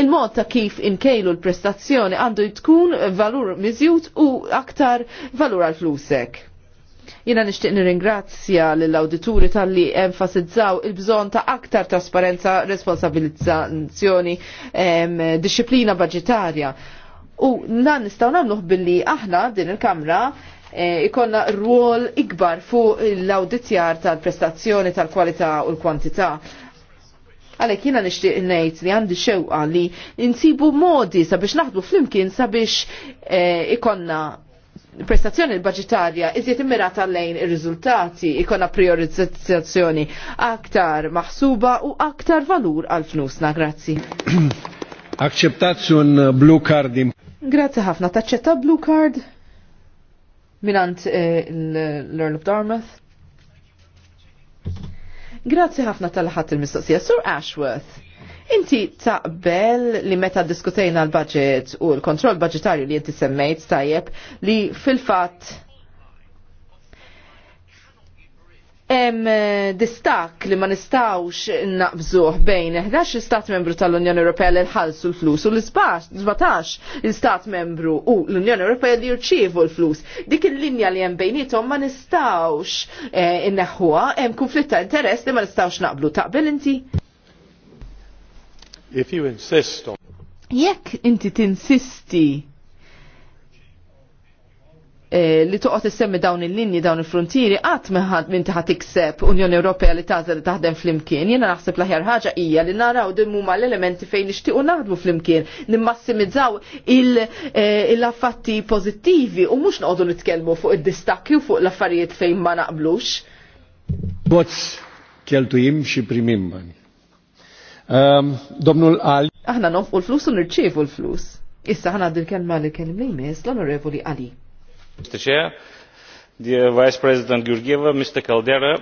Il-mod ta' kif inkejlu l-prestazzjoni għandu tkun valur miżjut u aktar valur għal flusek Jina nishtiq nirringrazzja l-awdituri tal-li enfasizzaw il-bżon ta' aktar trasparenza, responsabilizzazzjoni, disciplina budgetarja. U dan nistaw namluħ billi aħna din il-Kamra e, ikonna rwol ikbar fuq l-auditjar tal-prestazzjoni tal-kwalità u l-kwantità. Għalek jina nishtiq nejt li għandi xewqa li insibu modi sabiex naħdu flimkien sabiex e, ikonna prestazzjoni budgetarja iżjed immirata lejn ir-riżultati ikonna priorizzazzjoni aktar maħsuba u aktar valur għal fnusna. Grazzi. Akċeptazzjon blue card. Grazzi ħafna. Taċċetta blue card minant eh, l-Earl of Dartmouth. Grazzi ħafna tal-ħat il-mistoqsija. Sur Ashworth. Inti taqbel li meta diskutejna l-budget u l-kontroll budgetarju li inti semmejt tajjeb li fil-fat Em distak li ma nistawx naqbżuh bejn 11 stat membru tal-Unjoni Ewropea li ħalsu l-flus u l-17 il-stat membru u l-Unjoni Ewropea li jirċievu l-flus. Dik il-linja li hemm bejnietom ma nistawx eh, inneħħuha hemm konflitta ta' interess li ma nistawx naqblu taqbel inti. If you insist on Jekk inti tinsisti eh, li toqgħod issemmi dawn il-linji dawn il-frontieri qatt meħad minn ħad tikseb Unjoni Ewropea li tażel taħdem flimkien. Jiena naħseb l-aħjar ħaġa hija li naraw din huma l-elementi fejn nixtiequ naħdmu flimkien, nimmassimizzaw eh, il-affatti pożittivi u mhux noqogħdu nitkellmu fuq id-distakki u fuq l-affarijiet fejn ma naqblux. Bozz keltu jimxi primimman. Ehm, domnul Ali. Aħna nofqu l-flus u nirċievu l-flus. Issa ħana għaddi l-kelma li kellim li mis, l-Onorevoli Ali. Mr. Chair, dear Vice President Gurgieva, Mr. Caldera,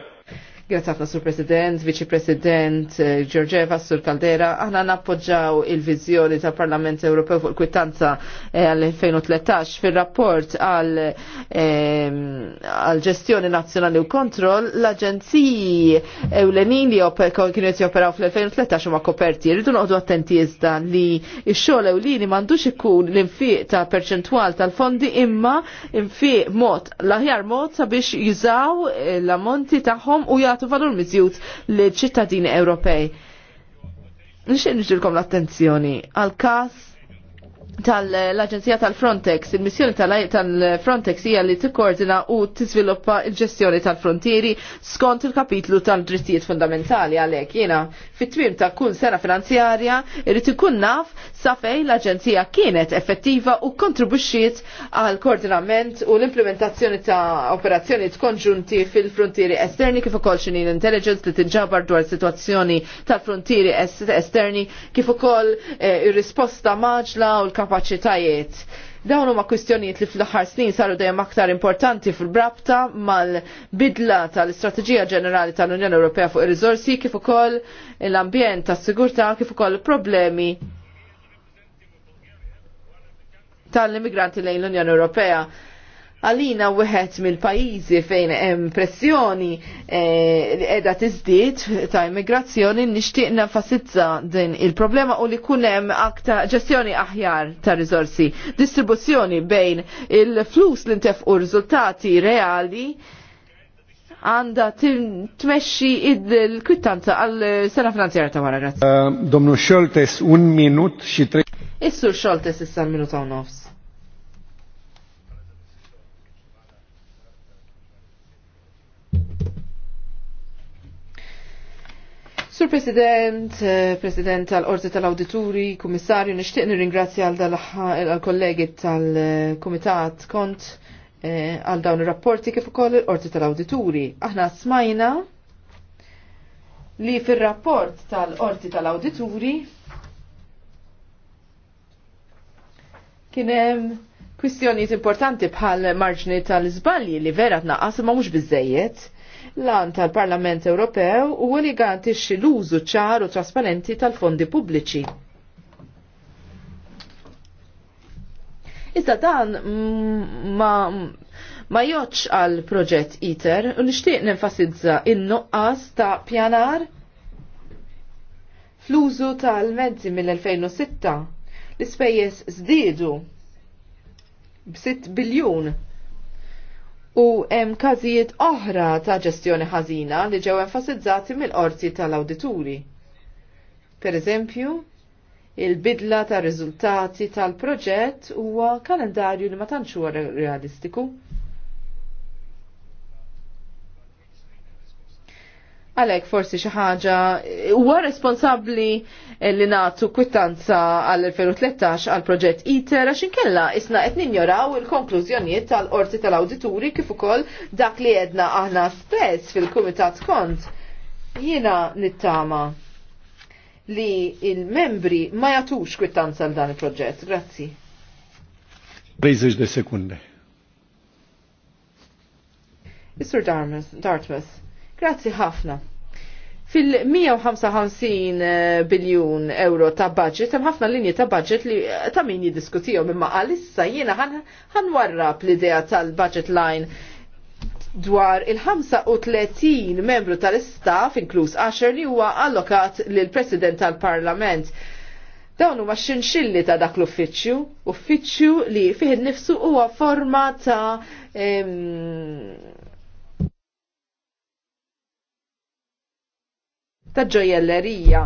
Grazie a Sur President, Viċi President eh, Giorgeva, Sur Caldera. Aħna nappoġġaw il-vizjoni tal-Parlament Ewropew fuq il-kwittanza eh, għal-2013 fil-rapport għal-ġestjoni ehm, nazzjonali u kontroll l-Aġenziji ewlenin li kienu joperaw fl-2013 huma koperti. Rridu noqdu attenti iżda li x-xogħol ewlieni m'għandux ikun l-infiq ta' perċentwal tal-fondi imma infiq mod l-aħjar mod sabiex jużaw eh, l-ammonti tagħhom u jagħtu valur mizjut li ċittadini Ewropej. Nixtieq nġilkom l-attenzjoni għal każ tal-Aġenzija tal-Frontex. Il-missjoni tal-Frontex hija li tikkoordina u tiżviluppa l-ġestjoni tal-frontieri skont il-kapitlu tal-drittijiet fundamentali għalhekk jiena fit-twim ta' kull sena finanzjarja irid ikun naf safej l-Aġenzija kienet effettiva u kontribuxiet għal koordinament u l-implementazzjoni ta' operazzjoni konġunti fil-frontieri esterni kif ukoll xinin intelligence li tinġabar dwar situazzjoni tal-frontieri esterni kif ukoll eh, ir-risposta maġla u l-kapaċitajiet dawn huma kwistjonijiet li fl-aħħar snin saru dejjem aktar importanti fil-brabta mal-bidla tal-istrateġija ġenerali tal-Unjoni Ewropea fuq ir-riżorsi kif ukoll l-ambjent tas-sigurtà kif ukoll problemi tal-immigranti lejn l-Unjoni Ewropea. Għalina wieħed mill-pajjiżi fejn hemm pressjoni li eh, qiegħda tiżdied ta' immigrazzjoni nixtieq nenfasizza din il-problema u li kun hemm aktar ġestjoni aħjar ta' riżorsi, distribuzzjoni bejn il-flus li ntefqu riżultati reali għanda tmexxi il-kwittanza għal sena finanzjara ta' wara grazzi. Eh, Domnu Xoltes, un minut xi tre. Issur Xoltes issa minuta u nofs. Sur President, eh, President tal-Orti tal-Awdituri, Kummissarju, nishtiq nirringrazzja għal kollegi tal-Komitat Kont eh, għal dawn ir-rapporti kif ukoll l-Orti tal-Awdituri. Aħna smajna li fir-rapport tal-Orti tal-Awdituri kien hemm kwistjonijiet importanti bħal marġni tal-iżbalji li vera tnaqqas ma mhux biżejjed Lan tal-Parlament Ewropew u li garantixxi l-użu ċar u trasparenti tal-fondi pubbliċi. Iżda dan ma ma joċ għal proġett ITER u nixtieq nenfasizza in-nuqqas ta' pjanar fl-użu tal-mezzi mill-2006 l-ispejjeż żdiedu b-6 biljun u hemm każijiet oħra ta' ġestjoni ħażina li ġew enfasizzati mill-qorti tal-awdituri. Per eżempju, il-bidla ta' riżultati tal-proġett huwa kalendarju li ma tantx huwa realistiku. Għalek forsi xi ħaġa huwa responsabbli li nagħtu kwittanza għall-2013 għal proġett ITER għax inkella isna qed ninjoraw il-konklużjonijiet tal-qorti tal-awdituri kif ukoll dak li jedna aħna stess fil-kumitat kont. Jiena nittama li il-membri ma jagħtux kwittanza għal dan il-proġett. Grazzi. de sekunde. Mr. Dartmouth, Grazzi ħafna. Fil-155 biljun euro ta' budget, hemm ħafna linji ta' budget li eh, ta' min jiddiskutihom imma għalissa jiena ħan l-idea tal-budget line dwar il-35 membru tal-istaff, inkluż 10 li huwa allokat lil president tal-Parlament. Dawn huma xinxilli ta' dak l-uffiċċju, uffiċċju li fih nifsu huwa forma ta' ta' ġojellerija.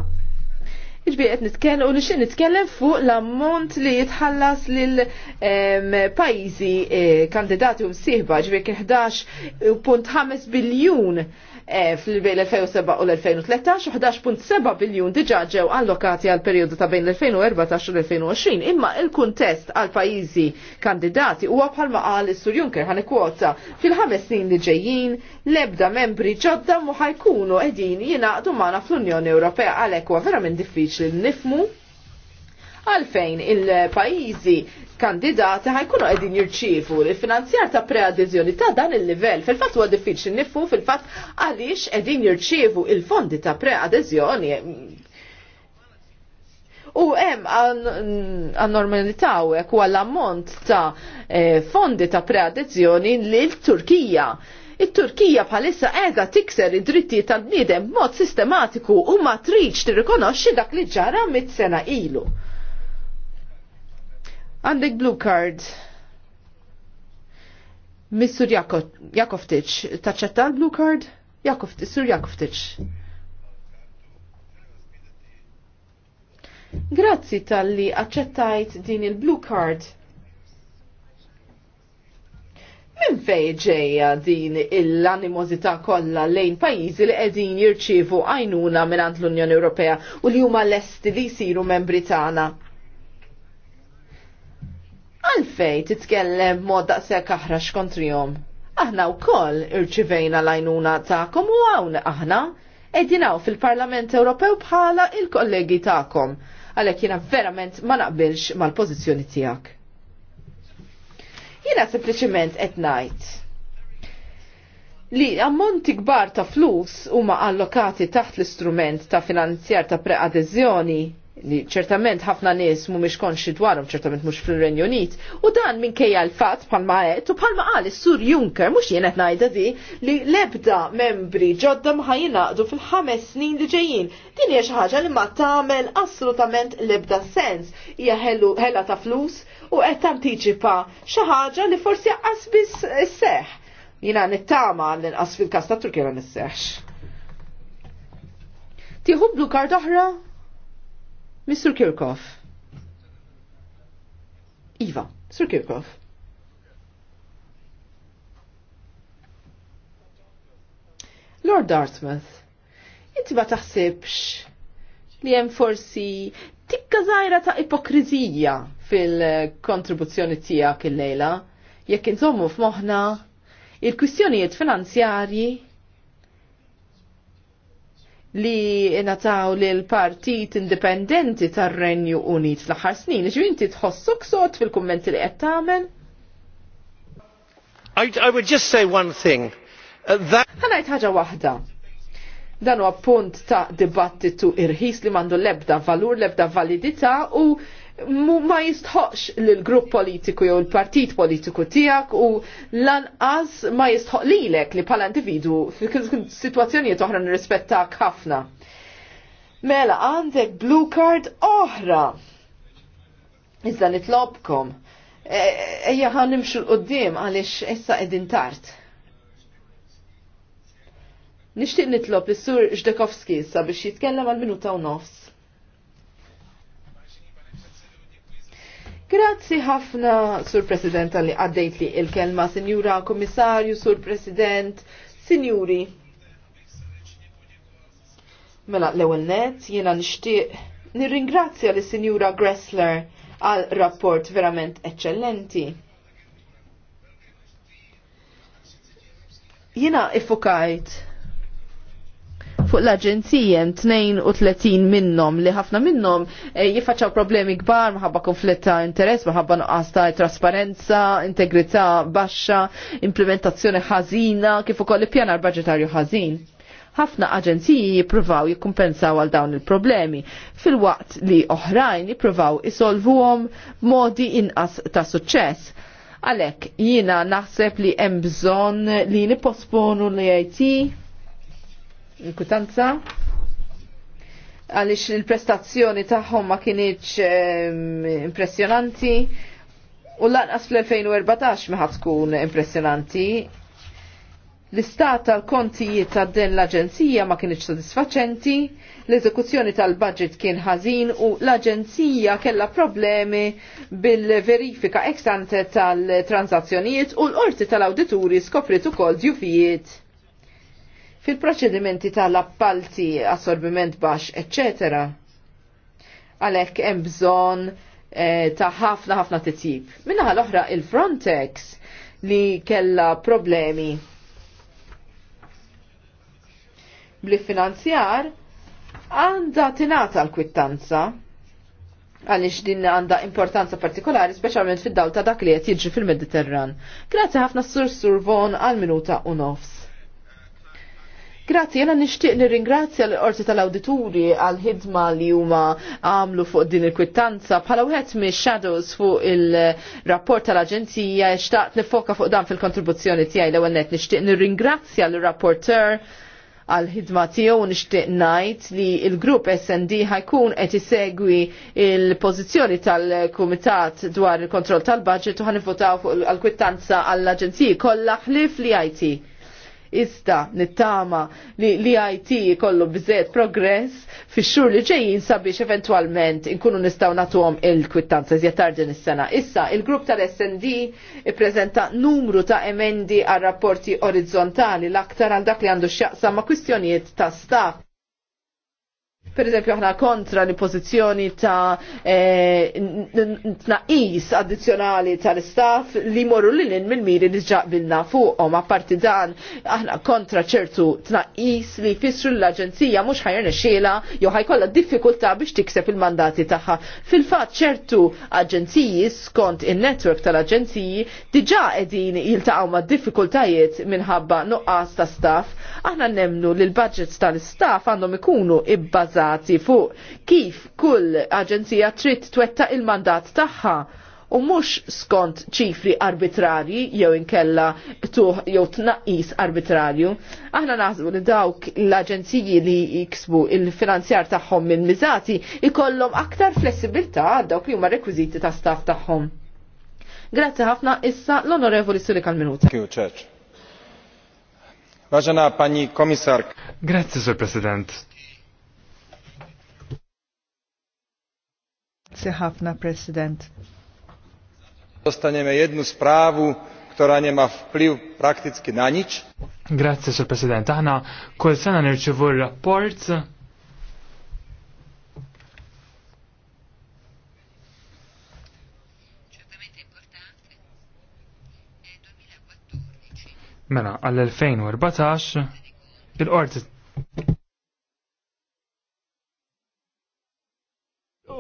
Iġbiri qed nitkellem u nixin nitkellem fuq l-ammont li jitħallas lil pajjiżi eh, kandidati u msieħba ġbir 11.5 biljun E, fil-bejn 2007 u l-2013 11.7 biljun diġaġew ġew allokati għal periodu ta' bejn l-2014 u l-2020 imma il-kuntest għal pajjiżi kandidati huwa bħalma qal il sur Juncker għan kwota fil-ħames snin li ġejjin l-ebda membri ġodda mu ħajkunu qegħdin jingħaqdu magħna fl-Unjoni Ewropea għalhekk huwa verament diffiċli nifmu għalfejn il-pajizi kandidati ħajkunu għedin jirċifu il-finanzjar ta' preadizjoni ta' dan il-livell. Fil-fat huwa diffiċli nifu fil-fat għaliex qegħdin jirċievu il-fondi ta' preadizjoni. U hemm għan-normalità hawnhekk huwa l-ammont ta' eh, fondi ta' preadizjoni lil Turkija. Il-Turkija bħalissa qiegħda tikser id-dritti tal-bniedem b'mod sistematiku u matriċ tirrikonoxxi dak li ġara mit-sena ilu. Għandek blue card. Missur Jakovtic, taċċetta l-blue card? Jakovtic, Sur Jakovtic. Grazzi tal-li accettajt din il-blue card. Min fej ġeja din l animozita kollha lejn pajjiżi li qegħdin jirċievu għajnuna għand l-Unjoni Ewropea u li huma lesti li jsiru membri tagħna. Għalfej titkellem mod daqshekk aħrax kontrihom. Aħna wkoll irċivejna l-għajnuna tagħkom u hawn aħna edinaw fil-Parlament Ewropew bħala il-kollegi tagħkom għalhekk jiena verament ma naqbilx mal-pożizzjoni tiegħek. Jiena sempliciment qed ngħid li ammonti kbar ta' flus huma allokati taħt l-istrument ta' finanzjar ta' preadeżjoni ċertament ħafna nies mhumiex konxi dwarhom ċertament mhux fil-Renju Unit u dan minkejja l-fatt bħalma qed u bħalma qal is-Sur Juncker mhux jien qed ngħidha di li l-ebda membri ġodda ma ħajinaqdu fil-ħames snin li ġejjin. Din hija xi ħaġa li ma tagħmel assolutament l-ebda sens hija ħela ta' flus u qed tantiċipa xi ħaġa li forsi jaqqas biss isseħħ. Jiena nittama l-inqas fil-każ ta' Turkija ma nisseħħx. Tieħu blu kard oħra? Mr. Kirkov. Iva, Sir Kirkov. Lord Dartmouth, inti ma taħsibx li hemm forsi tikka zaħira ta' ipokrizija fil-kontribuzzjoni tiegħek il-lejla, jekk inżommu f'moħħna il-kwistjonijiet finanzjarji li nataw li l-partit indipendenti tar-Renju Unit fl-aħħar snin, ġu inti tħossok sot fil-kummenti li qed tagħmel? I would just say one thing. Uh, Ħanajt ħaġa waħda. Dan huwa punt ta' dibattitu irħis li mandu lebda valur, lebda validità u ma jistħoqx l-grupp politiku jew l-partit politiku tiegħek u lanqas ma jistħoq lilek li bħala individu fi sitwazzjonijiet oħra nirrispettak ħafna. Mela għandek blue card oħra. Iżda nitlobkom. Ejja ħan nimxu l-qoddim għaliex issa qegħdin tard. Nixtieq nitlob is-sur Ġdekowski issa biex jitkellem għal minuta u nofs. Grazzi ħafna, Sur President, għalli għaddejt li il-kelma, Sinjura Komissarju, Sur President, Sinjuri. Mela, l-ewel net, jena nishtiq nirringrazzja li Sinjura Gressler għal rapport verament eccellenti. Jena ifukajt fuq l-aġenzijem 32 minnom li ħafna minnom eh, jiffaċċaw problemi kbar maħabba konflitt ta' interess, maħabba nuqqas ta' trasparenza, integrità baxxa, implementazzjoni ħażina, kif ukoll il-pjanar budgetarju ħażin ħafna aġenziji jippruvaw jikkumpensaw għal dawn il-problemi, fil-waqt li oħrajn jipruvaw isolvuhom modi inqas ta' suċċess. Għalek, jina naħseb li hemm bżonn li niposponu l-IT il-kutanza għalix il-prestazzjoni tagħhom ma kienieċ ehm, impressjonanti u lanqas fl-2014 maħat tkun impressjonanti. L-istat tal-kontijiet ta' din l-Aġenzija ma kienieċ sodisfaċenti, l-eżekuzzjoni tal-budget kien ħażin u l-Aġenzija kella problemi bil-verifika ex ante tal-transazzjonijiet u l-qorti tal-awdituri skoprit ukoll djufijiet fil-proċedimenti tal-appalti, assorbiment baxx, eccetera. Għalhekk hemm bżonn eh, ta' ħafna ħafna titjib. Minnaħa l-oħra il-Frontex li kella problemi bl-finanzjar għanda tinata l-kwittanza għalix din għanda importanza partikolari, specialment fid-dawl ta' dak li qed jiġri fil-Mediterran. Grazie ħafna s Sur Survon għal minuta u nofs. Grazzi, jena nishtiq nirringrazzja l-Orti tal-Awdituri għal-ħidma li huma għamlu fuq din il-kwittanza. Bħala wieħed mis shadows fuq il-rapport tal-Aġenzija xtaqt nifoka fuq dan fil-kontribuzzjoni tiegħi l-ewwel nett nixtieq nirringrazzja l-rapporter għal-ħidma tiegħu nixtieq ngħid li l-grupp SND ħajkun qed isegwi il-pożizzjoni tal-Kumitat dwar il kontrol tal-budget u ħanivvotaw fuq għall-kwittanza għall aġenzija kollha ħlief li għajti. Ista nittama li l-IT kollu bżed progress fi xur li ġejjin sabiex eventualment inkunu nistaw natuhom il-kwittanza zjatar din is-sena. Issa il-grupp tal-SND i-prezenta numru ta' emendi għal rapporti orizzontali l-aktar għal dak li għandu x'jaqsam ma' kwistjonijiet ta' staff Per eżempju, aħna kontra li pozizjoni ta' eh, tnaqis addizzjonali tal-istaff li morru l-in mill-miri li ġaqbilna fuqhom. Apparti dan, aħna kontra ċertu tnaqis li jfissru l-Aġenzija mhux ħajrna xela jew ħajkolla diffikultà biex tikseb il-mandati tagħha. Fil-fatt ċertu aġenziji skont in-netwerk tal-aġenziji diġa' qegħdin jiltaqgħu ma' diffikultajiet minħabba nuqqas ta' staff. Aħna nemnu li l-budgets tal-istaff għandhom ikunu ibbaza mandati fuq kif kull aġenzija trid twetta il-mandat tagħha u mhux skont ċifri arbitrarji jew inkella ktuħ jew tnaqqis arbitrarju. Aħna naħsbu li dawk l-aġenziji li jiksbu il-finanzjar tagħhom minn miżati ikollhom aktar flessibilità dawk li huma rekwiżiti ta' staff tagħhom. Grazzi ħafna issa l-Onorevoli Sulik għal-Minuta. Vaġana pani komisar. Grazzi, Sir President. Grazzi ħafna, President. Dostaniemy jednu sprawu, która nie ma wpływ praktycznie na nic. Grazie, Sir President. Aħna kol sena nirċivu rapport Mela, għall-2014 il-qorti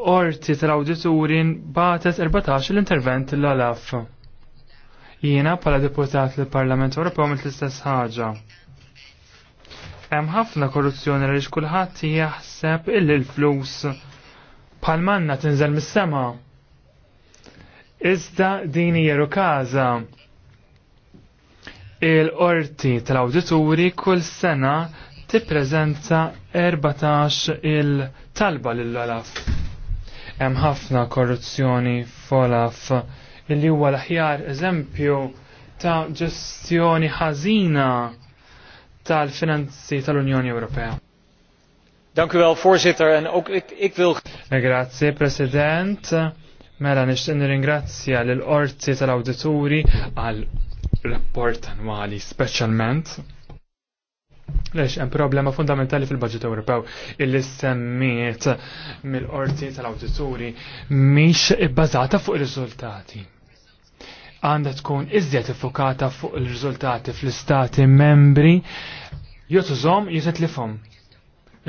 Orti tal-awdituri batet 14 l-intervent l-alaf. Jiena pala deputat l parlament Ewropew mill l-istess ħaġa. Hemm ħafna korruzzjoni għaliex kulħadd jaħseb illi l-flus manna tinżel mis-sema. Iżda din hija kaza il-qorti tal-awdituri kull sena tippreżenta 14 il-talba lill-alaf hemm ħafna korruzzjoni folaf illi huwa l-aħjar eżempju ta' ġestjoni ħażina tal-finanzi tal-Unjoni Ewropea. Dank u għal, voorzitter. En ok, ik, ik wil... Eh, grazie, president. Mela, nishtin ringrazzja l-orti tal-auditori għal rapport annwali specialment. Lex, hemm problema fundamentali fil-budget Ewropew illi semmiet mill-qorti tal-awdituri mhix ibbażata fuq ir-riżultati. Għandha tkun iżjed iffukata fuq ir-riżultati fl-istati membri jotużhom tetlifhom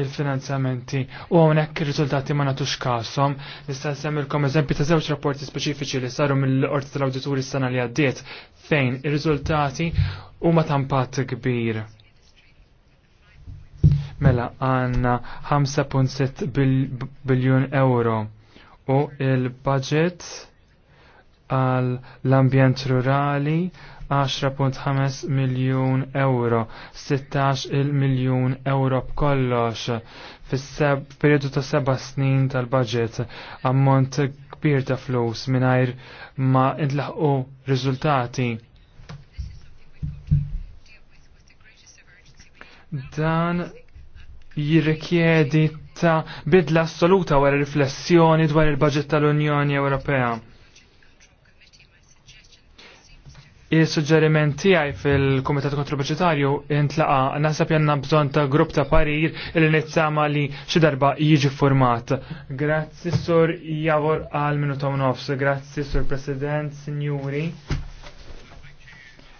il-finanzamenti u hawnhekk ir-riżultati ma nagħtux kasom. Nista' semmilkom eżempju ta' żewġ rapporti speċifiċi li saru mill-qorti tal-awdituri s-sena li għaddiet fejn ir-riżultati huma tampat kbir mela għanna 5.6 biljun euro u il-budget għal l-ambjent rurali 10.5 miljon euro, 16 il-miljon euro b'kollox fis-periodu ta' seba snin tal-budget ammont kbir ta' flus mingħajr ma intlaħqu riżultati. Dan jirrikjedi ta' bidla assoluta wara riflessjoni dwar il-budget tal-Unjoni Ewropea. Il-suġġeriment tiegħi fil-Kumitat Budgetarju intlaqa naħseb jenna bżon ta' grupp ta' parir il nittama li xi darba jiġi format. Grazzi Sur Javor għal minuta nofs, grazzi Sur President, Signuri.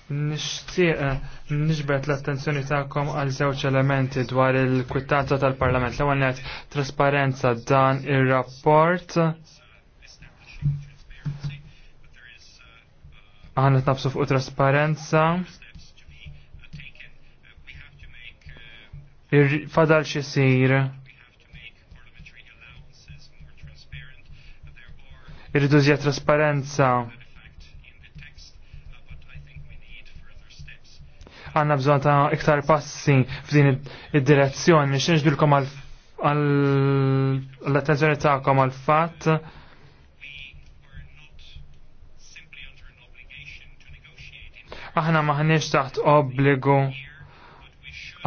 Nixtieq eh, nixbet l-attenzjoni ta'kom għal żewġ elementi dwar il-kwittanza tal-Parlament. L-ewwel net trasparenza dan il rapport Aħna nafsu fuq trasparenza. Fadal xisir. Irridu trasparenza. trasparenza għanna bżon ta' iktar passi f'din id-direzzjoni, nix nġdilkom għall-attenzjoni ta'kom għal-fat. Aħna maħniex taħt obbligu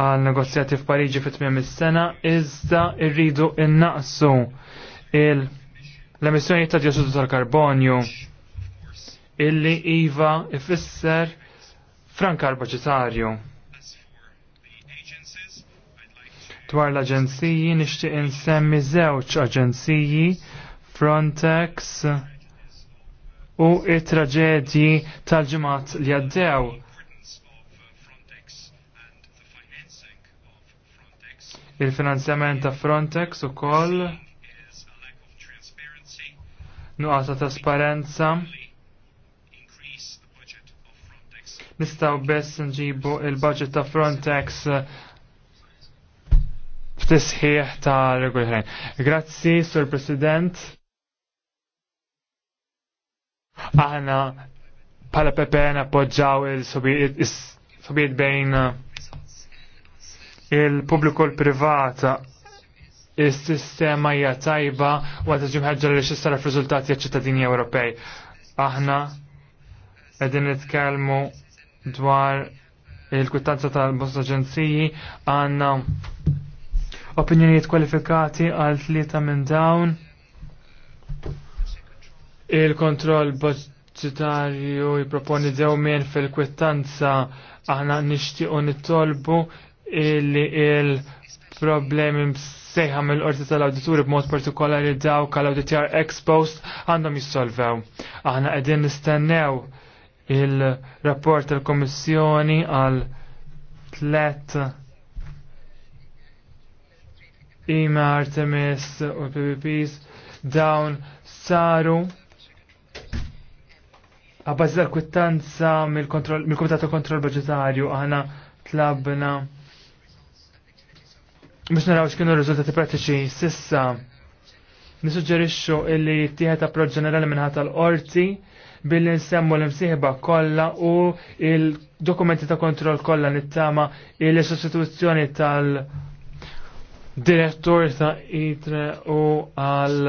għal negozjati f'Pariġi fit-tmiem is-sena, iżda rridu innaqsu l-emissjoni ta' dioxidu tal-karbonju illi iva ifisser Frankar Budgetarju. Dwar l-aġenziji nixtieq insemmi żewġ aġenziji Frontex u it-traġedji tal ġemat li għaddew. Il-finanzjament ta' Frontex ukoll nuqqas ta' trasparenza nistaw bess nġibu il-budget ta' Frontex eh, f'tisħiħ ta' regolħrejn. Grazzi, Sur President. Aħna pala Pepe appoġġaw il-sobiet bejn eh, il-pubbliku l-privat il-sistema hija tajba u għad ġimħeġġa li xissara f'riżultati ċittadini Ewropej. Aħna qegħdin nitkellmu dwar il-kwittanza tal-bosta ġenziji għanna opinjonijiet kwalifikati għal tlieta minn dawn il-kontroll budgetarju jiproponi dewmien fil-kwittanza aħna nixtiequ nittolbu illi il-problemi sejħa mill-qorti tal-awdituri b'mod partikolari dawk għal-awditjar ex post għandhom jissolvew. Aħna qegħdin nistennew il-rapport tal-Komissjoni għal tlet Ima Artemis u PPPs dawn saru għabbażi tal-kwittanza mill-Komitat tal-Kontroll Budgetarju għana tlabna biex naraw x'kienu r-riżultati pratiċi sissa nisuġġerixxu illi tieħed approċ ġenerali minħata l-qorti billi nsemmu l-imsieħba kollha u il-dokumenti ta' kontroll kollha nittama il-sostituzzjoni tal- direttur ta' ITRE u għal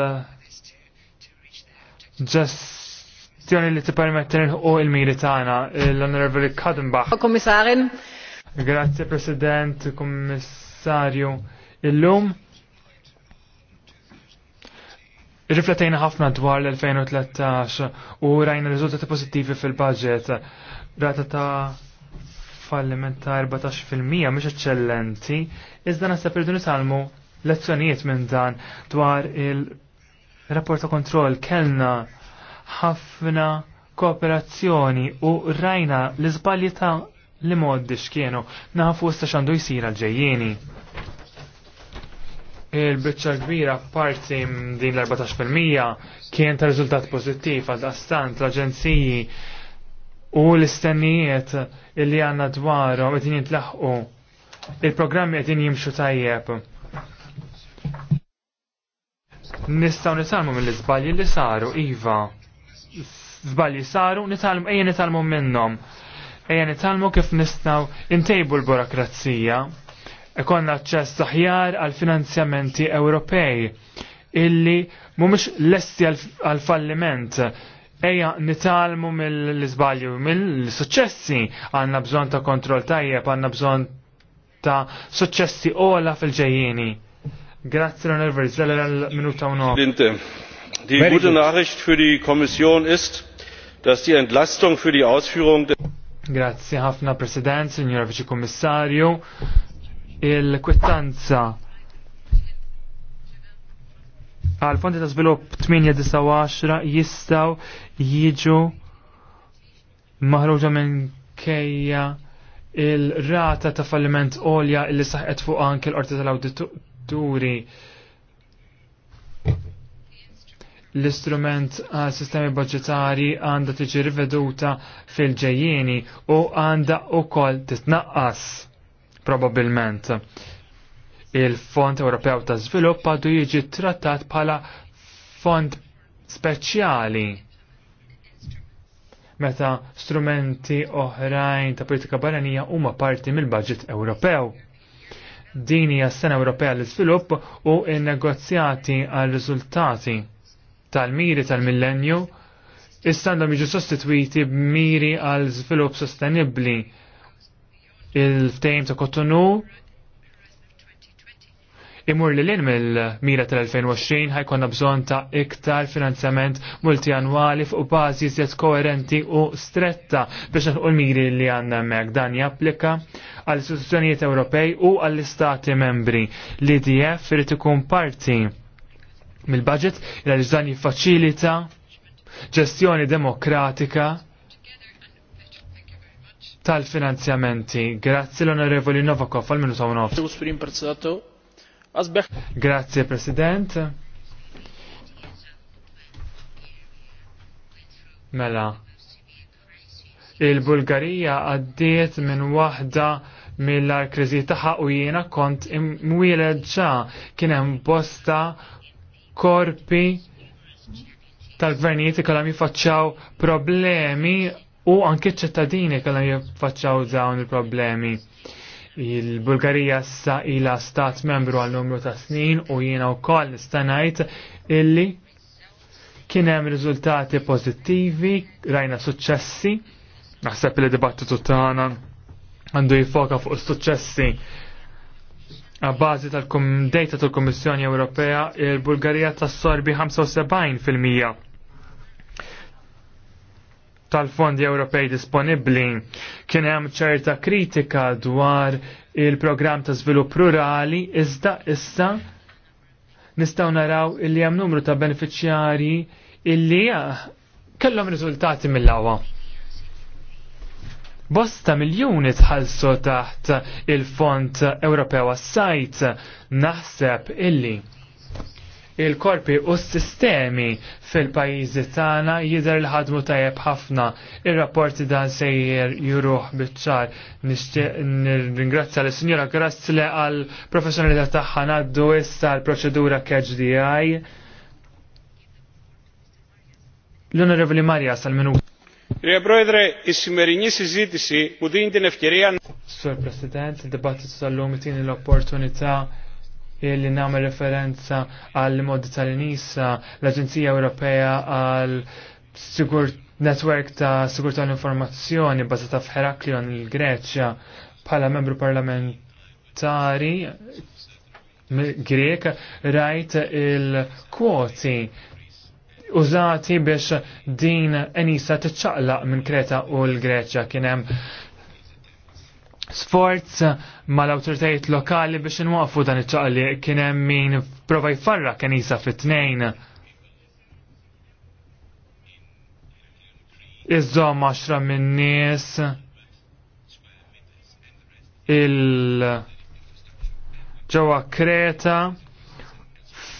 ġestjoni li t-permettin u il-miri tagħna l-Onorevoli Kadenbach. Komissarin. Grazie President, Kommissarju. Illum Riflettejna ħafna dwar l-2013 u rajna riżultati pozittivi fil-budget. Rata ta' falliment ta' 14% mhux eċċellenti, iżda naħseb irdu nisalmu lezzjonijiet minn dan dwar il-rapport ta' kontroll kellna ħafna kooperazzjoni u rajna l-iżbalji ta' li moddi x'kienu nafu sta x'għandu jsir għal ġejjieni il-bicċa kbira parti din l-14% kien ta' riżultat pozittiv għal dastant l-aġenziji u l-istennijiet li għanna dwarhom qed jintlaħqu il-programmi qegħdin jimxu tajjeb. Nistgħu nitalmu mill-iżbalji li saru iva. Zbalji saru nitalmu ejja nitalmu minnhom. Ejja nitalmu kif nistgħu intejbu l-burokrazija ikonna ċess saħjar għal finanzjamenti Ewropej illi mhumiex lesti għal falliment Eja, nitalmu mill-izbalju, mill-successi, għanna bżon ta' kontrol tajjeb, għanna bżon ta' successi ola fil-ġejjini. Grazie, Ronald Verz, l-minuta un. Die gute Nachricht für die Kommission ist, dass die Entlastung für die Ausführung der Grazie ħafna President, Signora Vice Kommissarju il-kwittanza għal fondi ta' svilupp 8-10 jistaw jiġu maħruġa minn kejja il-rata ta' falliment olja illi saħqet fuq anke l-orti tal-awdituri l-istrument għal sistemi budġetari għanda tiġi riveduta fil-ġejjieni u għanda u kol titnaqqas. Probabilment il-Fond Ewropew ta' zvilupp għadu jiġi trattat bħala fond speċjali meta strumenti oħrajn ta' politika barranija huma parti mill-budget Ewropew. Din hija s-sena Ewropea l iżvilupp u n-negozjati għal riżultati tal-miri tal-millenju issa għandhom jiġu sostitwiti b'miri għal żvilupp sostenibbli il ftejn ta' kottonu imur li l-in mill-mira tal-2020 ħajkonna bżon ta' iktar finanzjament multianwali fuq bażi zjed koerenti u stretta biex naħu l-miri li għanna mek dan japplika għall istituzzjonijiet Ewropej u għall-istati membri. L-IDF irid ikun parti mill-budget il il-għal-ġdan jiffaċilita ġestjoni demokratika tal-finanzjamenti. Grazzi l-Onorevoli Novakov għal minu Grazie, Grazzi President. Mela. Il-Bulgarija għaddiet minn waħda mill-ar kriżi taħħa u jiena kont imwieled ġa kien hemm bosta korpi tal-gvernijiet ikollhom jiffaċċjaw problemi u anke ċittadini kellhom jiffaċċaw dawn il-problemi. Il-Bulgarija sa ila stat membru għal numru ta' snin u jiena wkoll stanajt illi kien hemm riżultati pożittivi, rajna suċċessi, naħseb li dibattitu tagħna għandu jifoka fuq suċċessi bazi tal-data tal-Kommissjoni Ewropea, il-Bulgarija tassorbi 75% tal-fondi Ewropej disponibbli. Kien hemm ċerta kritika dwar il-programm ta' żvilupp rurali iżda issa nistgħu naraw illi hemm numru ta' benefiċjarji illi ah, kellhom riżultati mill-awa. Bosta miljoni tħallsu taħt il-Fond Ewropew għas-sajt naħseb illi il-korpi u s-sistemi fil-pajizi tagħna jidher l-ħadmu tajjeb ħafna. Ir-rapporti dan sejjer juruħ biċ-ċar. Nirringrazzja l sinjora Grazzle għal professjonalità tagħha ngħaddu issa l-proċedura KHDI. L-Onorevoli Marja sal-minu. brojdre, Πρόεδρε, η σημερινή συζήτηση μου din την ευκαιρία... President, il-dibattitu tal-lum l-opportunità Illi nagħmel referenza għal modi tal-Nisa, l-Aġenzija Ewropea għal sigur network ta' sigurtà l-informazzjoni bazata f'Heraklion il-Greċja bħala membru parlamentari Grek rajt il-kwoti użati biex din Enisa tiċċaqlaq minn Kreta u l-Greċja kien hemm sforz mal-awtoritajiet lokali biex nwaqfu dan iċ-ċaqli kien hemm min prova jfarra kanisa fit-tnejn. Iżżom għaxra minn nies il ġewwa Kreta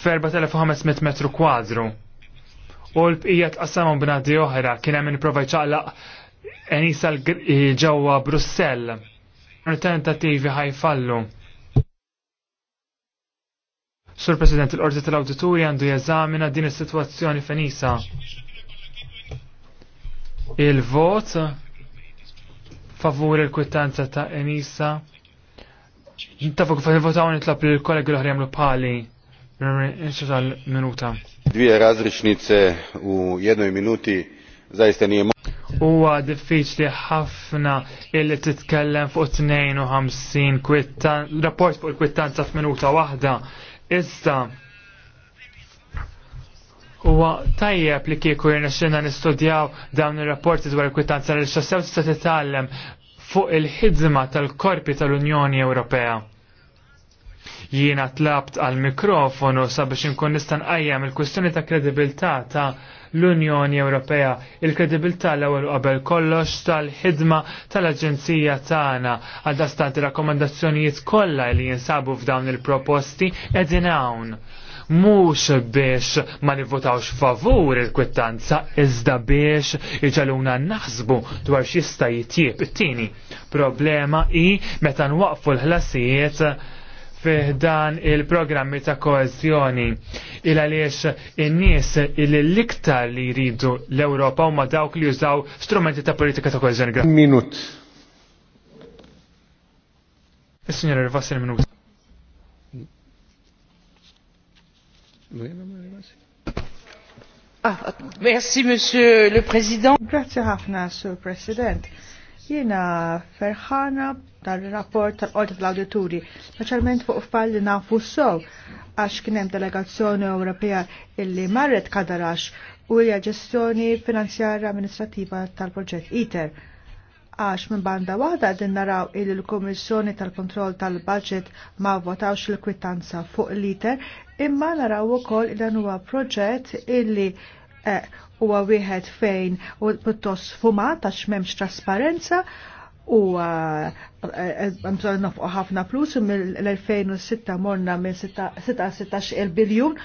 f'4500 metru kwadru. U l-bqija tqassamu b'nadi oħra kien hemm prova jċaqlaq enisa ġewwa Brussell tentativi ħajfallu. Sur President, il-Qorti tal auditori għandu jeżamina din is-sitwazzjoni fenisa. Il-vot favur il-kwittanza ta' Enisa. Ntafu kif votaw nitlab li kollegi l-oħra jagħmlu pali. Minuta. Dvije razričnice u jednoj minuti zaista nije huwa diffiċli ħafna illi titkellem fuq 52 kwittan rapport fuq il-kwittanza f'minuta waħda. Issa huwa tajjeb li kieku xena nistudjaw dawn ir-rapporti dwar il-kwittanza li xassew tista' titgħallem fuq il-ħidma tal-korpi tal-Unjoni Ewropea jiena tlabt għal mikrofonu sabiex inkun nista' nqajjem il-kwistjoni ta' kredibilità ta' l-Unjoni Ewropea, il-kredibilità l-ewwel qabel kollox tal-ħidma tal-Aġenzija tagħna għal dastanti rakkomandazzjonijiet kollha li jinsabu f'dawn il-proposti qegħdin hawn. Mhux biex ma nivvotawx favur il-kwittanza, iżda biex iġaluna naħsbu dwar jista' jitjieb. It-tieni problema hi meta nwaqfu l-ħlasijiet F'dan il-programmi ta' koezjoni il għaliex in-nies il-liktar li jridu l-Ewropa huma dawk li jużaw strumenti ta' politika ta' koezjoni. Minut. Il-Signor, Rivas il-minut. Ah, merci, Monsieur le Président. Grazie Monsieur Sur President. Jiena ferħana tal-rapport tal-qorti tal-awdituri, speċjalment fuq fall li nafu sow għax kien hemm delegazzjoni Ewropea illi marret kadarax u hija ġestjoni finanzjarja amministrativa tal-proġett ITER. Għax minn banda waħda din naraw il l-Kummissjoni tal-Kontroll tal-Budget ma votawx l-kwittanza fuq l-ITER imma naraw ukoll il dan huwa proġett illi eh, huwa wieħed fejn u pittos fumat għax m'hemmx trasparenza u uh, uh, bżonn nofqu ħafna plus mill-2006 morna minn 16 il biljun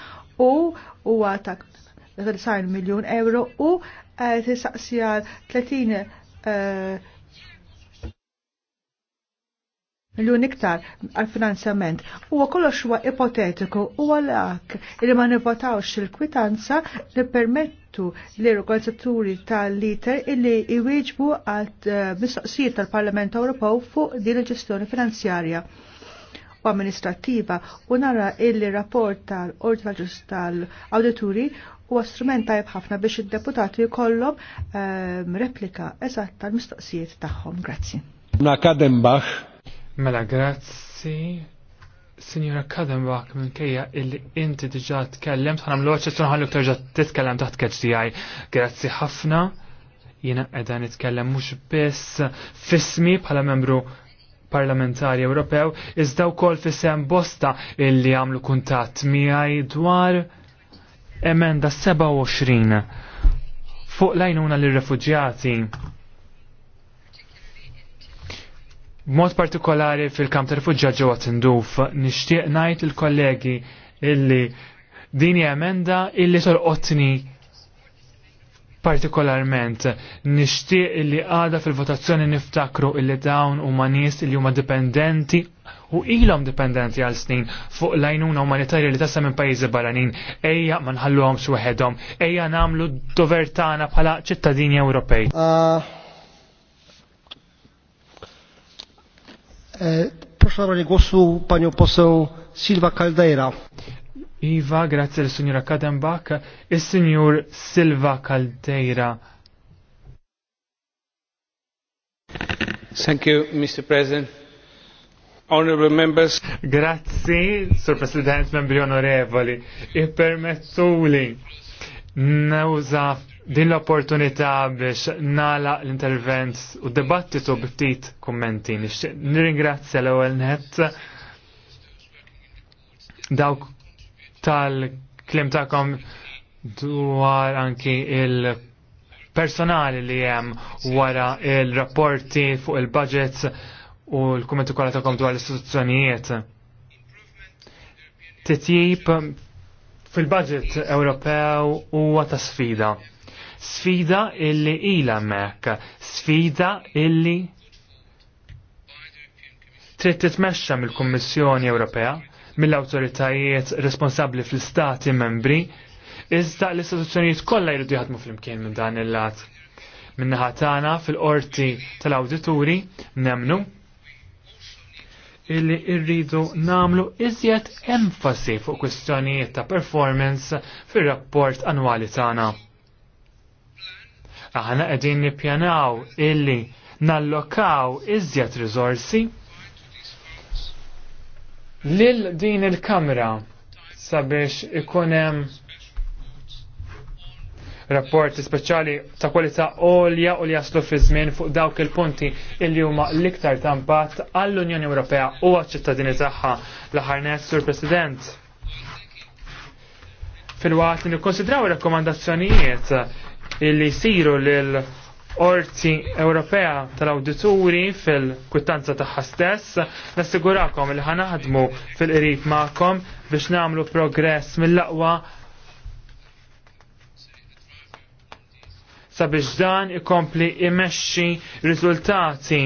u huwa ta' 30 miljun euro u uh, saqsija 30 miljun iktar għal-finanzjament. Huwa kollox huwa ipotetiku u għalhekk li ma nivotawx il-kwitanza li permett jippermettu l-organizzaturi tal-liter illi iwieġbu għal eh, mistoqsijiet tal-Parlament Ewropew fuq din il-ġestjoni finanzjarja u amministrativa u nara illi rapport tal-Ordi tal auditori u strument tajb ħafna biex id-deputati jkollhom eh, replika eżatt tal mistaqsijiet tagħhom. Grazzi. Mela grazzi. Signora Kadenbach, minn kejja illi inti diġa tkellem, tħanam loċa tunħallu terġa titkellem taħt keċ Grazzi ħafna, jina edha nitkellem mux biss fismi bħala membru parlamentari Ewropew, iżda wkoll fisem bosta illi għamlu kuntatt miegħi dwar emenda 27 fuq lajnuna l-refuġjati Mod partikolari fil-kamp tal-fuġġa ġewwa tinduf, nixtieq ngħid il-kollegi illi din hija emenda illi torqotni partikolarment nixtieq illi għada fil-votazzjoni niftakru illi dawn huma nies illi huma dipendenti u ilhom dipendenti għal snin fuq lajnuna umanitarja li tassa minn pajjiżi barranin ejja ma nħalluhomx weħedhom ejja nagħmlu d-dover tagħna bħala ċittadini Ewropej. Uh, E, proszę o panią poseł Silva Caldeira. Iva, grazie al signora Kadenbach. Il e, signor Silva Caldeira. Thank you, Mr. President. Honorable members. Grazie, Sir President, membri onorevoli. E permettuli. Nawza din l-opportunità biex nala l-intervent u d-debattitu b'ftit kommenti. Nirringrazzja l-ewwel net dawk tal-klim tagħkom dwar anki il-personali li hemm wara il-rapporti fuq il-budget u l-kummenti kollha tagħkom dwar l-istituzzjonijiet. Titjib fil-budget Ewropew huwa ta' sfida sfida illi ila mek, sfida illi trid titmexxa mill-Kummissjoni Ewropea, mill-awtoritajiet responsabbli fl-istati membri, iżda l-istituzzjonijiet kollha jridu jaħdmu flimkien minn dan il-lat. Minnaħa tagħna fil-qorti tal-awdituri nemnu illi irridu namlu iżjed enfasi fuq kwistjonijiet ta' performance fir-rapport annwali tagħna. Aħna qegħdin nippjanaw illi nallokaw iżjed riżorsi lil din il-kamra sabiex ikun hemm rapporti speċjali ta' kwalità għolja u li jaslu fi żmien fuq dawk il-punti illi huma l-iktar tampat għall-Unjoni Ewropea u għaċ-ċittadini tagħha l-aħħar net sur President. Fil-waqt li nikkonsidraw ir-rakkomandazzjonijiet li jsiru lil orzi Ewropea tal-Awdituri fil-kwittanza tagħha stess, nassigurakom li ħanaħdmu fil-qrib magħkom biex nagħmlu progress mill laqwa sabiex dan ikompli imexxi riżultati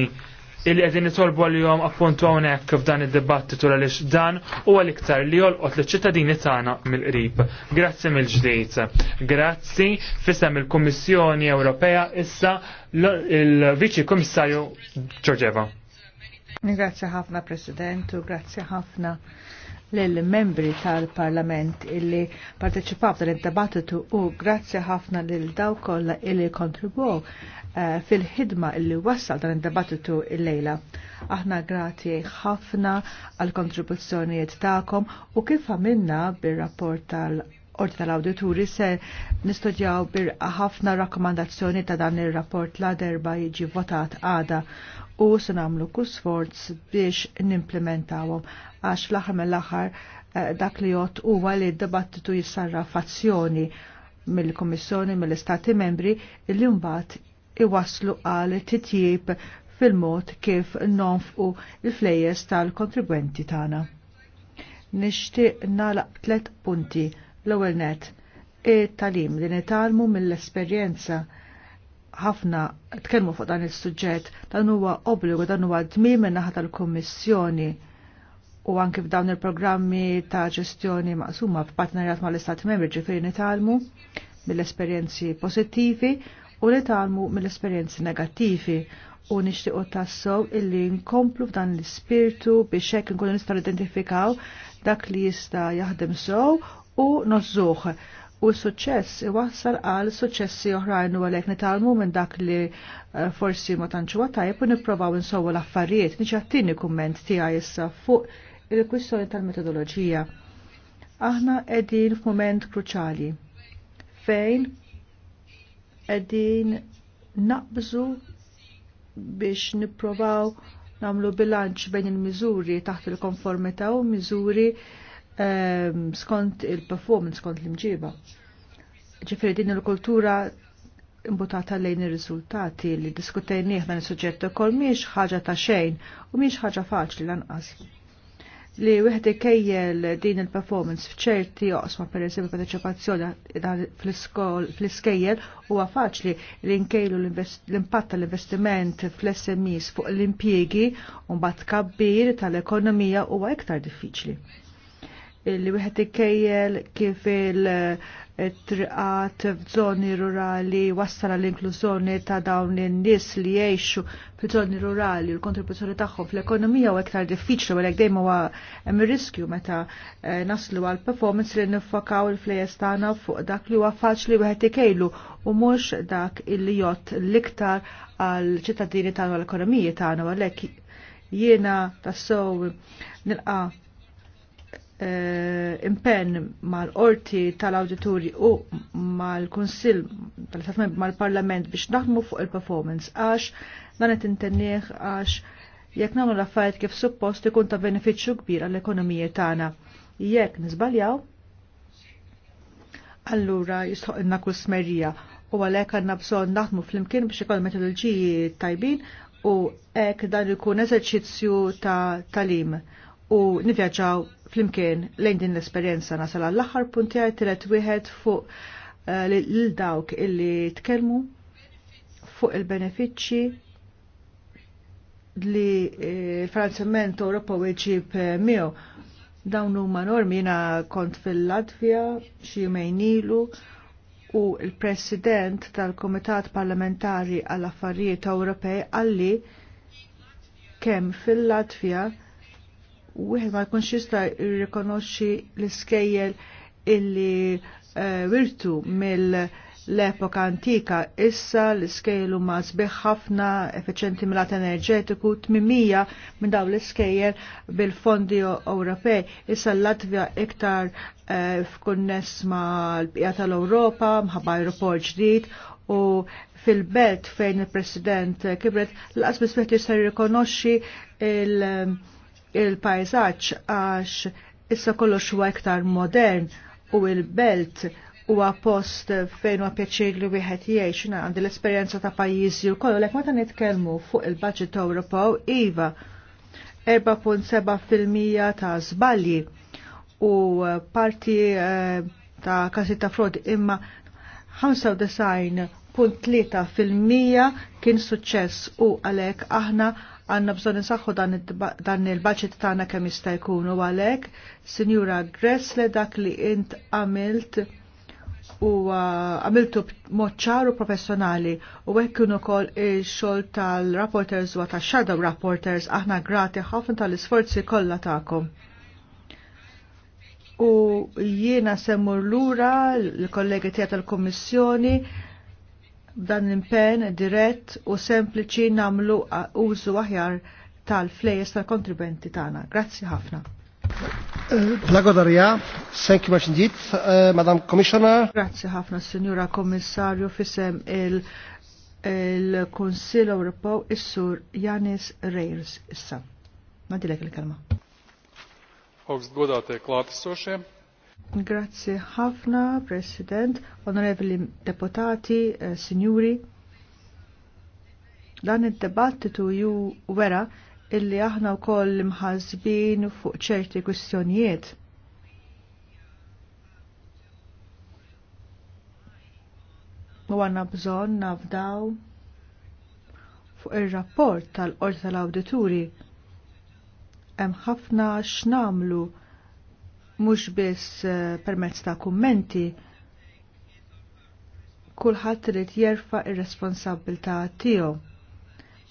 il qegħdin nitolbu għalihom appuntu hawnhekk f'dan id-dibattitu għaliex dan huwa għal iktar li jolqot l ċittadini tagħna mill-qrib. Grazzi mill ġdijt Grazzi fissem il-Kummissjoni Ewropea issa il-Viċi Kummissarju Ġorġeva. Grazzi ħafna President u grazzi ħafna lill-membri tal-Parlament illi parteċipaw tal-dibattitu u grazzi ħafna lil daw kollha illi kontribuw Eh, fil-ħidma illi wassal dan id-dibattitu il-lejla. Aħna grati ħafna għal kontribuzzjonijiet ta'kom u kif għamilna bir-rapport tal- Orti tal-Awdituri se nistudjaw birqa ħafna rakkomandazzjoni ta' dan ir-rapport la derba jiġi votat għada u se nagħmlu kull sforz biex nimplementawhom għax fl-aħħar mill-aħħar eh, dak li jott huwa li d-dibattitu jissarra fazzjoni mill komissjoni mill-Istati Membri li mbagħad iwaslu għal titjib fil-mod kif nonfqu il-flejes tal-kontribwenti tagħna. Nixtieq nagħlaq tlet punti l-ewwel net it-talim li nitalmu mill-esperjenza ħafna tkellmu fuq dan is-suġġett dan huwa obbligu dan huwa dmim minn naħa tal-Kummissjoni u anki f'dawn il-programmi ta' ġestjoni maqsuma f'partnerjat mal istati Membri ġifieri nitalmu mill-esperjenzi pożittivi u li talmu mill-esperjenzi negattivi u nixtiequ tassow illi nkomplu f'dan l-ispirtu biex hekk nkunu nistgħu identifikaw dak li jista' jaħdem sew u nożżuh u s-suċess iwassal għal suċessi oħrajn u għalek nitalmu minn dak li eh, forsi ma tanċu għatajb u niprofaw nsowu l-affarijiet. Nċattini kumment tiegħi issa fuq il-kwistjoni tal-metodologija. Aħna edin f'mument kruċali fejn għedin naqbżu biex nipprovaw namlu bilanċ bejn il-miżuri taħt il-konformità u miżuri um, skont il-performance, skont l-imġiba. Ġifiri din il-kultura imbutata lejn ir-riżultati li diskutejnieh dan is-suġġett ukoll miex ħaġa ta' xejn u miex ħaġa faċli lanqas li wieħed ikejjel din il-performance f'ċerti oqsma pereżempju parteċipazzjoni fl-iskejjel huwa faċli li nkejlu l-impatt tal-investiment fl-SMEs fuq l-impjiegi u mbagħad kabbir tal-ekonomija huwa iktar diffiċli. Li wieħed ikejjel kif il- triqat f'żoni rurali wassala l-inklużjoni ta' dawn in-nies li jgħixu f'żoni rurali u l-kontribuzzjoni tagħhom fl-ekonomija u iktar diffiċli għalhekk dejjem huwa hemm riskju meta eh, naslu għal performance li nifokaw il-flejes tagħna fuq dak li huwa faċli wieħed ikejlu u mhux dak illi jgħod l-iktar għall ċittadini tagħna u l-ekonomiji tagħna għalhekk jiena tassew nilqa' Eh, impenn mal-orti tal-auditori u mal-Konsil mal-Parlament biex naħdmu fuq il-performance għax dan qed intenniħ għax jekk nagħmlu l-affarijiet kif suppost ikun ta' benefiċċju kbir għall-ekonomija tagħna. Jekk niżbaljaw, allura inna kull smerija u għalhekk għandna bżonn naħdmu flimkien biex ikoll metodoloġiji tajbin u hekk dan ikun eżerċizzju ta' talim u nivjaġġaw flimkien lejn din l-esperjenza nasal l aħħar punti għaj tiret wieħed fuq eh, l lil dawk illi tkellmu fuq il-benefiċċji li eh, l-Franzament Europa weġib eh, miegħu dawn huma normi jiena kont fil-Latvja xi jumejn ilu u l-President tal-Komitat Parlamentari għall-Affarijiet Ewropej għalli kemm fil-Latvja wieħed ma jkunx jista' jirrikonoxxi l-iskejjel illi eh, wirtu mill l-epoka antika issa l iskejjel huma sbieħ ħafna effiċenti mill-għat enerġetiku tmimija minn dawn l-iskejjel bil-fondi Ewropej. Issa l-Latvja iktar eh, f'kunness ma l-bqija tal-Ewropa, mħabba aeroport ġdid u fil-belt fejn il-President kibret l-qasbis li jista' jirrikonoxxi il- il pajzaċ għax issa kollox huwa iktar modern u il-belt huwa post fejn u pjaċir li wieħed jgħix għandi l-esperjenza ta' pajjiżi u kollu lek meta nitkellmu fuq il-budget Ewropew iva 4.7% ta' żbalji u parti eh, ta' kasi ta' frodi imma 95 0.3 fil-mija kien suċċess u għalek aħna għanna bżon nsaħħu dan il-budget tagħna kemm jista' jkun u għalek, Sinjura Gressle dak li int għamilt u għamiltu moċċar u professjonali u hekk kien kol il-xol tal-rapporters u ta' shadow rapporters aħna grati ħafna tal-isforzi kollha ta'kom. U jiena semmur lura l-kollegi tijat tal-Kommissjoni dan l-impen dirett u sempliċi namlu użu aħjar tal-flejes tal-kontribenti tagħna. Grazzi ħafna. Flagodarja, thank you much indeed, uh, Madam Commissioner. Grazzi ħafna, Signora Kommissarju, fisem il-Konsil il Ewropew is-Sur Janis Reyes issa. Nadilek il-kelma. Augst godātie klātesošie, Grazzi ħafna, President, onorevoli deputati, eh, signuri. Dan id-debattitu ju wera illi aħna wkoll mħazbin fuq ċerti kwistjonijiet. U għanna bżon nafdaw fuq ir-rapport tal-Qorti tal-Awdituri. Hemm ħafna x'namlu mhux biss eh, permezz ta' kummenti kulħadd irid jerfa' ir-responsabilità tiegħu.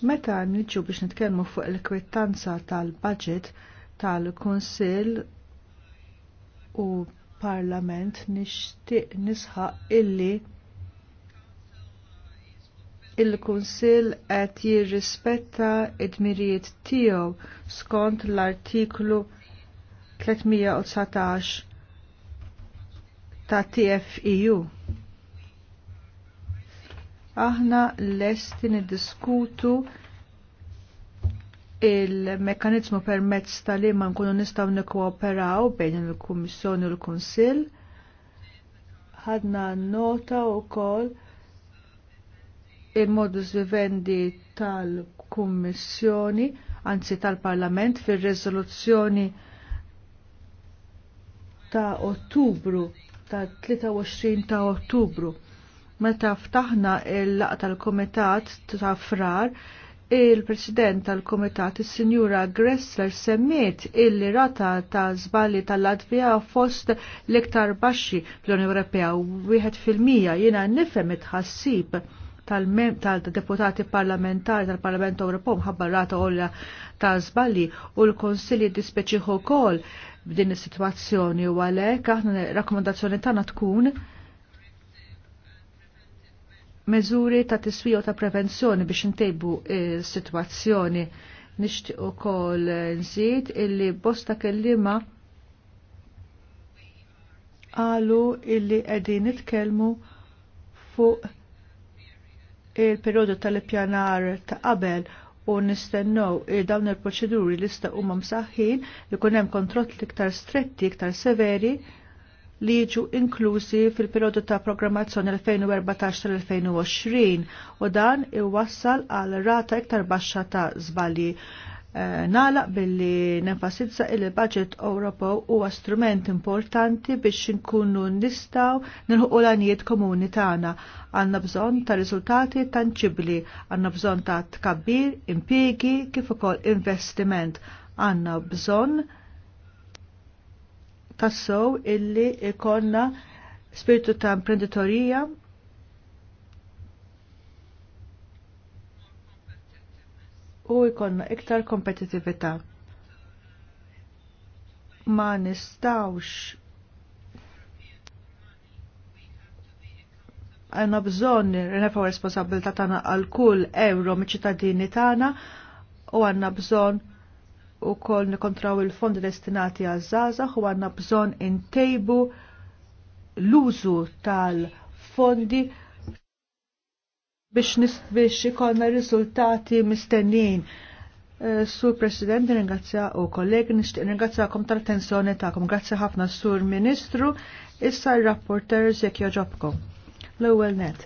Meta niġu biex nitkellmu fuq il-kwittanza tal-budget tal-Kunsill u Parlament nixtieq nisħaq illi il-Kunsill qed jirrispetta d dmirijiet tiegħu skont l-artiklu 319 ta' TFEU. Aħna lesti niddiskutu il-mekanizmu permezz tal ma nkunu nistaw nikkooperaw bejn il-Kummissjoni u l-Kunsill. Ħadna nota wkoll il-modus vivendi tal-Kummissjoni, anzi tal-Parlament fir-riżoluzzjoni ta' Ottubru ta' 23 ta' Ottubru. Meta ftaħna il laqgħa tal-Komitat ta' Frar, il-President tal-Komitat, il-Sinjura Gressler, semmiet illi rata ta' zbali tal-Latvija fost l-iktar baxxi fl-Unjoni Ewropea u wieħed fil-mija jiena nifhem it-ħassib tal-deputati parlamentari tal-Parlament Ewropew mħabba rata għolja ta' zbali u l-Konsilji dispeċiħu kol b'din is-sitwazzjoni u għalhekk aħna rakkomandazzjoni tagħna tkun meżuri ta' tiswija u ta' prevenzjoni biex intejbu s sitwazzjoni Nixtieq ukoll nżid illi bosta kellima qalu illi qegħdin nitkellmu fuq il perjodu tal-ippjanar ta' qabel u nistennow dawn il-proċeduri li sta' huma msaħħin li kunem hemm kontrolli iktar stretti, iktar severi li jiġu inklużi fil-periodu ta' programmazzjoni 2014-2020 u dan iwassal għal rata iktar baxxa ta' żbalji Eh, nalaq billi nenfasizza il budget Ewropew huwa strument importanti biex nkunu nistaw nilħuqu l-għanijiet komuni tagħna. Għandna bżonn ta' riżultati tanċibli, għandna bżonn ta' tkabbir, impjiegi kif ukoll investiment. Għandna bżonn tassow illi ikonna spiritu ta' imprenditorija u jkollna iktar kompetitività. Ma nistawx għanna bżon nefaw responsabilta tana għal kull euro mi ċittadini tana u għanna bżon u kol nikontraw il-fondi destinati għal zazax u għanna bżon intejbu l-użu tal-fondi biex biex ikolna riżultati mistennin. Eh, Sur President, ringrazzja u kollegi, nishtiq ringrazzjakom tal-attenzjoni ta'kom. Grazzi ħafna Sur Ministru, issa r-rapporters jekk joġobkom. L-ewwel net.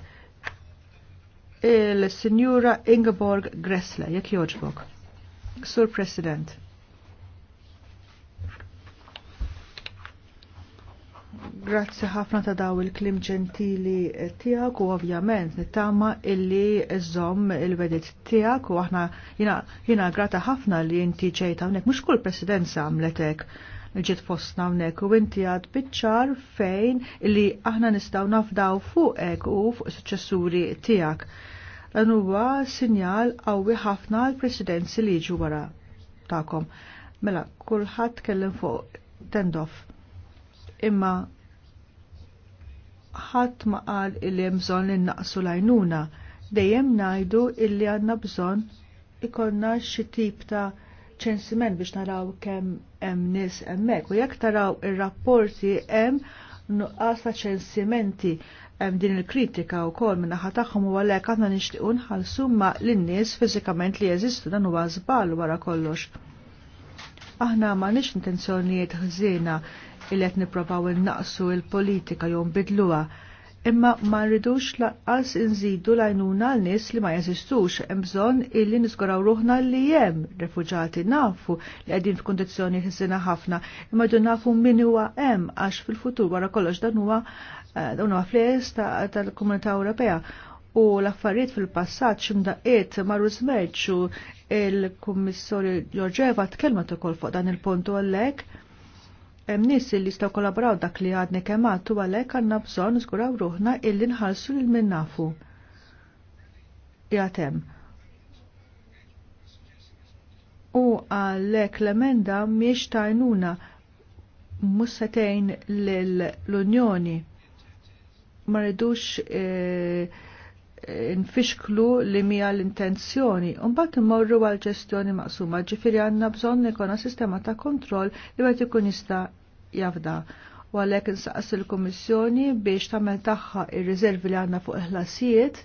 Il-Sinjura Ingeborg Gressle, jekk joġbok. Sur President. Grazzi ħafna ta' daw il-klim ġentili tijak u ovvjament nittama illi żomm il vedit tijak u aħna jina grata ħafna li inti ġejta unnek, mux kull presidenza għamletek ġiet fosna unnek u inti għad bitċar fejn illi aħna nistaw nafdaw fuqek u fuq suċessuri tijak. Dan huwa sinjal qawwi ħafna l-presidenzi li jiġu wara ta'kom. Mela, kulħadd kellem fuq tendof. Imma ħadd ma qal illi hemm bżonn li naqsu l-għajnuna, dejjem ngħidu illi għandna bżonn ikollna xi tip ta' ċensiment biex naraw kemm hemm nies hemmhekk u jekk taraw ir-rapporti hemm nuqqas ta' ċensimenti hemm din il-kritika wkoll min naħa tagħhom u għalhekk aħna nixtiequ nħallsu ma' lin-nies fiżikament li jeżistu dan huwa żball wara kollox. Aħna ma nix intenzjonijiet ħżiena il-qed nipprovaw innaqsu il-politika jew nbidluha imma ma rridux laqqas inżidu lajnuna l-nis li ma jeżistux hemm bżonn illi nizgoraw ruħna li hemm refuġati nafu li qegħdin f'kundizzjoni ħsina ħafna imma dun nafu min huwa hemm għax fil-futur wara kollox dan huwa eh, dawn huwa fles tal-Komunità Ewropea u l-affarijiet fil-passat ximdaqiet marru zmeċu il-Kummissarju Giorgeva tkellmet ukoll fuq dan il pontu għallek. għalhekk hemm nies li jistgħu kollaboraw dak li għadni kemm għadtu għalhekk għandna bżonn żguraw ruħna illi nħallsu lil min nafu. Jgħat hemm. u għalhekk l-emenda mhijiex tajnuna mussetejn lill unjoni Ma rridux eh, nfixklu li mija l-intenzjoni, unbat immorru għal ġestjoni maqsuma, ġifiri għanna bżon nikona sistema ta' kontroll li għet ikun jista jafda. U għalek nsaqs il-Komissjoni biex tamel taħħa ir rizervi li għanna fuq il-ħlasijiet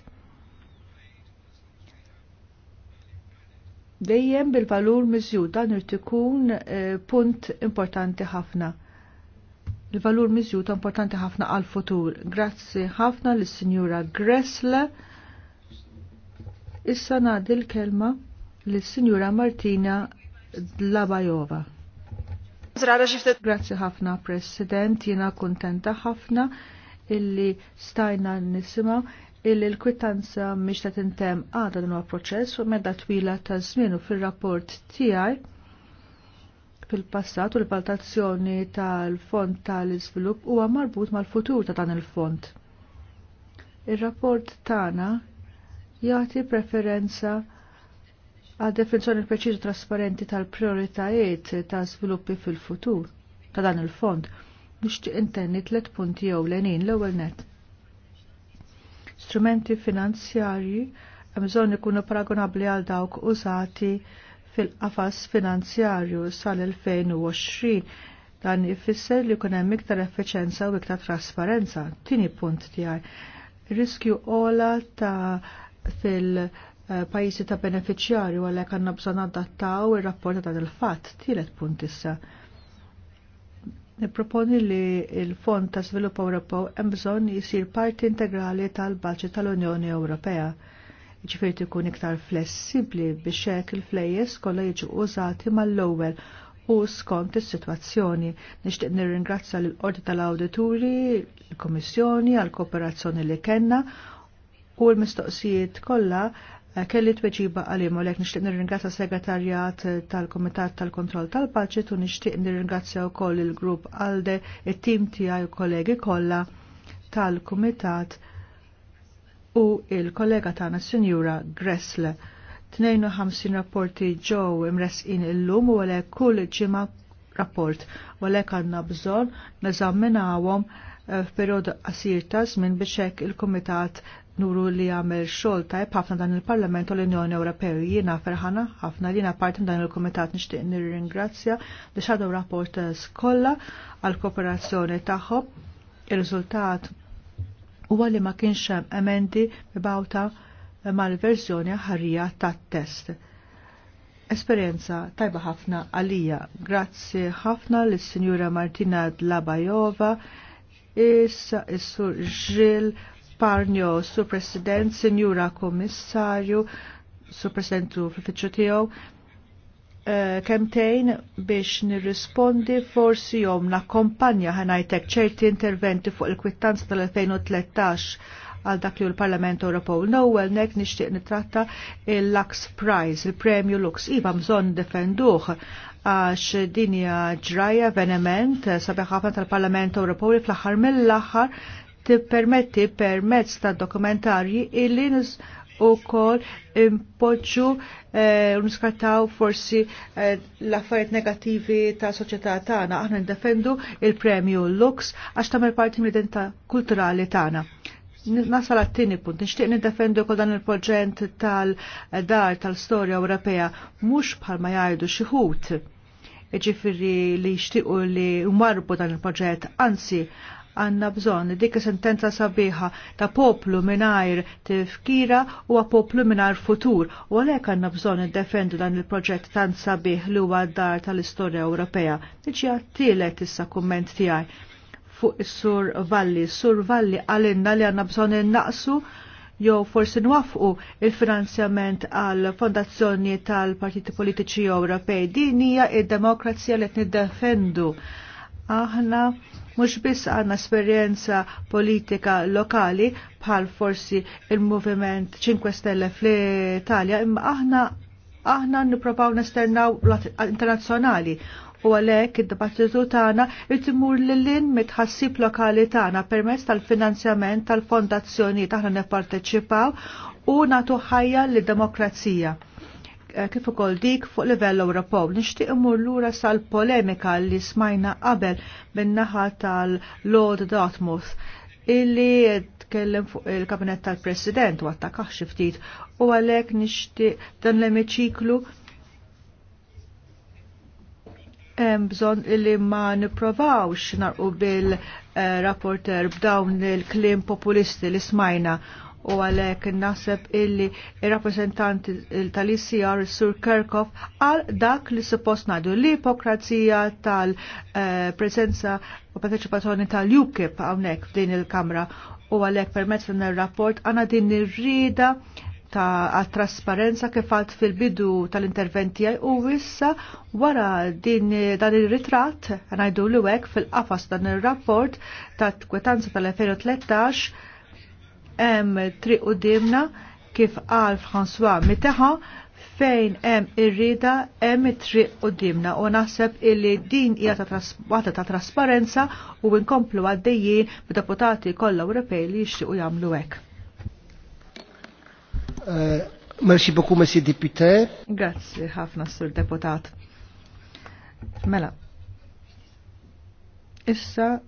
dejjem bil-valur miżjud dan irtikun eh, punt importanti ħafna il valur miżjut importanti ħafna għal futur. Grazzi ħafna l sinjura Gressle. Issa nagħdi l-kelma l sinjura Martina Dlabajova. Grazzi ħafna President, jiena kuntenta ħafna illi stajna nisima illi l-kwittanza miex ta' tintem għadha dan huwa proċess u medda twila ta' żmien u fir-rapport tiegħi fil-passat u l-valutazzjoni tal-fond tal-iżvilupp huwa marbut mal-futur ta' dan il-fond. Ir-rapport tagħna jagħti preferenza għad definizjoni preċiżi trasparenti tal-prioritajiet ta' sviluppi fil-futur ta' dan il-fond. Nixtieq intenni tliet punti jew lenin l-ewwel net. Strumenti finanzjarji hemm bżonn ikunu paragonabli għal dawk użati fil-qafas finanzjarju sal-2020 dan ifisser li kun hemm iktar effiċenza u iktar trasparenza. Tini punt tiegħi. Riskju ola ta' fil-pajjiżi eh, ta' beneficjarju għalhekk għandna bżonn adattaw ir-rapporta ta' il-fatt. Tielet punt issa. Niproponi li il-Fond ta' Svilupp Ewropew hemm bżonn jisir parti integrali tal-Baġġit tal-Unjoni Ewropea ġifiri ikun iktar flessibli biex hekk il-flejjes kollha jiġu użati mal-ewwel u skont is-sitwazzjoni. Nixtieq nirringrazzja l qorti tal-Awdituri, l-Kummissjoni għall-kooperazzjoni li kellna u l-mistoqsijiet kollha eh, kelli tweġiba għalim, u lek nishtiq nirringrazzja segretarjat tal-Komitat tal-Kontroll tal-Budget u nishtiq nirringrazzja u koll il-grupp għalde, il-tim tijaj u kollegi kolla tal-Komitat u il-kollega tagħna Sinjura Gressle. 52 rapporti ġew imresqin illum u għalhekk kull ġimgħa rapport u għalhekk għandna bżonn neżaminawhom eh, f'perjodu qasir ta' żmien biex hekk il-Kumitat nuru li għamel xogħol tajb ħafna dan il-Parlament u l-Unjoni Ewropew. Jiena ferħana ħafna li jiena parti dan il-Kumitat nixtieq nirringrazzja li xadew rapport skolla għal kooperazzjoni tagħhom. Ir-riżultat huwa li ma kienx hemm emendi mibgħuta mal-verżjoni ħarrija tat-test. Esperjenza tajba ħafna għalija. Grazzi ħafna lis-Sinjura Martina Dlabajova, issa is-Sur Ġil Parnio, Sur President, Sinjura Kommissarju, Sur Presidentu fil-fiċċju tiegħu, Eh, kemtejn biex nirrispondi forsi jom kompanja ħanajtek ċerti interventi fuq il kwittanz tal-2013 għal dak li l-Parlament Ewropew. nowel nek nixtieq nitratta il-Lux Prize, il-Premju Lux. Iva bżonn defenduħ għax dinja ġraja veniment eh, sabiħ ħafna tal-Parlament Ewropew li fl-aħħar mill-aħħar tippermetti permezz ta' dokumentarji illi u kol impoġġu eh, unskattaw forsi eh, l-affarijiet negativi ta' soċjetà tagħna. Aħna ndefendu il-premju Lux għax tagħmel parti mill-identità kulturali tagħna. Nasal għattini punt, nishtiq nidefendu kol dan il-proġent tal-dar tal-storja Ewropea, mux bħalma jgħidu xiħut ġifiri li jishtiqu li umarbu dan il-proġett, anzi, għanna bżon dik sentenza sabiħa ta' poplu minajr tifkira u poplu minajr futur u għalek għanna bżon id-defendu dan il-proġett tan sabiħ li huwa dar tal-istorja Ewropea. Niġi għattilet issa kumment tijaj fuq is-sur Valli. Sur Valli għalinna li għanna bżon il-naqsu jew forsi nwafqu il-finanzjament għal fondazzjoni tal-partiti politiċi Ewropej. Din hija id-demokrazija li qed niddefendu. Aħna Mhux biss għandna esperjenza politika lokali bħal forsi il-Moviment 5 Stelle fl-Italja, imma aħna aħna nippropaw nesternaw internazzjonali u għalhekk id-dibattitu tagħna irid imur mit mitħassib lokali tagħna permezz tal-finanzjament tal-fondazzjoni aħna nipparteċipaw u nagħtu ħajja lid-demokrazija Eh, kif ukoll dik fuq livell Ewropew. Nixtieq imur lura sal-polemika li smajna qabel min-naħa tal-Lord Dartmouth illi tkellem fuq il-kabinet tal-President u attakkah xi ftit u għalhekk nixtieq dan l-emiċiklu hemm bżonn illi ma nipprovawx narqu bil-rapporter eh, b'dawn il-klim populisti li smajna u għalek naħseb illi il-rappresentant tal-ICR Sur Kerkov għal dak li suppost ngħidu l-ipokrazija tal-prezenza u partecipazzjoni tal-UKIP hawnhekk f'din il-Kamra u għalek permezz din ir-rapport għana din ir-rida ta' trasparenza kif għad fil-bidu tal-interventi għaj u wissa wara din dan il-ritrat għanajdu l-wek fil-qafas dan il-rapport ta' kwetanza tal-2013 hemm triq qudiemna kif qal François Mitterrand fejn hemm irrieda hemm it-triq qudiemna u naħseb illi din hija ta' waħda ta' trasparenza u nkomplu għaddejjin bid-deputati kollha Ewropej li jixtiequ jagħmlu hekk. Eh, merci beaucoup, Monsieur Député. Grazie, ħafna, Sur Deputat. Mela, issa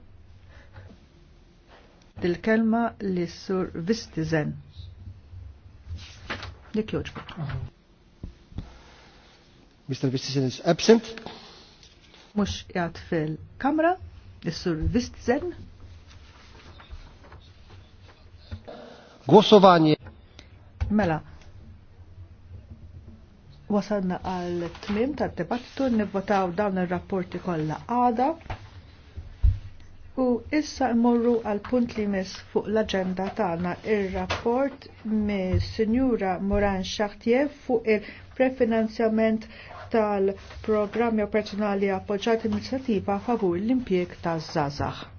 dil-kelma li sur Vistizen. Dik joġbu. Mr. Vistizen is absent. Mux jgħat fil-kamra, il-sur Vistizen. Gosovani. Mela. Wasalna għal tmim tad-debattu nivvotaw dawn ir-rapporti kollha għada. U issa mmorru għal punt li mis fuq l-agenda tagħna ir-rapport mis Sinjura Moran Chartier fuq il-prefinanzjament tal-programmi operazzjonali appoġġjati inizjattiva favur l-impjeg taż-żazax.